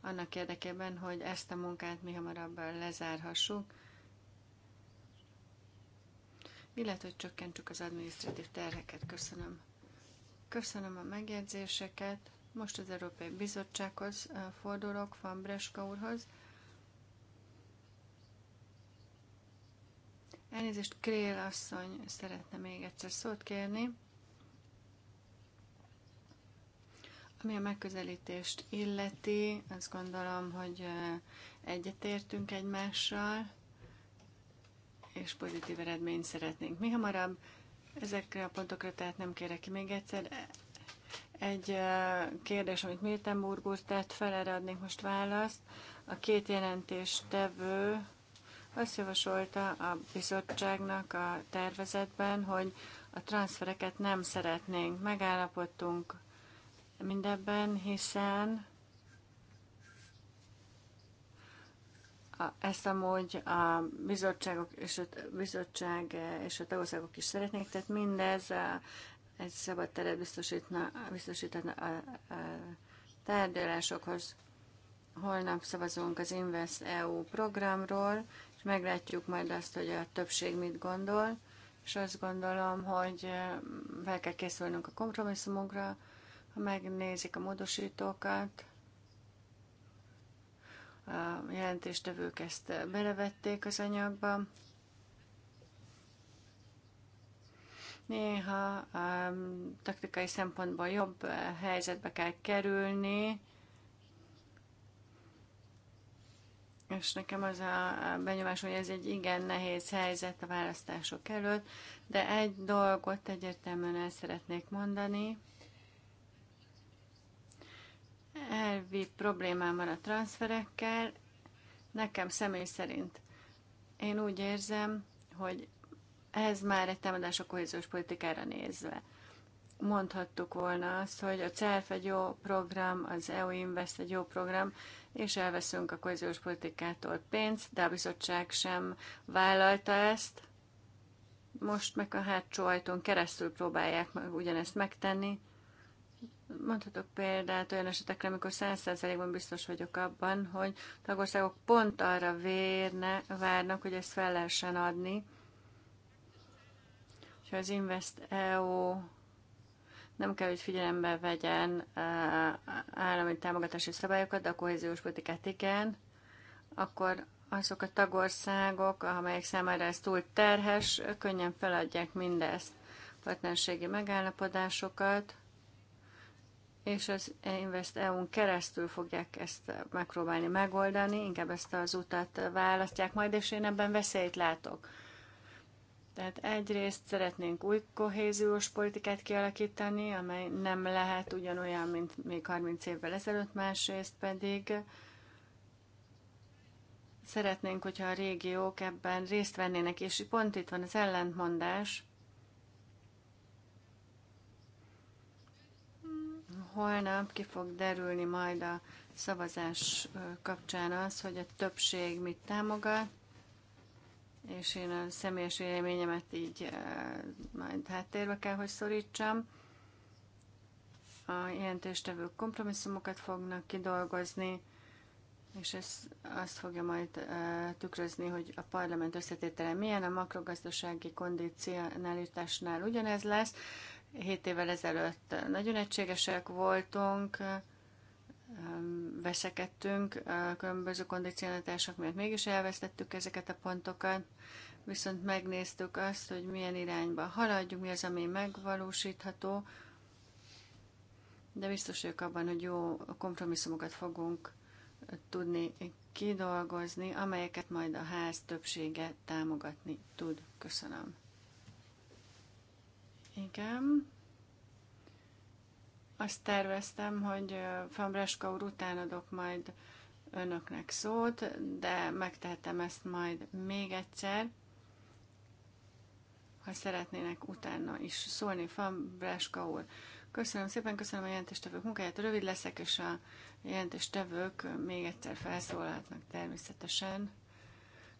annak érdekében, hogy ezt a munkát mi hamarabb lezárhassuk, illetve hogy csökkentsük az adminisztratív terheket. Köszönöm. Köszönöm a megjegyzéseket. Most az Európai Bizottsághoz eh, fordulok, Van Breska úrhoz. Elnézést, Krél asszony szeretne még egyszer szót kérni. Ami a megközelítést illeti, azt gondolom, hogy eh, egyetértünk egymással, és pozitív eredményt szeretnénk mi hamarabb. Ezekre a pontokra tehát nem kérek ki még egyszer. Egy kérdés, amit Miltenburg úr tett fel, erre adnék most választ. A két tevő azt javasolta a bizottságnak a tervezetben, hogy a transfereket nem szeretnénk. Megállapodtunk mindebben, hiszen a, ezt amúgy a bizottságok és a bizottság és a tagországok is szeretnék, tehát mindez ez szabad teret biztosítna, biztosítana a, a tárgyalásokhoz. Holnap szavazunk az Invest EU programról, és meglátjuk majd azt, hogy a többség mit gondol, és azt gondolom, hogy fel kell készülnünk a kompromisszumunkra, ha megnézik a módosítókat, a jelentéstevők ezt belevették az anyagba. Néha um, taktikai szempontból jobb eh, helyzetbe kell kerülni, és nekem az a benyomás, hogy ez egy igen nehéz helyzet a választások előtt, de egy dolgot egyértelműen el szeretnék mondani. Elvi problémám van a transferekkel. Nekem személy szerint én úgy érzem, hogy ez már egy támadás a kohéziós politikára nézve. Mondhattuk volna azt, hogy a CELF egy jó program, az EU Invest egy jó program, és elveszünk a kohéziós politikától pénzt, de a bizottság sem vállalta ezt. Most meg a hátsó ajtón keresztül próbálják meg ugyanezt megtenni. Mondhatok példát olyan esetekre, amikor 100%-ban biztos vagyok abban, hogy tagországok pont arra vérne, várnak, hogy ezt fel lehessen adni, hogyha az Invest EU nem kell, hogy figyelembe vegyen e, állami támogatási szabályokat, de a kohéziós politikát igen, akkor azok a tagországok, amelyek számára ez túl terhes, könnyen feladják mindezt, partnerségi megállapodásokat, és az Invest EU-n keresztül fogják ezt megpróbálni megoldani, inkább ezt az utat választják majd, és én ebben veszélyt látok. Tehát egyrészt szeretnénk új kohéziós politikát kialakítani, amely nem lehet ugyanolyan, mint még 30 évvel ezelőtt, másrészt pedig szeretnénk, hogyha a régiók ebben részt vennének, és pont itt van az ellentmondás. Holnap ki fog derülni majd a szavazás kapcsán az, hogy a többség mit támogat, és én a személyes véleményemet így majd háttérbe kell, hogy szorítsam. A jelentéstevők kompromisszumokat fognak kidolgozni, és ez azt fogja majd tükrözni, hogy a parlament összetétele milyen, a makrogazdasági kondicionálításnál ugyanez lesz. Hét évvel ezelőtt nagyon egységesek voltunk, veszekedtünk a különböző kondicionalitások miatt. Mégis elvesztettük ezeket a pontokat, viszont megnéztük azt, hogy milyen irányba haladjunk, mi az, ami megvalósítható, de biztos vagyok abban, hogy jó kompromisszumokat fogunk tudni kidolgozni, amelyeket majd a ház többsége támogatni tud. Köszönöm. Igen. Azt terveztem, hogy Fambreska úr után adok majd önöknek szót, de megtehetem ezt majd még egyszer. Ha szeretnének utána is szólni, Fambreska úr. Köszönöm szépen, köszönöm a jelentéstevők munkáját. Rövid leszek, és a jelentéstevők még egyszer felszólalhatnak természetesen.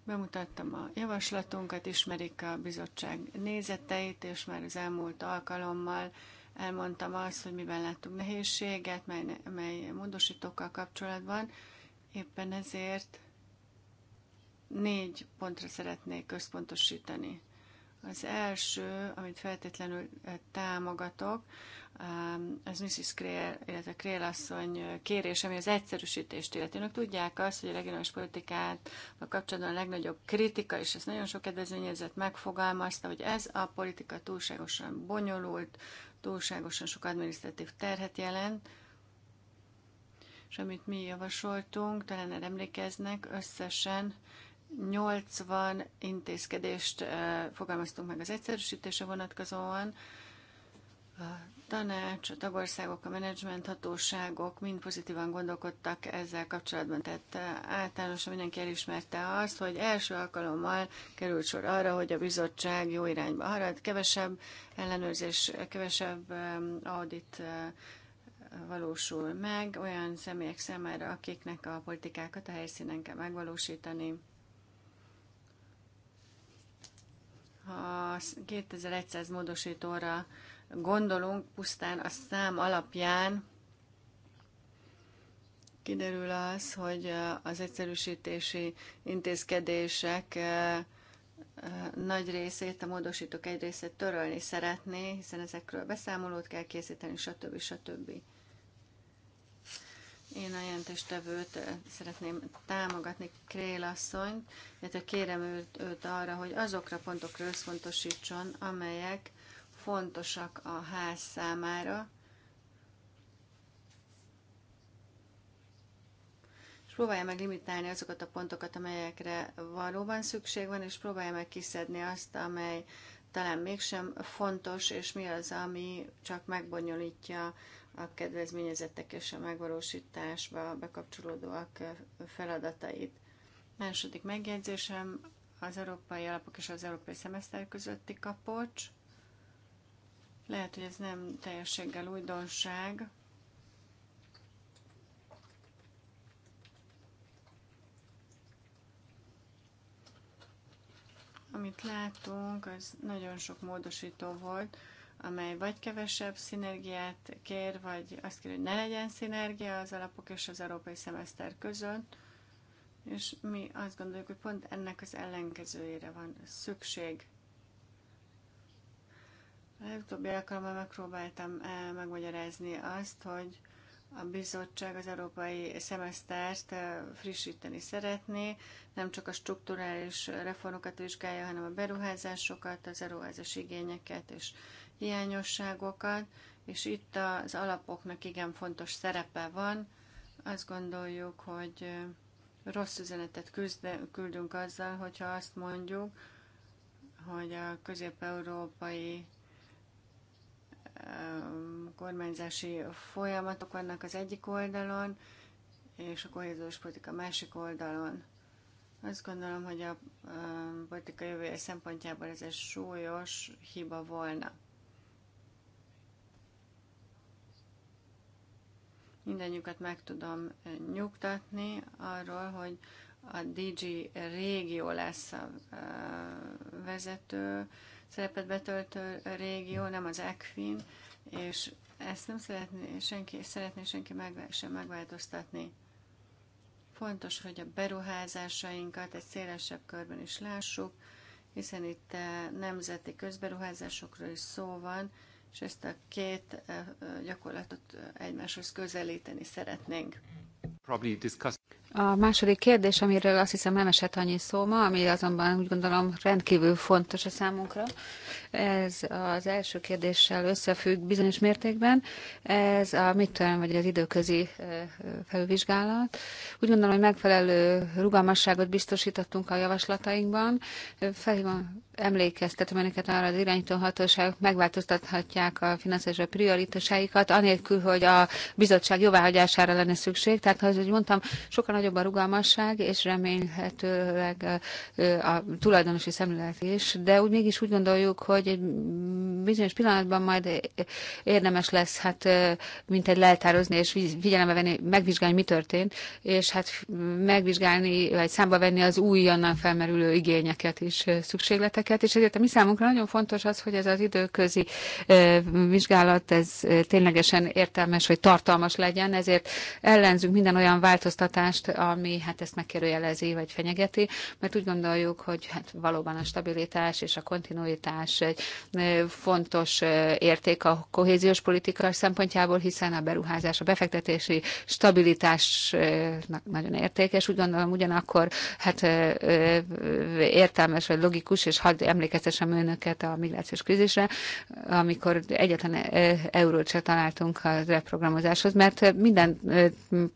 Bemutattam a javaslatunkat, ismerik a bizottság nézeteit, és már az elmúlt alkalommal Elmondtam azt, hogy miben láttuk nehézséget, mely, mely módosítókkal kapcsolatban. Éppen ezért négy pontra szeretnék központosítani. Az első, amit feltétlenül eh, támogatok, az um, Mrs. Krél, illetve Krél asszony kérés, ami az egyszerűsítést illeti. Önök tudják azt, hogy a regionális politikát a kapcsolatban a legnagyobb kritika, és ezt nagyon sok kedvezményezett megfogalmazta, hogy ez a politika túlságosan bonyolult, túlságosan sok adminisztratív terhet jelent, és amit mi javasoltunk, talán erre emlékeznek, összesen 80 intézkedést eh, fogalmaztunk meg az egyszerűsítése vonatkozóan, tanács, a tagországok, a hatóságok mind pozitívan gondolkodtak ezzel kapcsolatban. Tehát eh, általánosan mindenki elismerte azt, hogy első alkalommal került sor arra, hogy a bizottság jó irányba harad, kevesebb ellenőrzés, kevesebb eh, audit eh, valósul meg olyan személyek számára, akiknek a politikákat a helyszínen kell megvalósítani. Ha 2100 módosítóra gondolunk, pusztán a szám alapján kiderül az, hogy az egyszerűsítési intézkedések nagy részét, a módosítók egy részét törölni szeretné, hiszen ezekről beszámolót kell készíteni, stb. stb. Én a jelentéstevőt szeretném támogatni, Krél asszonyt, illetve kérem őt, őt arra, hogy azokra pontokra összpontosítson, amelyek fontosak a ház számára. És próbálja meg limitálni azokat a pontokat, amelyekre valóban szükség van, és próbálja meg kiszedni azt, amely talán mégsem fontos, és mi az, ami csak megbonyolítja a kedvezményezettek és a megvalósításba bekapcsolódóak feladatait. Második megjegyzésem az európai alapok és az európai szemeszter közötti kapocs. Lehet, hogy ez nem teljességgel újdonság, amit látunk, az nagyon sok módosító volt, amely vagy kevesebb szinergiát kér, vagy azt kér, hogy ne legyen szinergia az alapok és az európai szemeszter között, és mi azt gondoljuk, hogy pont ennek az ellenkezőjére van szükség. A legutóbbi alkalommal megpróbáltam eh, megmagyarázni azt, hogy a bizottság az európai szemesztert eh, frissíteni szeretné, nem csak a strukturális reformokat vizsgálja, hanem a beruházásokat, az eruházás igényeket és hiányosságokat, és itt az alapoknak igen fontos szerepe van. Azt gondoljuk, hogy eh, rossz üzenetet küldünk azzal, hogyha azt mondjuk, hogy a közép-európai kormányzási folyamatok vannak az egyik oldalon, és a kohéziós politika másik oldalon. Azt gondolom, hogy a politika jövője szempontjából ez egy súlyos hiba volna. Mindenjüket meg tudom nyugtatni arról, hogy a DG régió lesz a vezető, szerepet betöltő régió, nem az Equin, és ezt nem szeretné senki, szeretné senki meg, sem megváltoztatni. Fontos, hogy a beruházásainkat egy szélesebb körben is lássuk, hiszen itt eh, nemzeti közberuházásokról is szó van, és ezt a két eh, gyakorlatot eh, egymáshoz közelíteni szeretnénk. A második kérdés, amiről azt hiszem nem esett annyi szó ma, ami azonban úgy gondolom rendkívül fontos a számunkra, ez az első kérdéssel összefügg bizonyos mértékben, ez a midterm vagy az időközi felülvizsgálat. Úgy gondolom, hogy megfelelő rugalmasságot biztosítottunk a javaslatainkban. Felhívom, emlékeztetem önöket arra, az irányító hatóságok megváltoztathatják a finanszírozó prioritásaikat, anélkül, hogy a bizottság jóváhagyására lenne szükség. Tehát, ahogy mondtam, sokan nagyobb a rugalmasság, és remélhetőleg a tulajdonosi szemlélet is, de úgy mégis úgy gondoljuk, hogy egy bizonyos pillanatban majd érdemes lesz, hát mint egy leltározni, és figyelembe venni, megvizsgálni, mi történt, és hát megvizsgálni, vagy számba venni az újonnan felmerülő igényeket és szükségleteket, és ezért a mi számunkra nagyon fontos az, hogy ez az időközi vizsgálat, ez ténylegesen értelmes, vagy tartalmas legyen, ezért ellenzünk minden olyan változtatást, növekedést, ami hát ezt megkérdőjelezi vagy fenyegeti, mert úgy gondoljuk, hogy hát valóban a stabilitás és a kontinuitás egy fontos érték a kohéziós politika szempontjából, hiszen a beruházás, a befektetési stabilitásnak nagyon értékes. Úgy gondolom ugyanakkor hát értelmes vagy logikus, és hadd emlékeztessem önöket a migrációs krízisre, amikor egyetlen eurót se találtunk a reprogramozáshoz, mert mindent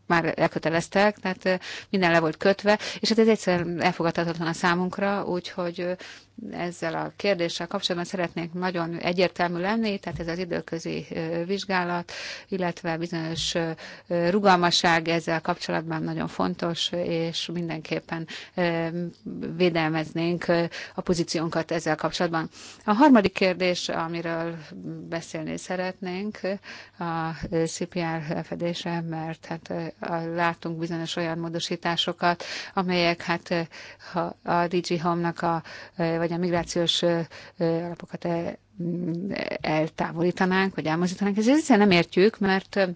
már elköteleztek, tehát minden le volt kötve, és hát ez egyszerűen elfogadhatatlan a számunkra, úgyhogy ezzel a kérdéssel kapcsolatban szeretnénk nagyon egyértelmű lenni, tehát ez az időközi vizsgálat, illetve bizonyos rugalmasság ezzel kapcsolatban nagyon fontos, és mindenképpen védelmeznénk a pozíciónkat ezzel kapcsolatban. A harmadik kérdés, amiről beszélni szeretnénk, a CPR fedése, mert hát látunk bizonyos olyan módosításokat, amelyek hát a DG Home-nak a vagy a migrációs alapokat eltávolítanánk, vagy elmozdítanánk. Ez egyszerűen nem értjük, mert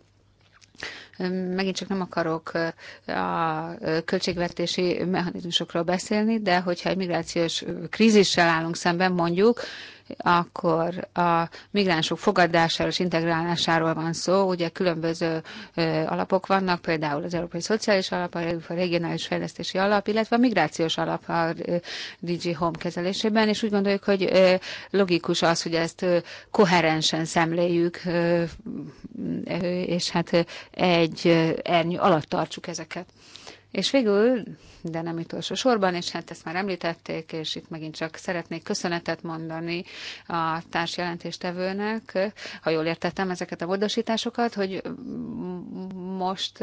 megint csak nem akarok a költségvetési mechanizmusokról beszélni, de hogyha egy migrációs krízissel állunk szemben mondjuk, akkor a migránsok fogadásáról és integrálásáról van szó. Ugye különböző alapok vannak, például az Európai Szociális Alap, a Regionális Fejlesztési Alap, illetve a Migrációs Alap a DG Home kezelésében, és úgy gondoljuk, hogy logikus az, hogy ezt koherensen szemléljük, és hát egy ernyő alatt tartsuk ezeket. És végül, de nem utolsó sorban, és hát ezt már említették, és itt megint csak szeretnék köszönetet mondani a társjelentéstevőnek, ha jól értettem ezeket a módosításokat, hogy most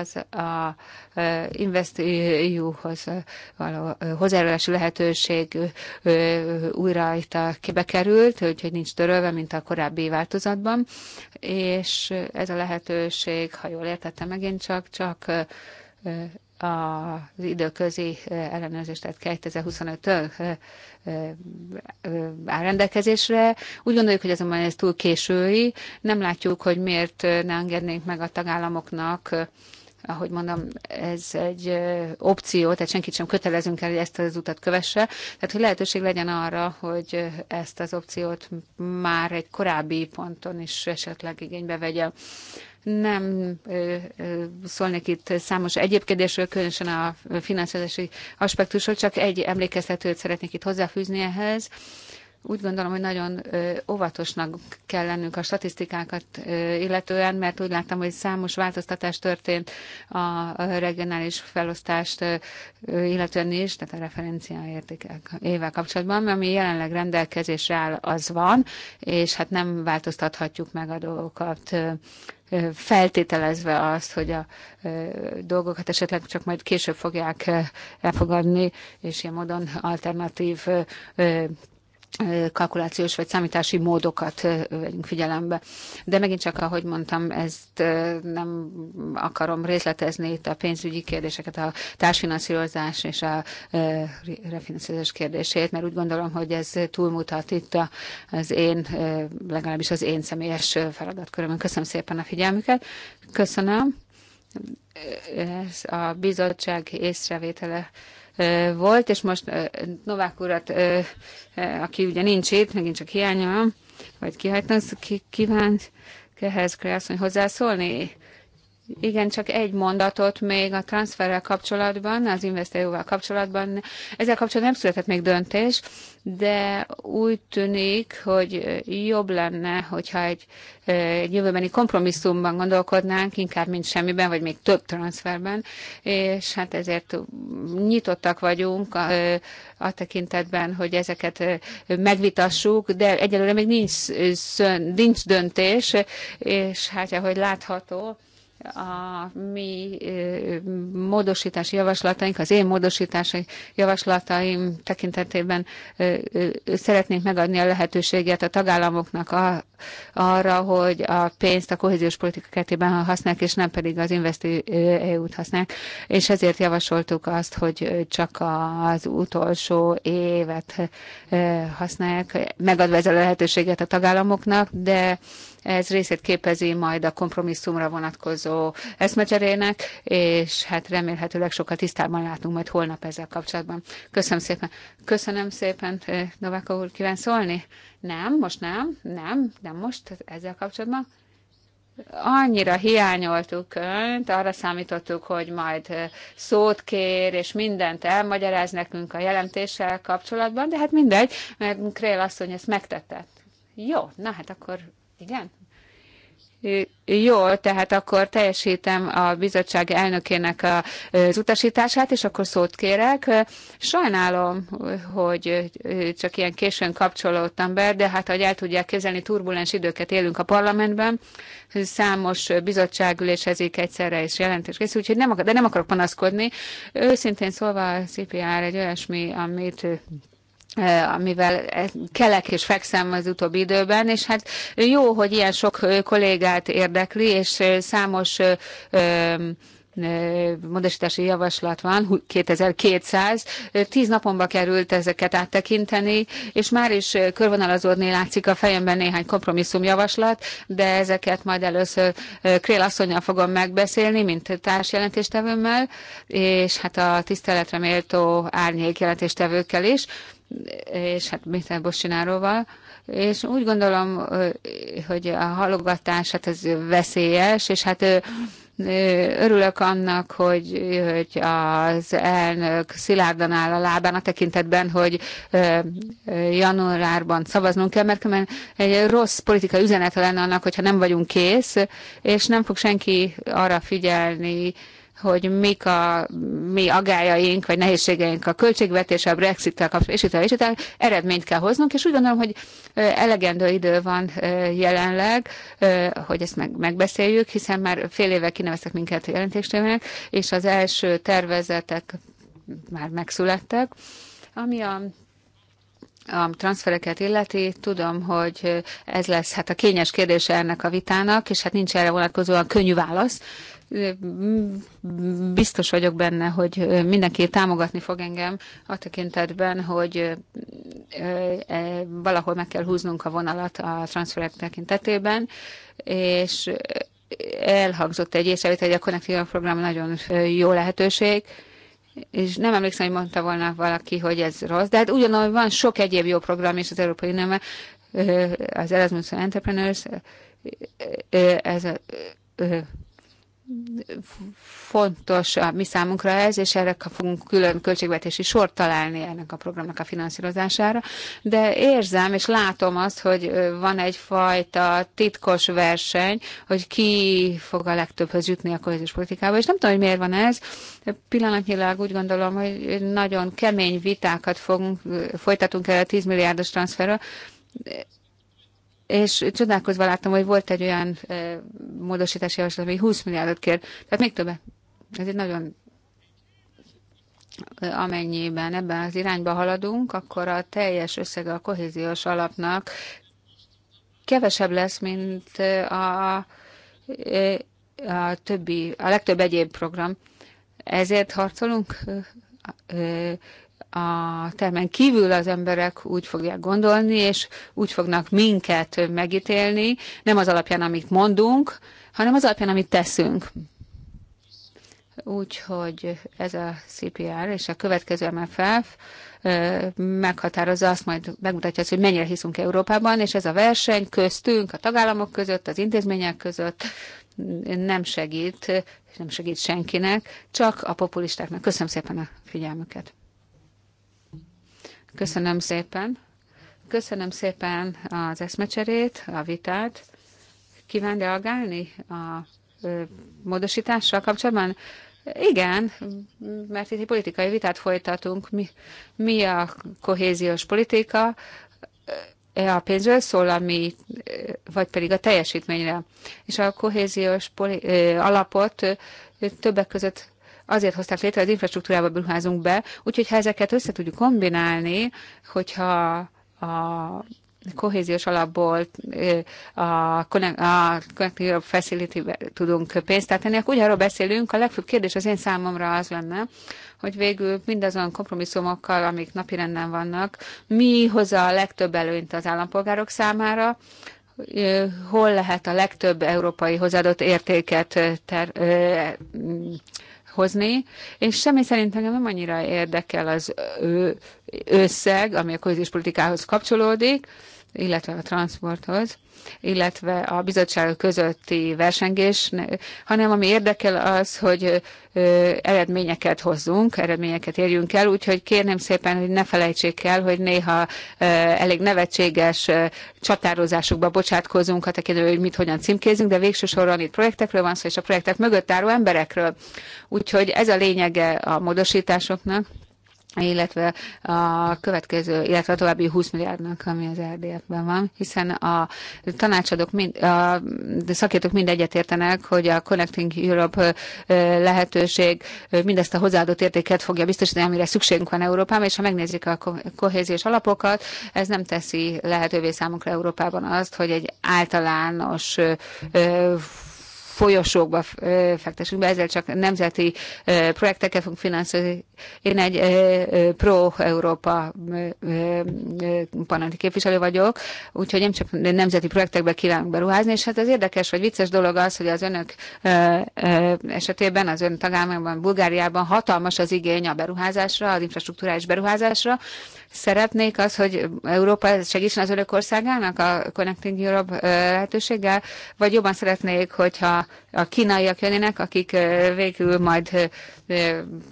az a InvestEU-hoz való hozzájárulási lehetőség újra itt a kibe került, úgyhogy nincs törölve, mint a korábbi változatban, és ez a lehetőség, ha jól értettem megint csak, csak az időközi ellenőrzés, tehát 2025-től áll rendelkezésre. Úgy gondoljuk, hogy azonban ez túl késői. Nem látjuk, hogy miért ne engednénk meg a tagállamoknak ahogy mondom, ez egy opció, tehát senkit sem kötelezünk el, hogy ezt az utat kövesse. Tehát, hogy lehetőség legyen arra, hogy ezt az opciót már egy korábbi ponton is esetleg igénybe vegye. Nem szólnék itt számos egyéb kérdésről, különösen a finanszírozási aspektusról, csak egy emlékeztetőt szeretnék itt hozzáfűzni ehhez úgy gondolom, hogy nagyon óvatosnak kell lennünk a statisztikákat illetően, mert úgy láttam, hogy számos változtatás történt a regionális felosztást illetően is, tehát a értékek éve kapcsolatban, ami jelenleg rendelkezésre áll, az van, és hát nem változtathatjuk meg a dolgokat feltételezve azt, hogy a dolgokat esetleg csak majd később fogják elfogadni, és ilyen módon alternatív kalkulációs vagy számítási módokat vegyünk figyelembe. De megint csak, ahogy mondtam, ezt nem akarom részletezni itt a pénzügyi kérdéseket, a társfinanszírozás és a refinanszírozás kérdését, mert úgy gondolom, hogy ez túlmutat itt az én, legalábbis az én személyes feladatkörömön. Köszönöm szépen a figyelmüket. Köszönöm. Ez a bizottság észrevétele volt, és most Novák urat, aki ugye nincs itt, megint csak hiányolom, vagy kihagytam, kívánt ehhez kell azt, hogy hozzászólni? Igen, csak egy mondatot még a transferrel kapcsolatban, az investorjóval kapcsolatban. Ezzel kapcsolatban nem született még döntés, de úgy tűnik, hogy jobb lenne, hogyha egy, egy jövőbeni kompromisszumban gondolkodnánk, inkább mint semmiben, vagy még több transferben, és hát ezért nyitottak vagyunk a, a tekintetben, hogy ezeket megvitassuk, de egyelőre még nincs, nincs döntés, és hát ahogy látható, a mi módosítási javaslataink, az én módosítási javaslataim tekintetében szeretnénk megadni a lehetőséget a tagállamoknak a, arra, hogy a pénzt a kohéziós politika keretében használják, és nem pedig az Investi EU-t használják, és ezért javasoltuk azt, hogy csak az utolsó évet használják, megadva ezzel a lehetőséget a tagállamoknak, de ez részét képezi majd a kompromisszumra vonatkozó eszmecserének, és hát remélhetőleg sokkal tisztában látunk majd holnap ezzel kapcsolatban. Köszönöm szépen. Köszönöm szépen, eh, Novák úr, kíván szólni? Nem, most nem, nem, nem most ezzel kapcsolatban annyira hiányoltuk önt, arra számítottuk, hogy majd eh, szót kér, és mindent elmagyaráz nekünk a jelentéssel kapcsolatban, de hát mindegy, mert Krél asszony ezt megtette. Jó, na hát akkor igen? Jó, tehát akkor teljesítem a bizottság elnökének az utasítását, és akkor szót kérek. Sajnálom, hogy csak ilyen későn kapcsolódtam be, de hát, hogy el tudják kezelni, turbulens időket élünk a parlamentben. Számos bizottságülés ezik egyszerre, és jelentős kész, úgyhogy nem, de nem akarok panaszkodni. Őszintén szólva a CPR egy olyasmi, amit Eh, amivel kelek és fekszem az utóbbi időben, és hát jó, hogy ilyen sok eh, kollégát érdekli, és eh, számos módosítási javaslat van, 2200, tíz napomba került ezeket áttekinteni, és már is körvonalazódni látszik a fejemben néhány kompromisszumjavaslat, de ezeket majd először Krél asszonynal fogom megbeszélni, mint jelentéstevőmmel, és hát a tiszteletre méltó árnyék jelentéstevőkkel is és hát Métel Bosináróval, és úgy gondolom, hogy a halogatás, hát ez veszélyes, és hát örülök annak, hogy, hogy az elnök szilárdan áll a lábán a tekintetben, hogy januárban szavaznunk kell, mert egy rossz politikai üzenete lenne annak, hogyha nem vagyunk kész, és nem fog senki arra figyelni, hogy mik a mi agályaink, vagy nehézségeink a költségvetése, a Brexit-tel kapcsolatban, és itt, eredményt kell hoznunk, és úgy gondolom, hogy elegendő idő van jelenleg, hogy ezt meg, megbeszéljük, hiszen már fél éve kineveztek minket jelentéstévőnek, és az első tervezetek már megszülettek, ami a a transfereket illeti, tudom, hogy ez lesz hát a kényes kérdése ennek a vitának, és hát nincs erre vonatkozóan könnyű válasz, biztos vagyok benne, hogy mindenki támogatni fog engem a tekintetben, hogy valahol meg kell húznunk a vonalat a transferek tekintetében, és elhangzott egy észrevét, hogy a Connecting program nagyon jó lehetőség, és nem emlékszem, hogy mondta volna valaki, hogy ez rossz, de hát ugyanúgy van sok egyéb jó program is az Európai Unióban, az Erasmus Entrepreneurs, ez a fontos a mi számunkra ez, és erre fogunk külön költségvetési sort találni ennek a programnak a finanszírozására, de érzem és látom azt, hogy van egyfajta titkos verseny, hogy ki fog a legtöbbhöz jutni a kohéziós politikába, és nem tudom, hogy miért van ez. Pillanatnyilag úgy gondolom, hogy nagyon kemény vitákat fogunk, folytatunk el a 10 milliárdos transferről, és csodálkozva láttam, hogy volt egy olyan e, módosítási javaslat, ami 20 milliárdot kér, tehát még többet. Ez egy nagyon amennyiben ebben az irányba haladunk, akkor a teljes összege a kohéziós alapnak kevesebb lesz, mint a, a többi, a legtöbb egyéb program. Ezért harcolunk a termen kívül az emberek úgy fogják gondolni, és úgy fognak minket megítélni, nem az alapján, amit mondunk, hanem az alapján, amit teszünk. Úgyhogy ez a CPR és a következő MFF meghatározza azt, majd megmutatja azt, hogy mennyire hiszünk Európában, és ez a verseny köztünk, a tagállamok között, az intézmények között nem segít, nem segít senkinek, csak a populistáknak. Köszönöm szépen a figyelmüket. Köszönöm szépen. Köszönöm szépen az eszmecserét, a vitát. Kíván reagálni a módosítással kapcsolatban? Igen, mert itt egy politikai vitát folytatunk. Mi, mi a kohéziós politika? E a pénzről szól, ami, vagy pedig a teljesítményre. És a kohéziós poli, alapot többek között azért hozták létre, az infrastruktúrába beruházunk be, úgyhogy ha ezeket össze tudjuk kombinálni, hogyha a kohéziós alapból a Connecting Europe facility tudunk pénzt tenni, akkor ugyanarról beszélünk. A legfőbb kérdés az én számomra az lenne, hogy végül mindazon kompromisszumokkal, amik napirenden vannak, mi hozza a legtöbb előnyt az állampolgárok számára, hol lehet a legtöbb európai hozadott értéket ter, hozni, és semmi szerint engem nem annyira érdekel az ő összeg, ami a kohéziós politikához kapcsolódik, illetve a transporthoz illetve a bizottság közötti versengés, hanem ami érdekel az, hogy eredményeket hozzunk, eredményeket érjünk el, úgyhogy kérném szépen, hogy ne felejtsék el, hogy néha elég nevetséges csatározásukba bocsátkozunk, a tekintetben, hogy mit hogyan címkézünk, de végső soron itt projektekről van szó, és a projektek mögött álló emberekről. Úgyhogy ez a lényege a módosításoknak illetve a következő, illetve a további 20 milliárdnak, ami az RDF-ben van, hiszen a tanácsadók, mind, a szakértők mind egyetértenek, hogy a Connecting Europe lehetőség mindezt a hozzáadott értéket fogja biztosítani, amire szükségünk van Európában, és ha megnézzük a kohéziós alapokat, ez nem teszi lehetővé számunkra Európában azt, hogy egy általános folyosókba fektessünk be, ezzel csak nemzeti projekteket fogunk finanszírozni. Én egy pro-Európa parlamenti képviselő vagyok, úgyhogy nem csak nemzeti projektekbe kívánunk beruházni, és hát az érdekes vagy vicces dolog az, hogy az önök esetében, az ön tagállamban, Bulgáriában hatalmas az igény a beruházásra, az infrastruktúrális beruházásra, szeretnék az, hogy Európa segítsen az önök országának a Connecting Europe lehetőséggel, vagy jobban szeretnék, hogyha a kínaiak jönnének, akik végül majd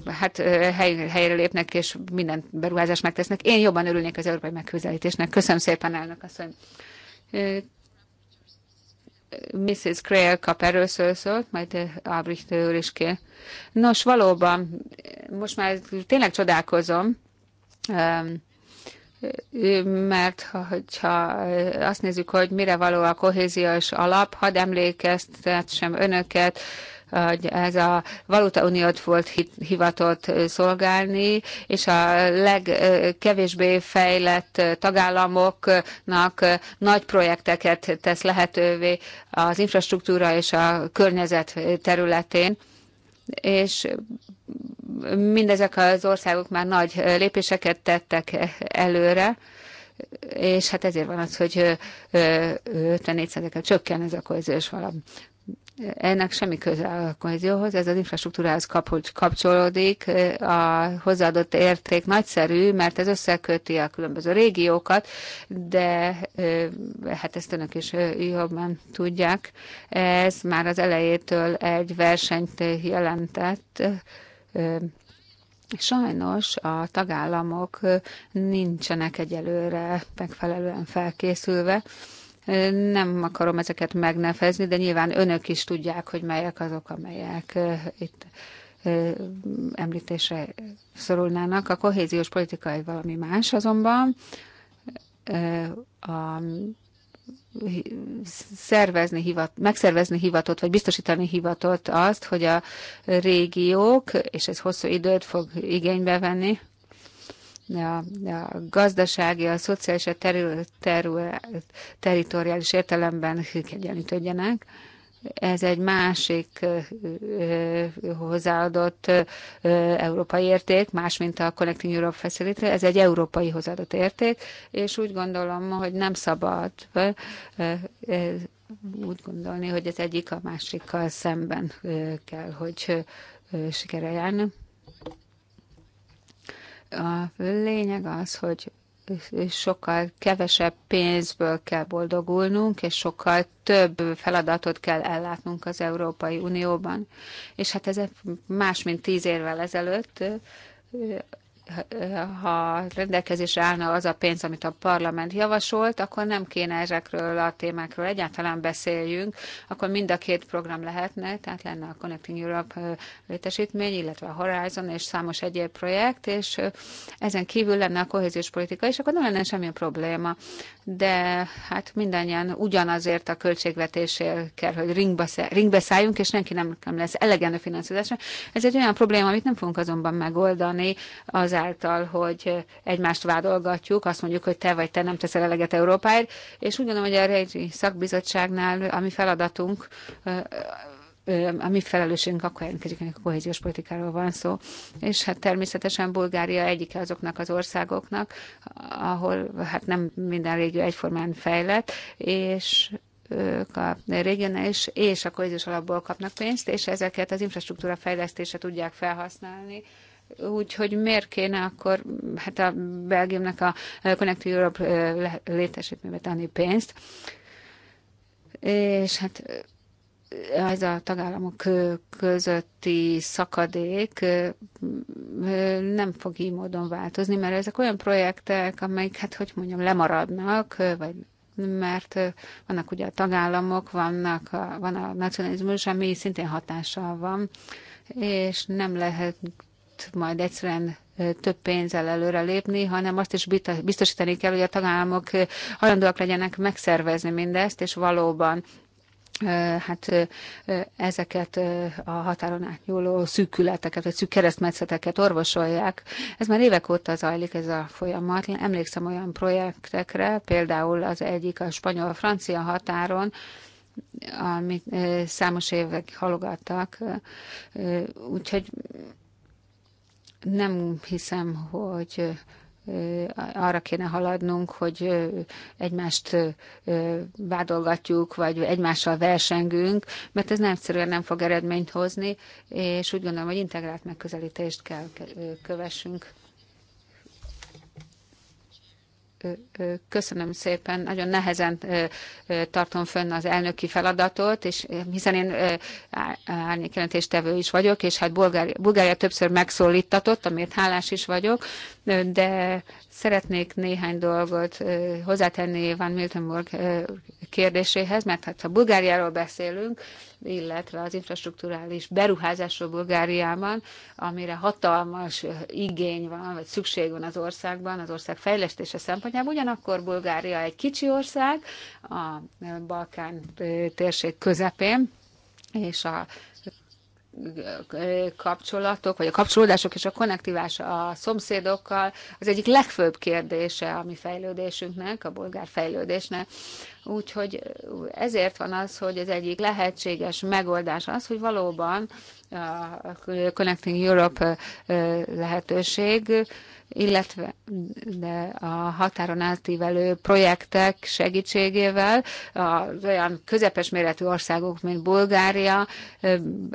hát hely, helyre lépnek, és minden beruházást megtesznek. Én jobban örülnék az európai megközelítésnek. Köszönöm szépen, elnök asszony. Mrs. Crail kap erőször szólt, majd Albrecht úr is kér. Nos, valóban, most már tényleg csodálkozom, um, mert ha azt nézzük, hogy mire való a kohéziós alap, hadd emlékeztessem önöket, hogy ez a valutauniót volt hivatott szolgálni, és a legkevésbé fejlett tagállamoknak nagy projekteket tesz lehetővé az infrastruktúra és a környezet területén és mindezek az országok már nagy lépéseket tettek előre, és hát ezért van az, hogy 54%-kal csökken ez a kohéziós alap ennek semmi köze a kohézióhoz, ez az infrastruktúrához kapcsolódik, a hozzáadott érték nagyszerű, mert ez összeköti a különböző régiókat, de hát ezt önök is jobban tudják. Ez már az elejétől egy versenyt jelentett, Sajnos a tagállamok nincsenek egyelőre megfelelően felkészülve nem akarom ezeket megnevezni, de nyilván önök is tudják, hogy melyek azok, amelyek itt említésre szorulnának. A kohéziós politika egy valami más azonban. A szervezni hivat, megszervezni hivatott, vagy biztosítani hivatott azt, hogy a régiók, és ez hosszú időt fog igénybe venni, a, a gazdasági, a szociális, a terü, terü, teritoriális értelemben kiegyenlítődjenek. Ez egy másik hozzáadott európai érték, más, mint a Connecting Europe Facility, ez egy európai hozzáadott érték, és úgy gondolom, hogy nem szabad úgy gondolni, hogy az egyik a másikkal szemben kell, hogy sikerrel járni. A lényeg az, hogy sokkal kevesebb pénzből kell boldogulnunk, és sokkal több feladatot kell ellátnunk az Európai Unióban. És hát ez más, mint tíz évvel ezelőtt ha rendelkezésre állna az a pénz, amit a parlament javasolt, akkor nem kéne ezekről a témákról egyáltalán beszéljünk, akkor mind a két program lehetne, tehát lenne a Connecting Europe létesítmény, illetve a Horizon és számos egyéb projekt, és ezen kívül lenne a kohéziós politika, és akkor nem lenne semmi probléma. De hát mindannyian ugyanazért a költségvetésért kell, hogy ringbe, ringbe szálljunk, és senki nem, nem lesz elegendő finanszírozása. Ez egy olyan probléma, amit nem fogunk azonban megoldani az azáltal, hogy egymást vádolgatjuk, azt mondjuk, hogy te vagy te nem teszel eleget Európáért, és úgy gondolom, hogy a Régi Szakbizottságnál a mi feladatunk, a mi felelősségünk akkor jelentkezik, amikor a kohéziós politikáról van szó. És hát természetesen Bulgária egyike azoknak az országoknak, ahol hát nem minden régió egyformán fejlett, és ők a regionális és a kohéziós alapból kapnak pénzt, és ezeket az infrastruktúra fejlesztése tudják felhasználni Úgyhogy miért kéne akkor hát a Belgiumnak a Connect Europe létesítménybe tenni pénzt? És hát ez a tagállamok közötti szakadék nem fog így módon változni, mert ezek olyan projektek, amelyek, hát hogy mondjam, lemaradnak, vagy mert vannak ugye a tagállamok, vannak a, van a nacionalizmus, ami szintén hatással van, és nem lehet majd egyszerűen több pénzzel előre lépni, hanem azt is biztosítani kell, hogy a tagállamok hajlandóak legyenek megszervezni mindezt, és valóban hát ezeket a határon átnyúló szűkületeket, vagy szűk keresztmetszeteket orvosolják. Ez már évek óta zajlik ez a folyamat. Én emlékszem olyan projektekre, például az egyik a spanyol-francia határon, amit számos évek halogattak. Úgyhogy nem hiszem, hogy arra kéne haladnunk, hogy egymást vádolgatjuk, vagy egymással versengünk, mert ez nem egyszerűen nem fog eredményt hozni, és úgy gondolom, hogy integrált megközelítést kell kövessünk köszönöm szépen, nagyon nehezen tartom fönn az elnöki feladatot, és hiszen én árnyékjelentéstevő is vagyok, és hát Bulgária, Bulgária többször megszólítatott, amit hálás is vagyok, de szeretnék néhány dolgot hozzátenni Van Miltenburg kérdéséhez, mert hát ha Bulgáriáról beszélünk, illetve az infrastruktúrális beruházásról Bulgáriában, amire hatalmas igény van, vagy szükség van az országban, az ország fejlesztése szempontjából. Ugyanakkor Bulgária egy kicsi ország, a Balkán térség közepén, és a kapcsolatok, vagy a kapcsolódások és a konnektivás a szomszédokkal az egyik legfőbb kérdése a mi fejlődésünknek, a bolgár fejlődésnek. Úgyhogy ezért van az, hogy az egyik lehetséges megoldás az, hogy valóban a Connecting Europe lehetőség, illetve de a határon átívelő projektek segítségével az olyan közepes méretű országok, mint Bulgária,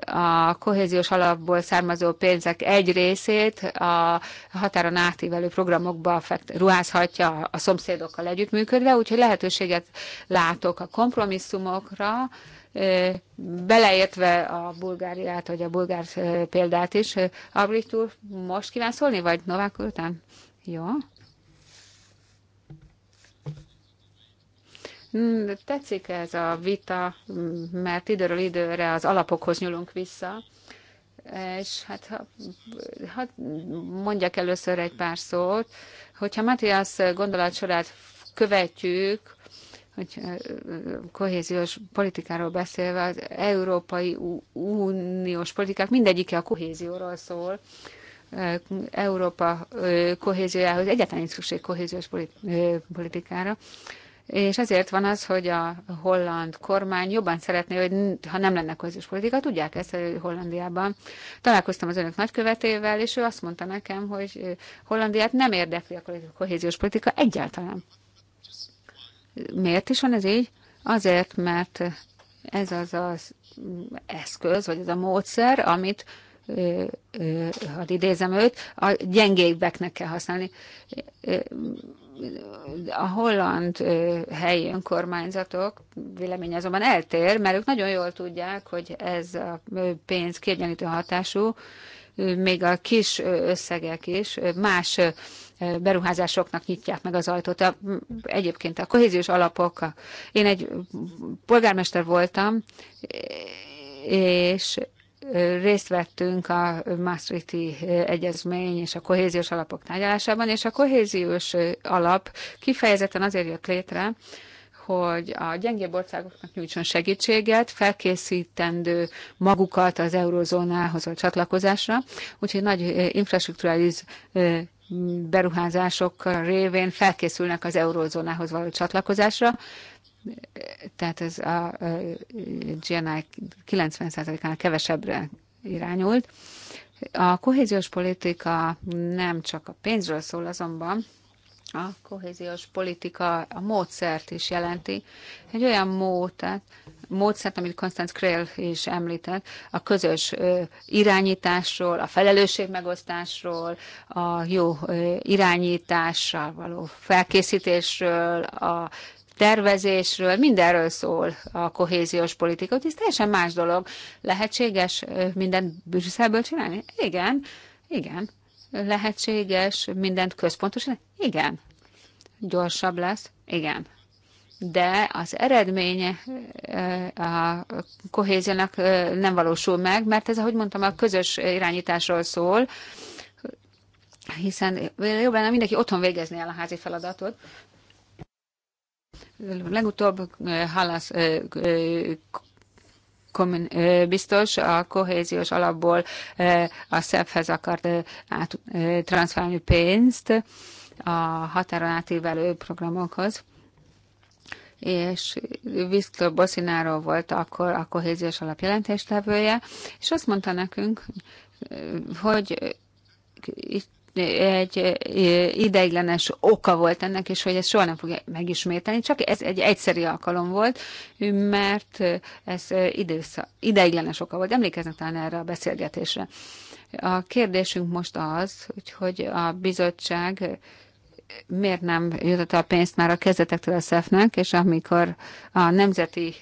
a kohéziós alapból származó pénzek egy részét a határon átívelő programokba ruházhatja a szomszédokkal együttműködve, úgyhogy lehetőséget látok a kompromisszumokra, beleértve a Bulgáriát, vagy a bulgár példát is. Abrit most kíván szólni, vagy Novák után? Jó. Hmm, tetszik ez a vita, mert időről időre az alapokhoz nyúlunk vissza. És hát ha, ha mondjak először egy pár szót, hogyha Matthias gondolatsorát követjük, hogy kohéziós politikáról beszélve, az Európai Uniós politikák mindegyike a kohézióról szól, Európa kohéziójához egyáltalán nincs szükség kohéziós politikára. És ezért van az, hogy a holland kormány jobban szeretné, hogy ha nem lenne kohéziós politika, tudják ezt, a Hollandiában találkoztam az önök nagykövetével, és ő azt mondta nekem, hogy Hollandiát nem érdekli a kohéziós politika egyáltalán. Miért is van ez így? Azért, mert ez az az eszköz, vagy ez a módszer, amit ha idézem őt, a gyengékbeknek kell használni. A holland helyi önkormányzatok vélemény azonban eltér, mert ők nagyon jól tudják, hogy ez a pénz kiegyenlítő hatású, még a kis összegek is más beruházásoknak nyitják meg az ajtót. A, egyébként a kohéziós alapok, a, én egy polgármester voltam, és részt vettünk a Maastrichti Egyezmény és a kohéziós alapok tárgyalásában, és a kohéziós alap kifejezetten azért jött létre, hogy a gyengébb országoknak nyújtson segítséget, felkészítendő magukat az eurozónához a csatlakozásra, úgyhogy nagy infrastruktúrális beruházások révén felkészülnek az eurózónához való csatlakozásra, tehát ez a GNI 90%-nál kevesebbre irányult. A kohéziós politika nem csak a pénzről szól azonban, a kohéziós politika a módszert is jelenti. Egy olyan módszert, módszert, amit Konstanz Krél is említett, a közös irányításról, a felelősség megosztásról, a jó irányítással való felkészítésről, a tervezésről, mindenről szól a kohéziós politika, úgyhogy ez teljesen más dolog. Lehetséges mindent Brüsszelből csinálni? Igen, igen lehetséges mindent központosan? Igen. Gyorsabb lesz? Igen. De az eredménye a kohéziónak nem valósul meg, mert ez, ahogy mondtam, a közös irányításról szól, hiszen jobb lenne mindenki otthon végezni el a házi feladatot. Legutóbb Hallasz biztos a kohéziós alapból a SZEF-hez akart át, transferálni pénzt a határon átívelő programokhoz és Visztor Bosszináról volt akkor a kohéziós alap jelentéstevője, és azt mondta nekünk, hogy itt egy ideiglenes oka volt ennek, és hogy ez soha nem fogja megismételni, csak ez egy egyszeri alkalom volt, mert ez időszak, ideiglenes oka volt. Emlékeznek talán erre a beszélgetésre. A kérdésünk most az, hogy a bizottság miért nem jutott a pénzt már a kezdetektől a szef és amikor a nemzeti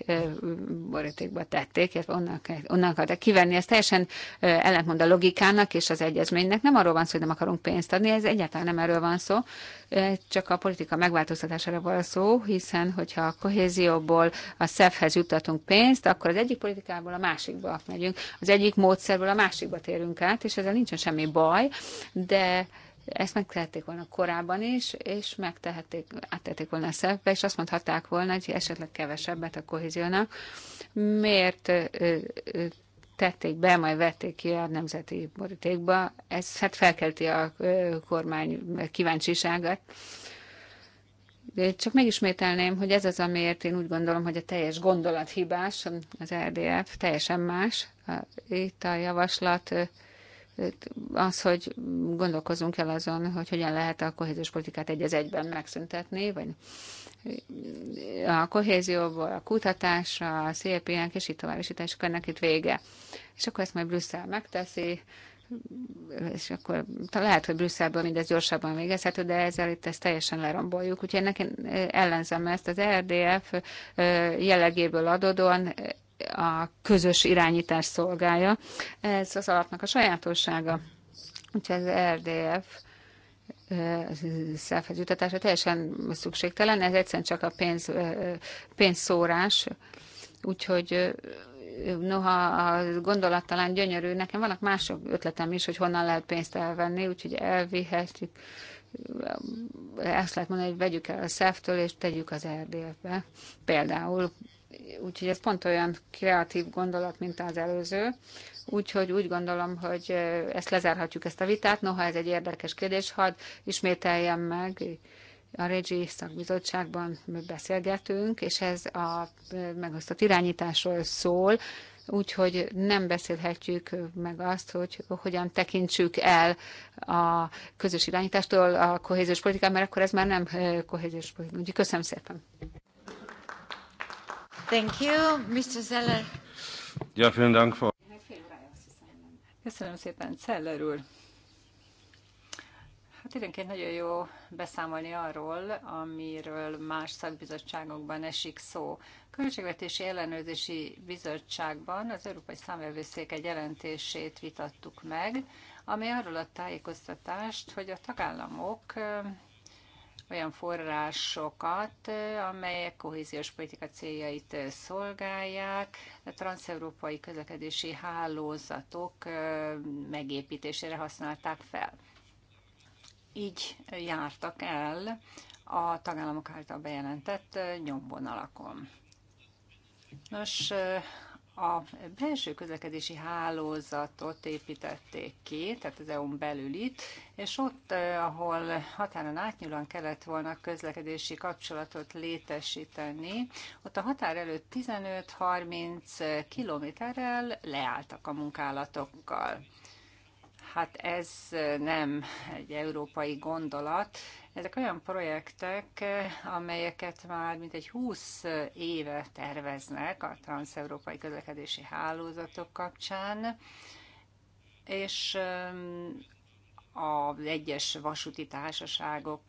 borítékba tették, és onnan, onnan kivenni, ez teljesen ellentmond a logikának és az egyezménynek. Nem arról van szó, hogy nem akarunk pénzt adni, ez egyáltalán nem erről van szó, csak a politika megváltoztatására van szó, hiszen hogyha a kohézióból a szefhez juttatunk pénzt, akkor az egyik politikából a másikba megyünk, az egyik módszerből a másikba térünk át, és ezzel nincsen semmi baj, de ezt megtehették volna korábban is, és megtehették, áttették volna a szerepbe, és azt mondhatták volna, hogy esetleg kevesebbet a kohéziónak. Miért tették be, majd vették ki a nemzeti borítékba. Ez hát felkelti a kormány kíváncsiságát. csak megismételném, hogy ez az, amiért én úgy gondolom, hogy a teljes gondolat hibás, az RDF teljesen más. Itt a javaslat az, hogy gondolkozunk el azon, hogy hogyan lehet a kohéziós politikát egy az egyben megszüntetni, vagy a kohézióból a kutatásra, a CEP-nek, és így tovább, és itt és ennek itt vége. És akkor ezt majd Brüsszel megteszi, és akkor lehet, hogy Brüsszelből mindez gyorsabban végezhető, de ezzel itt ezt teljesen leromboljuk. Úgyhogy nekem ellenzem ezt az RDF jellegéből adódóan a közös irányítás szolgálja. Ez az alapnak a sajátossága. Úgyhogy az RDF szelfhez teljesen szükségtelen, ez egyszerűen csak a pénz, pénzszórás, úgyhogy noha a gondolat talán gyönyörű, nekem vannak mások ötletem is, hogy honnan lehet pénzt elvenni, úgyhogy elvihetjük, ezt lehet mondani, hogy vegyük el a szelftől, és tegyük az RDF-be. Például Úgyhogy ez pont olyan kreatív gondolat, mint az előző. Úgyhogy úgy gondolom, hogy ezt lezárhatjuk ezt a vitát. Noha ez egy érdekes kérdés, hadd ismételjem meg, a Régi szakbizottságban beszélgetünk, és ez a megosztott irányításról szól, úgyhogy nem beszélhetjük meg azt, hogy hogyan tekintsük el a közös irányítástól a kohéziós politikát, mert akkor ez már nem kohéziós politika. Úgyhogy köszönöm szépen. Thank you, Mr. Zeller. Ja, vielen Dank, Frau. Köszönöm szépen, Zeller úr. Hát időnként nagyon jó beszámolni arról, amiről más szakbizottságokban esik szó. Költségvetési Ellenőrzési Bizottságban az Európai Számvevőszék egy jelentését vitattuk meg, ami arról a tájékoztatást, hogy a tagállamok olyan forrásokat, amelyek kohéziós politika céljait szolgálják, a transzeurópai közlekedési hálózatok megépítésére használták fel. Így jártak el a tagállamok által bejelentett nyomvonalakon. Nos, a belső közlekedési hálózatot építették ki, tehát az EU-n belül itt, és ott, eh, ahol határon átnyúlóan kellett volna közlekedési kapcsolatot létesíteni, ott a határ előtt 15-30 kilométerrel leálltak a munkálatokkal. Hát ez nem egy európai gondolat, ezek olyan projektek, amelyeket már mintegy 20 éve terveznek a transeurópai közlekedési hálózatok kapcsán, és az egyes vasúti társaságok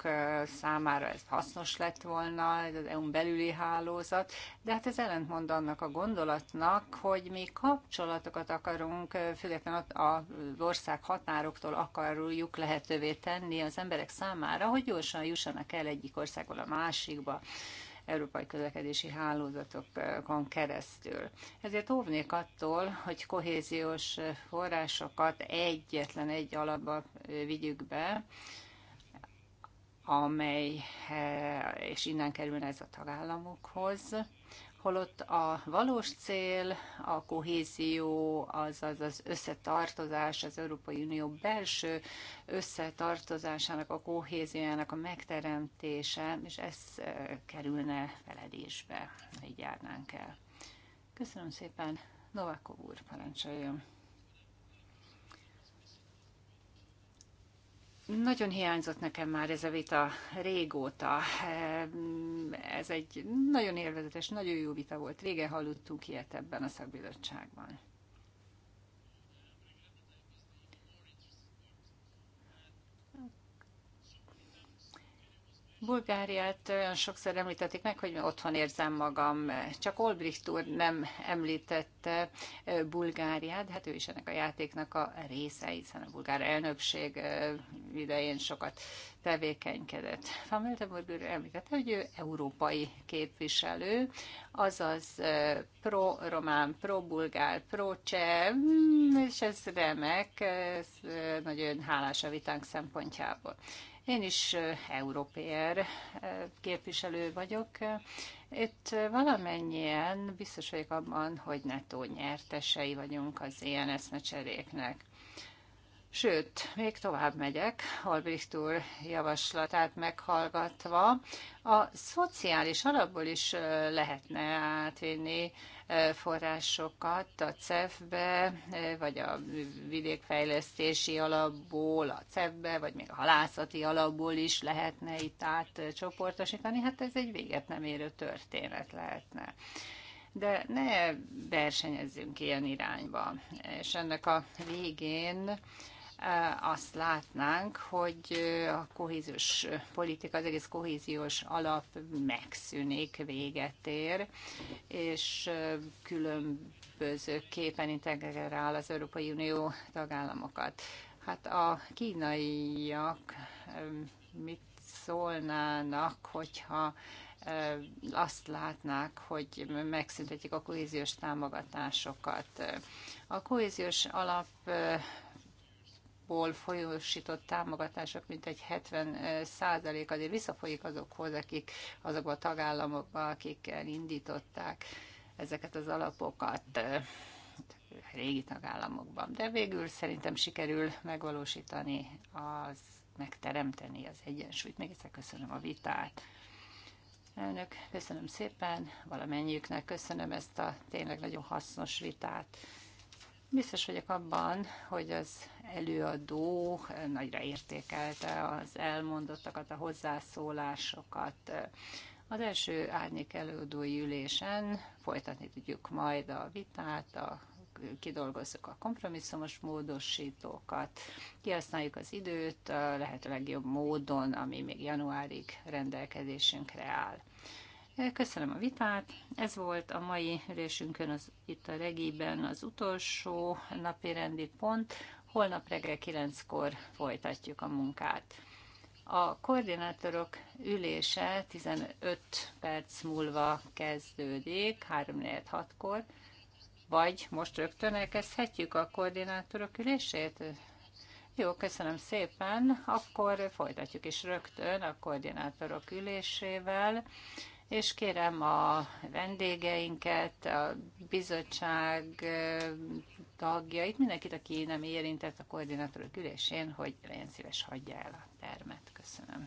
számára ez hasznos lett volna, ez az EU-n belüli hálózat, de hát ez ellentmond annak a gondolatnak, hogy mi kapcsolatokat akarunk, függetlenül az ország határoktól akarjuk lehetővé tenni az emberek számára, hogy gyorsan jussanak el egyik országból a másikba európai közlekedési hálózatokon keresztül. Ezért óvnék attól, hogy kohéziós forrásokat egyetlen egy alapba vigyük be, amely, eh, és innen kerülne ez a tagállamokhoz, holott a valós cél, a kohézió, azaz az összetartozás, az Európai Unió belső összetartozásának, a kohéziójának a megteremtése, és ez kerülne feledésbe, ha így járnánk el. Köszönöm szépen, Novakov úr, parancsoljon! Nagyon hiányzott nekem már ez a vita régóta. Eh, ez egy nagyon élvezetes, nagyon jó vita volt. Régen hallottunk ilyet ebben a szakbizottságban. Bulgáriát olyan sokszor említették meg, hogy otthon érzem magam. Csak Olbricht úr nem említette Bulgáriát, hát ő is ennek a játéknak a része, hiszen a bulgár elnökség idején sokat tevékenykedett. Van Miltenburg úr említette, hogy ő európai képviselő, azaz pro-román, pro-bulgár, pro-cseh, mm, és ez remek, ez nagyon hálás a vitánk szempontjából. Én is európér képviselő vagyok. Itt valamennyien biztos vagyok abban, hogy netó nyertesei vagyunk az ilyen eszmecseréknek. Sőt, még tovább megyek, Albrecht úr javaslatát meghallgatva, a szociális alapból is lehetne átvinni forrásokat a CEF-be, vagy a vidékfejlesztési alapból a CEF-be, vagy még a halászati alapból is lehetne itt átcsoportosítani. Hát ez egy véget nem érő történet lehetne de ne versenyezzünk ilyen irányba. És ennek a végén Eh, azt látnánk, hogy eh, a kohéziós politika, az egész kohéziós alap megszűnik, véget ér, és eh, különböző képen integrál az Európai Unió tagállamokat. Hát a kínaiak mit szólnának, hogyha azt látnák, hogy megszüntetik a kohéziós támogatásokat. A kohéziós alap ból folyósított támogatások mint egy 70 százalék azért visszafolyik azokhoz, akik azokba a tagállamokba, akik indították ezeket az alapokat régi tagállamokban. De végül szerintem sikerül megvalósítani, az, megteremteni az egyensúlyt. Még egyszer köszönöm a vitát. Önök, köszönöm szépen, valamennyiüknek köszönöm ezt a tényleg nagyon hasznos vitát. Biztos vagyok abban, hogy az előadó nagyra értékelte az elmondottakat, a hozzászólásokat. Az első árnyék előadói ülésen folytatni tudjuk majd a vitát, a kidolgozzuk a kompromisszumos módosítókat, kihasználjuk az időt a lehető legjobb módon, ami még januárig rendelkezésünkre áll. Köszönöm a vitát. Ez volt a mai ülésünkön az, itt a regiben az utolsó napi rendi pont. Holnap reggel kilenckor folytatjuk a munkát. A koordinátorok ülése 15 perc múlva kezdődik, 3-4-6-kor, vagy most rögtön elkezdhetjük a koordinátorok ülését? Jó, köszönöm szépen. Akkor folytatjuk is rögtön a koordinátorok ülésével, és kérem a vendégeinket, a bizottság tagjait, mindenkit, aki nem érintett a koordinátorok ülésén, hogy legyen szíves hagyja el a termet. Köszönöm.